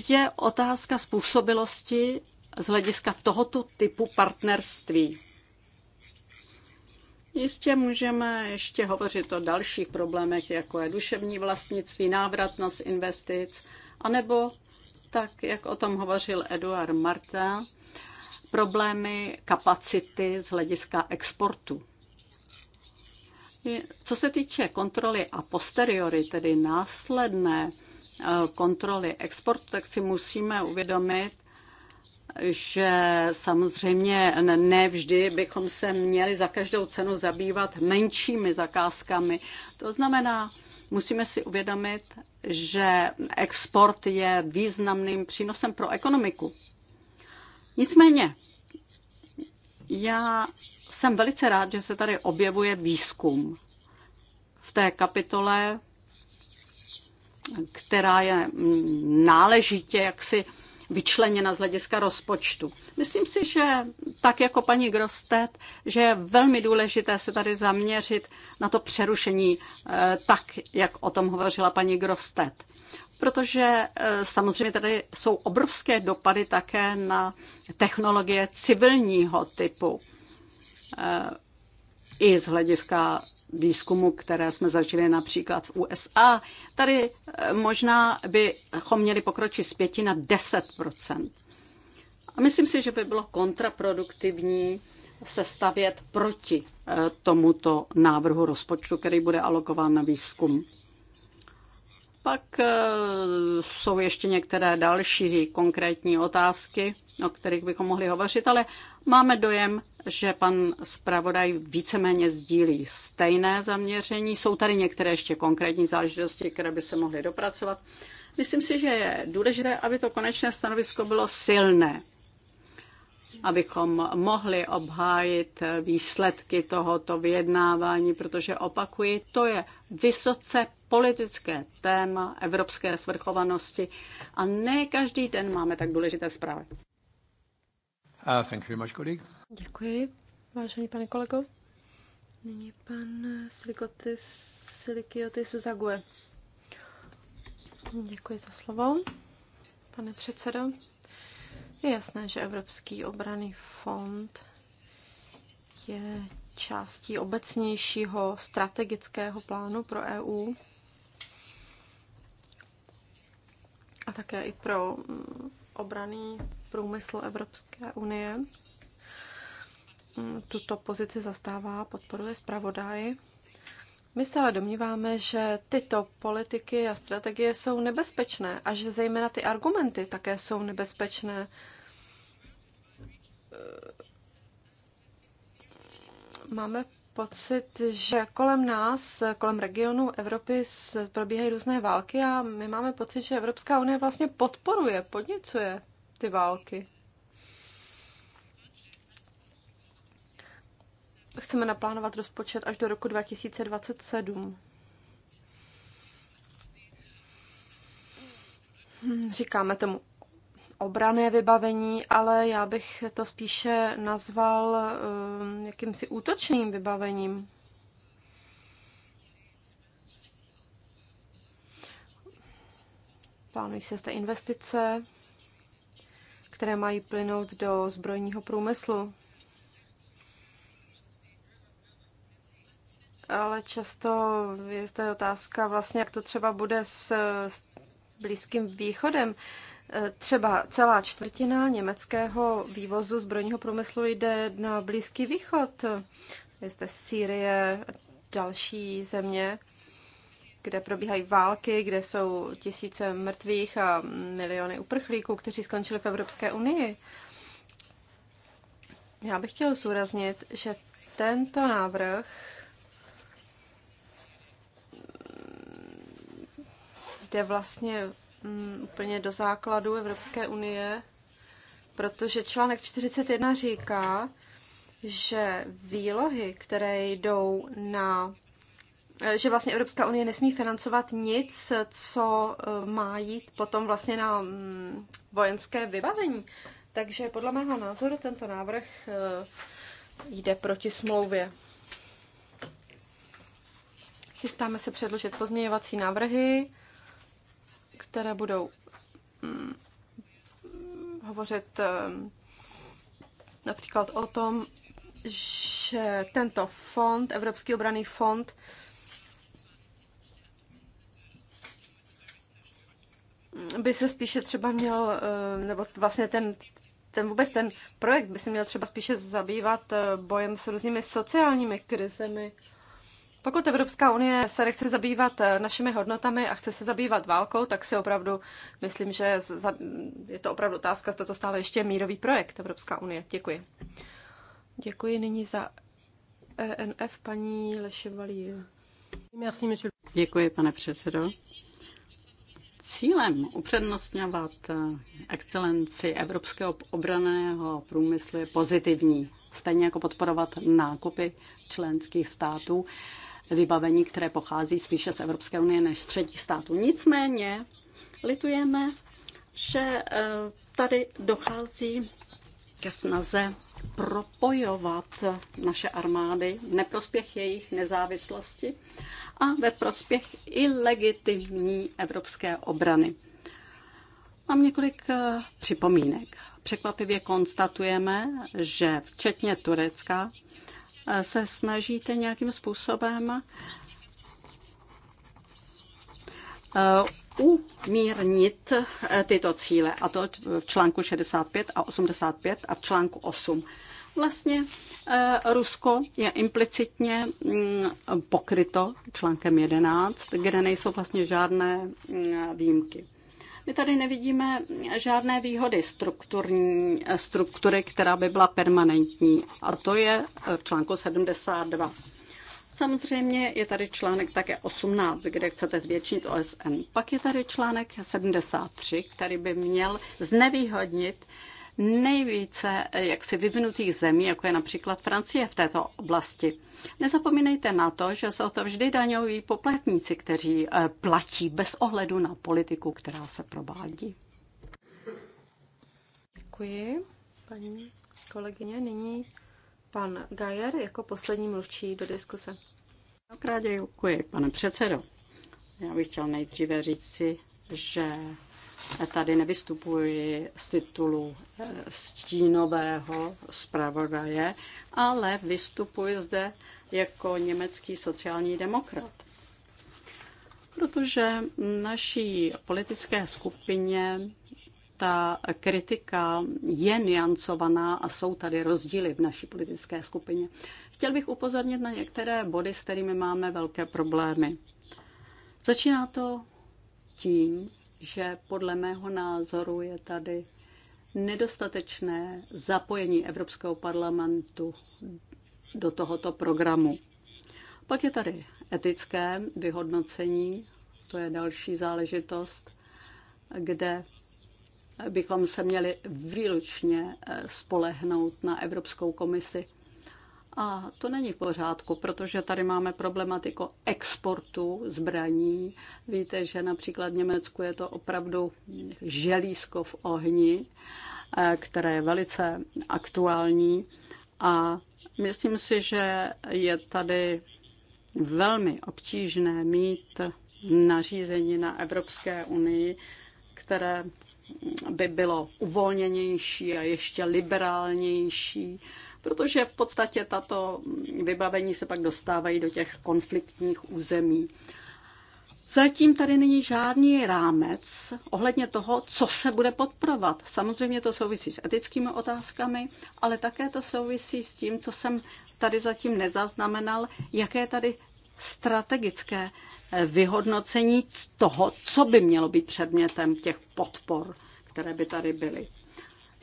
je otázka způsobilosti z hlediska tohoto typu partnerství. Jistě můžeme ještě hovořit o dalších problémech, jako je duševní vlastnictví, návratnost investic, anebo tak, jak o tom hovořil Eduard Marta, problémy kapacity z hlediska exportu. Co se týče kontroly a posteriori, tedy následné eh, kontroly exportu, tak si musíme uvědomit, že samozřejmě nevždy bychom se měli za každou cenu zabývat menšími zakázkami. To znamená, musíme si uvědomit, že export je významným přínosem pro ekonomiku. Nicméně, já jsem velice rád, že se tady objevuje výzkum v té kapitole, která je náležitě jaksi vyčleněna z hlediska rozpočtu. Myslím si, že tak jako paní Grostet, že je velmi důležité se tady zaměřit na to přerušení, eh, tak jak o tom hovořila paní Grostet. Protože eh, samozřejmě tady jsou obrovské dopady také na technologie civilního typu eh, i z hlediska výzkumu, které jsme zažili například v USA. Tady eh, možná bychom měli pokročit z 5 na 10 A myslím si, že by bylo kontraproduktivní se stavět proti eh, tomuto návrhu rozpočtu, který bude alokován na výzkum. Pak eh, jsou ještě některé další konkrétní otázky, o kterých bychom mohli hovořit, ale máme dojem, že pan zpravodaj víceméně sdílí stejné zaměření. Jsou tady některé ještě konkrétní záležitosti, které by se mohly dopracovat. Myslím si, že je důležité, aby to konečné stanovisko bylo silné, abychom mohli obhájit výsledky tohoto vyjednávání, protože opakuji, to je vysoce politické téma evropské svrchovanosti a ne každý den máme tak důležité zprávy. Uh, thank you very much, colleague. Děkuji, vážený pane kolego. Nyní pan Silikotis, Silikiotis Zague. Děkuji za slovo, pane předsedo. Je jasné, že Evropský obranný fond je částí obecnějšího strategického plánu pro EU a také i pro mm, obraný průmysl Evropské unie tuto pozici zastává, podporuje zpravodaj. My se ale domníváme, že tyto politiky a strategie jsou nebezpečné a že zejména ty argumenty také jsou nebezpečné. Máme pocit, že kolem nás, kolem regionu Evropy probíhají různé války a my máme pocit, že Evropská unie vlastně podporuje, podněcuje ty války. chceme naplánovat rozpočet až do roku 2027. Hm, říkáme tomu obrané vybavení, ale já bych to spíše nazval ehm, jakýmsi útočným vybavením. Plánují se zde investice, které mají plynout do zbrojního průmyslu. ale často je to otázka vlastně, jak to třeba bude s, s Blízkým východem. E, třeba celá čtvrtina německého vývozu zbrojního průmyslu jde na Blízký východ. Je zde Sýrie, další země, kde probíhají války, kde jsou tisíce mrtvých a miliony uprchlíků, kteří skončili v Evropské unii. Já bych chtěl zúraznit, že tento návrh jde vlastně mm, úplně do základu Evropské unie, protože článek 41 říká, že výlohy, které jdou na eh, že vlastně Evropská unie nesmí financovat nic, co eh, má jít potom vlastně na mm, vojenské vybavení. Takže podle mého názoru tento návrh eh, jde proti smlouvě. Chystáme se předložit pozměňovací návrhy které budou mm, hovořit ehm, například o tom, že tento fond, Evropský obraný fond, by se spíše třeba měl, ehm, nebo vlastně ten, ten vůbec ten projekt by se měl třeba spíše zabývat ehm, bojem s různými sociálními krizemi. Pokud Evropská unie se nechce zabývat eh, našimi hodnotami a chce se zabývat válkou, tak si opravdu myslím, že je to opravdu otázka, zda to stále ještě mírový projekt Evropská unie. Děkuji. Děkuji nyní za ENF paní Leševalí. Děkuji, pane předsedo. Cílem upřednostňovat eh, excelenci evropského obraného průmyslu je pozitivní, stejně jako podporovat nákupy členských států vybavení, které pochází spíše z Evropské unie než z třetích států. Nicméně litujeme, že eh, tady dochází ke snaze propojovat naše armády v neprospěch jejich nezávislosti a ve prospěch i legitimní evropské obrany. Mám několik eh, připomínek. Překvapivě konstatujeme, že včetně Turecka se snažíte nějakým způsobem eh, umírnit eh, tyto cíle, a to v článku 65 a 85 a v článku 8. Vlastně eh, Rusko je implicitně mm, pokryto článkem 11, kde nejsou vlastně žádné mm, výjimky. My tady nevidíme žádné výhody strukturní, struktury, která by byla permanentní. A to je v článku 72. Samozřejmě je tady článek také 18, kde chcete zvětšit OSN. Pak je tady článek 73, který by měl znevýhodnit nejvíce eh, jaksi vyvinutých zemí, jako je například Francie v této oblasti. Nezapomínejte na to, že jsou to vždy daňoví poplatníci, kteří eh, platí bez ohledu na politiku, která se provádí. Děkuji, paní kolegyně. Nyní pan Gajer jako poslední mluvčí do diskuse. Mnohokrát děkuji, pane předsedo. Já bych chtěl nejdříve říct si, že Tady nevystupuji z titulu eh, stínového zpravodaje, ale vystupuji zde jako německý sociální demokrat. Protože naší politické skupině ta kritika je niancovaná a jsou tady rozdíly v naší politické skupině. Chtěl bych upozornit na některé body, s kterými máme velké problémy. Začíná to tím, že podle mého názoru je tady nedostatečné zapojení Evropského parlamentu do tohoto programu. Pak je tady etické vyhodnocení, to je další záležitost, kde bychom se měli výlučně eh, spolehnout na Evropskou komisi. A to není v pořádku, protože tady máme problematiku exportu zbraní. Víte, že například v Německu je to opravdu želízko v ohni, eh, které je velice aktuální. A myslím si, že je tady velmi obtížné mít nařízení na Evropské unii, které by bylo uvolněnější a ještě liberálnější protože v podstatě tato vybavení se pak dostávají do těch konfliktních území. Zatím tady není žádný rámec ohledně toho, co se bude podporovat. Samozřejmě to souvisí s etickými otázkami, ale také to souvisí s tím, co jsem tady zatím nezaznamenal, jaké tady strategické eh, vyhodnocení z toho, co by mělo být předmětem těch podpor, které by tady byly.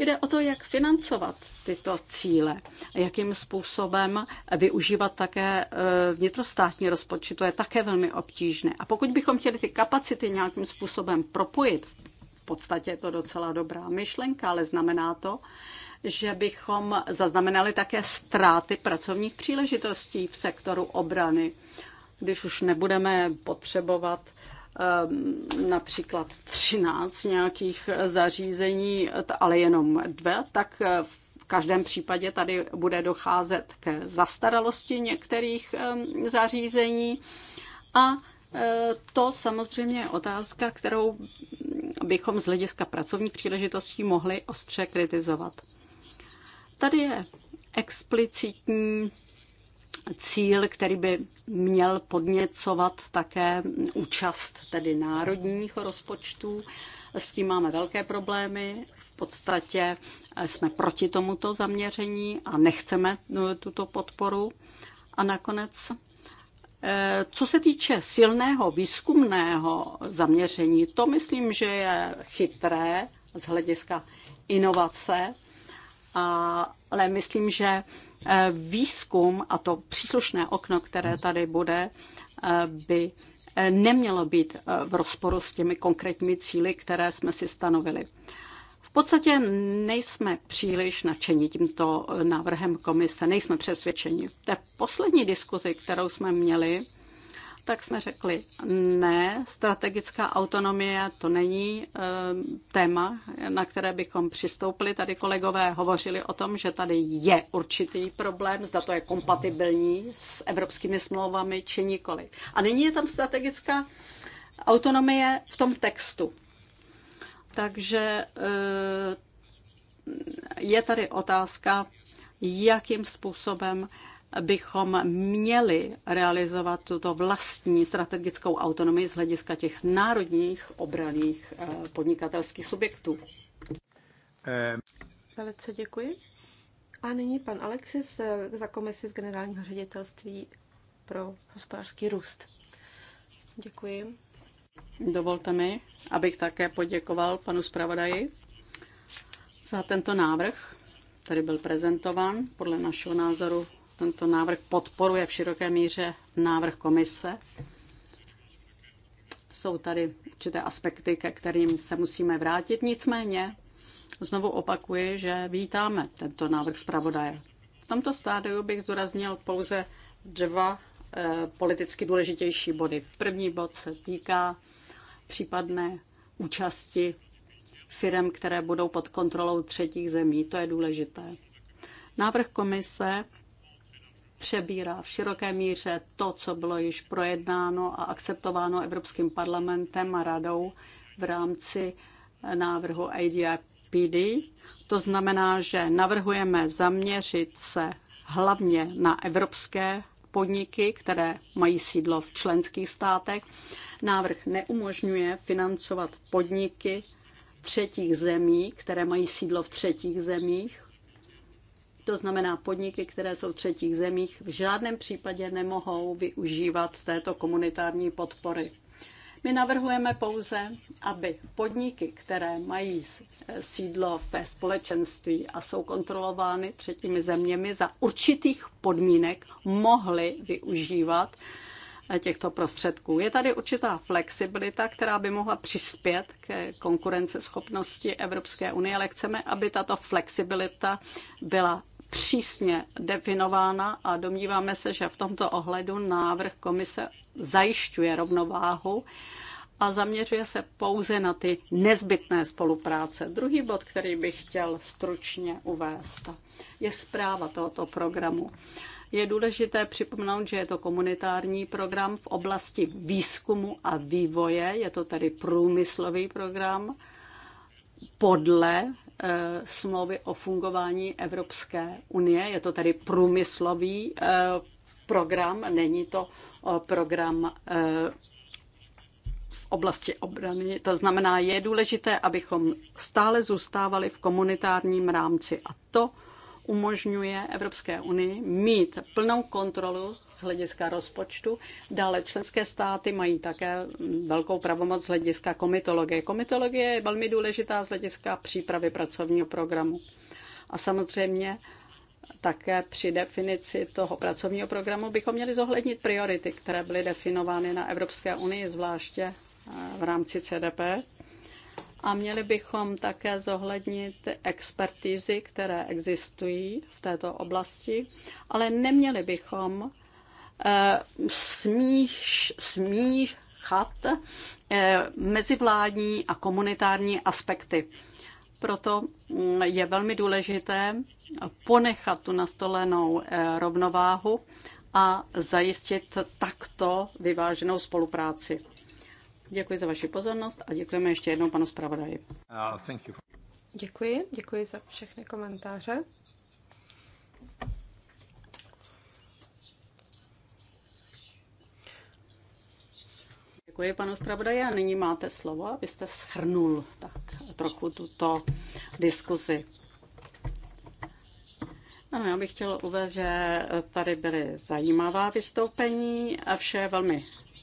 Jde o to, jak financovat tyto cíle a jakým způsobem využívat také e, vnitrostátní rozpočet. To je také velmi obtížné. A pokud bychom chtěli ty kapacity nějakým způsobem propojit, v podstatě je to docela dobrá myšlenka, ale znamená to, že bychom zaznamenali také ztráty pracovních příležitostí v sektoru obrany, když už nebudeme potřebovat uh, Ehm, například 13 nějakých eh, zařízení, ale jenom dvě, tak eh, v každém případě tady bude docházet ke zastaralosti některých ehm, zařízení a eh, to samozřejmě je otázka, kterou bychom z hlediska pracovních příležitostí mohli ostře kritizovat. Tady je explicitní cíl, který by měl podněcovat také účast tedy národních rozpočtů. S tím máme velké problémy. V podstatě eh, jsme proti tomuto zaměření a nechceme eh, tuto podporu. A nakonec eh, co se týče silného výzkumného zaměření, to myslím, že je chytré z hlediska inovace, ale myslím, že Eh, výzkum a to příslušné okno, které tady bude, eh, by eh, nemělo být v rozporu s těmi konkrétními cíly, které jsme si stanovili. V podstatě nejsme příliš nadšení tímto návrhem komise, nejsme přesvědčeni. V té poslední diskuzi, kterou jsme měli, tak jsme řekli, ne, strategická autonomie to není eh, téma, na které bychom přistoupili. Tady kolegové hovořili o tom, že tady je určitý problém, zda to je kompatibilní s evropskými smlouvami či nikoli. A nyní je tam strategická autonomie v tom textu. Takže eh, je tady otázka, jakým způsobem bychom měli realizovat tuto vlastní strategickou autonomii z hlediska těch národních obraných eh, podnikatelských subjektů. Eh, velice děkuji. A nyní pan Alexis eh, za komisi z generálního ředitelství pro hospodářský růst. Děkuji. Dovolte mi, abych také poděkoval panu zpravodaji za tento návrh, který byl prezentován podle našeho názoru tento návrh podporuje v široké míře návrh komise. Jsou tady určité aspekty, ke kterým se musíme vrátit. Nicméně znovu opakuji, že vítáme tento návrh zpravodaje. V tomto stádiu bych zdůraznil pouze dva eh, politicky důležitější body. První bod se týká případné účasti firm, které budou pod kontrolou třetích zemí. To je důležité. Návrh komise přebírá v široké míře to, co bylo již projednáno a akceptováno Evropským parlamentem a radou v rámci návrhu ADIPD. To znamená, že navrhujeme zaměřit se hlavně na evropské podniky, které mají sídlo v členských státech. Návrh neumožňuje financovat podniky třetích zemí, které mají sídlo v třetích zemích. To znamená, podniky, které jsou v třetích zemích, v žádném případě nemohou využívat této komunitární podpory. My navrhujeme pouze, aby podniky, které mají sídlo ve společenství a jsou kontrolovány třetími zeměmi za určitých podmínek, mohly využívat eh, těchto prostředků. Je tady určitá flexibilita, která by mohla přispět k konkurenceschopnosti Evropské unie, ale chceme, aby tato flexibilita byla přísně definována a domníváme se, že v tomto ohledu návrh komise zajišťuje rovnováhu a zaměřuje se pouze na ty nezbytné spolupráce. Druhý bod, který bych chtěl stručně uvést, je zpráva tohoto programu. Je důležité připomenout, že je to komunitární program v oblasti výzkumu a vývoje, je to tedy průmyslový program podle Eh, smlouvy o fungování Evropské unie. Je to tedy průmyslový eh, program, není to eh, program v oblasti obrany. To znamená, je důležité, abychom stále zůstávali v komunitárním rámci a to umožňuje Evropské unii mít plnou kontrolu z hlediska rozpočtu. Dále členské státy mají také velkou pravomoc z hlediska komitologie. Komitologie je velmi důležitá z hlediska přípravy pracovního programu. A samozřejmě také při definici toho pracovního programu bychom měli zohlednit priority, které byly definovány na Evropské unii, zvláště eh, v rámci CDP a měli bychom také zohlednit expertízy, které existují v této oblasti, ale neměli bychom eh, smíš, smíchat eh, mezivládní a komunitární aspekty. Proto mm, je velmi důležité ponechat tu nastolenou eh, rovnováhu a zajistit takto vyváženou spolupráci. Děkuji za vaši pozornost a děkujeme ještě jednou panu zpravodaji. Uh, děkuji, děkuji za všechny komentáře. Děkuji panu zpravodaji a nyní máte slovo, abyste shrnul tak trochu tuto diskuzi. Ano, já bych chtěla uvést, že tady byly zajímavá vystoupení a vše velmi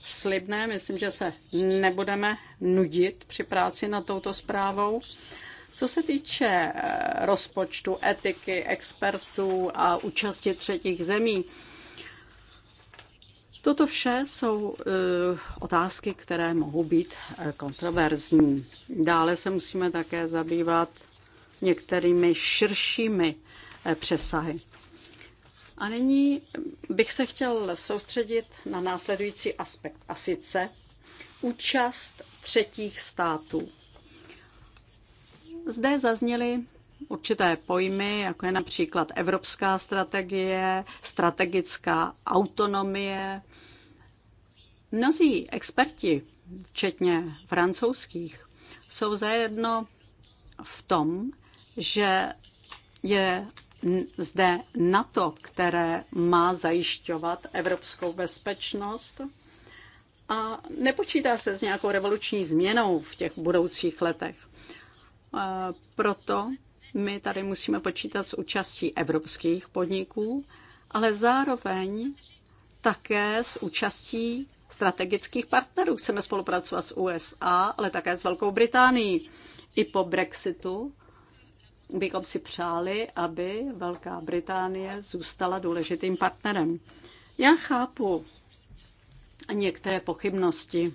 slibné. Myslím, že se nebudeme nudit při práci nad touto zprávou. Co se týče eh, rozpočtu, etiky, expertů a účasti třetích zemí, Toto vše jsou eh, otázky, které mohou být eh, kontroverzní. Dále se musíme také zabývat některými širšími přesahy. A nyní bych se chtěl soustředit na následující aspekt, a sice účast třetích států. Zde zazněly určité pojmy, jako je například evropská strategie, strategická autonomie. Mnozí experti, včetně francouzských, jsou zajedno v tom, že je zde NATO, které má zajišťovat evropskou bezpečnost. A nepočítá se s nějakou revoluční změnou v těch budoucích letech. Proto my tady musíme počítat s účastí evropských podniků, ale zároveň také s účastí strategických partnerů. Chceme spolupracovat s USA, ale také s Velkou Británií. I po Brexitu bychom si přáli, aby Velká Británie zůstala důležitým partnerem. Já chápu některé pochybnosti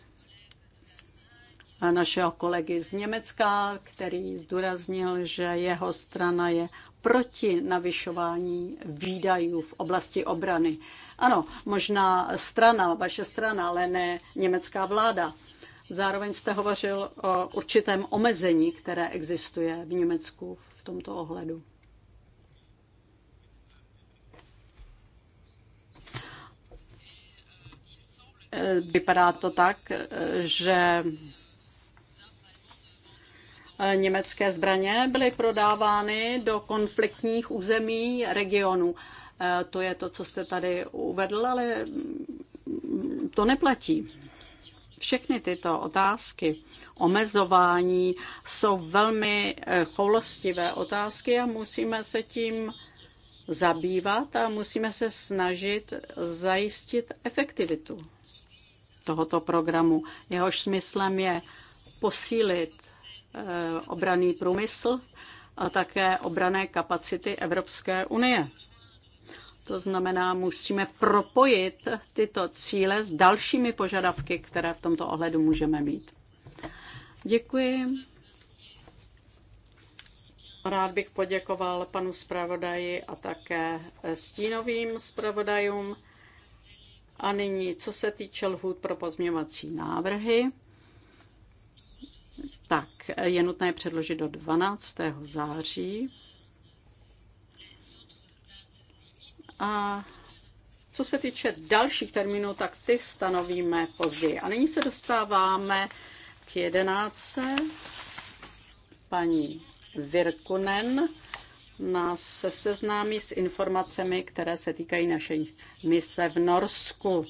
našeho kolegy z Německa, který zdůraznil, že jeho strana je proti navyšování výdajů v oblasti obrany. Ano, možná strana, vaše strana, ale ne německá vláda. Zároveň jste hovořil o určitém omezení, které existuje v Německu tomto ohledu. Eh, vypadá to tak, eh, že eh, německé zbraně byly prodávány do konfliktních území regionu. To je to, co jste tady uvedl, ale mm, to neplatí. Všechny tyto otázky omezování jsou velmi eh, choulostivé otázky a musíme se tím zabývat a musíme se snažit zajistit efektivitu tohoto programu. Jehož smyslem je posílit eh, obraný průmysl a také obrané kapacity Evropské unie. To znamená, musíme propojit tyto cíle s dalšími požadavky, které v tomto ohledu můžeme mít. Děkuji. Rád bych poděkoval panu zpravodaji a také stínovým zpravodajům. A nyní, co se týče lhůt pro pozměňovací návrhy, tak je nutné předložit do 12. září A co se týče dalších termínů, tak ty stanovíme později. A nyní se dostáváme k jedenáce. Paní Virkunen nás se seznámí s informacemi, které se týkají naší mise v Norsku.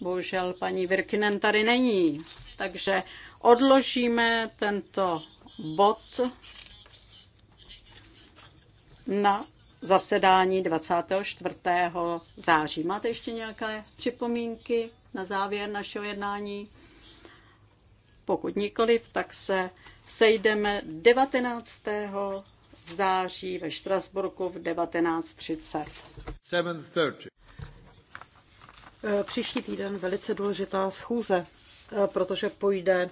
Bohužel paní Virkinen tady není, takže odložíme tento bod na zasedání 24. září. Máte ještě nějaké připomínky na závěr našeho jednání? Pokud nikoliv, tak se sejdeme 19. září ve Štrasburku v 19.30. Příští týden velice důležitá schůze, protože půjde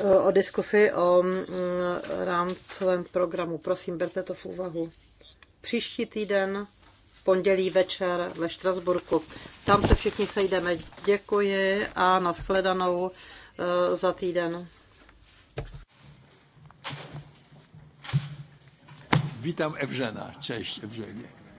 eh, o diskusi o mm, eh, rámcovém programu. Prosím, berte to v úvahu příští týden pondělí večer ve Štrasburku. Tam se všichni sejdeme. Děkuji a nashledanou eh, za týden. Vítám Evžena. Cześć Evženie.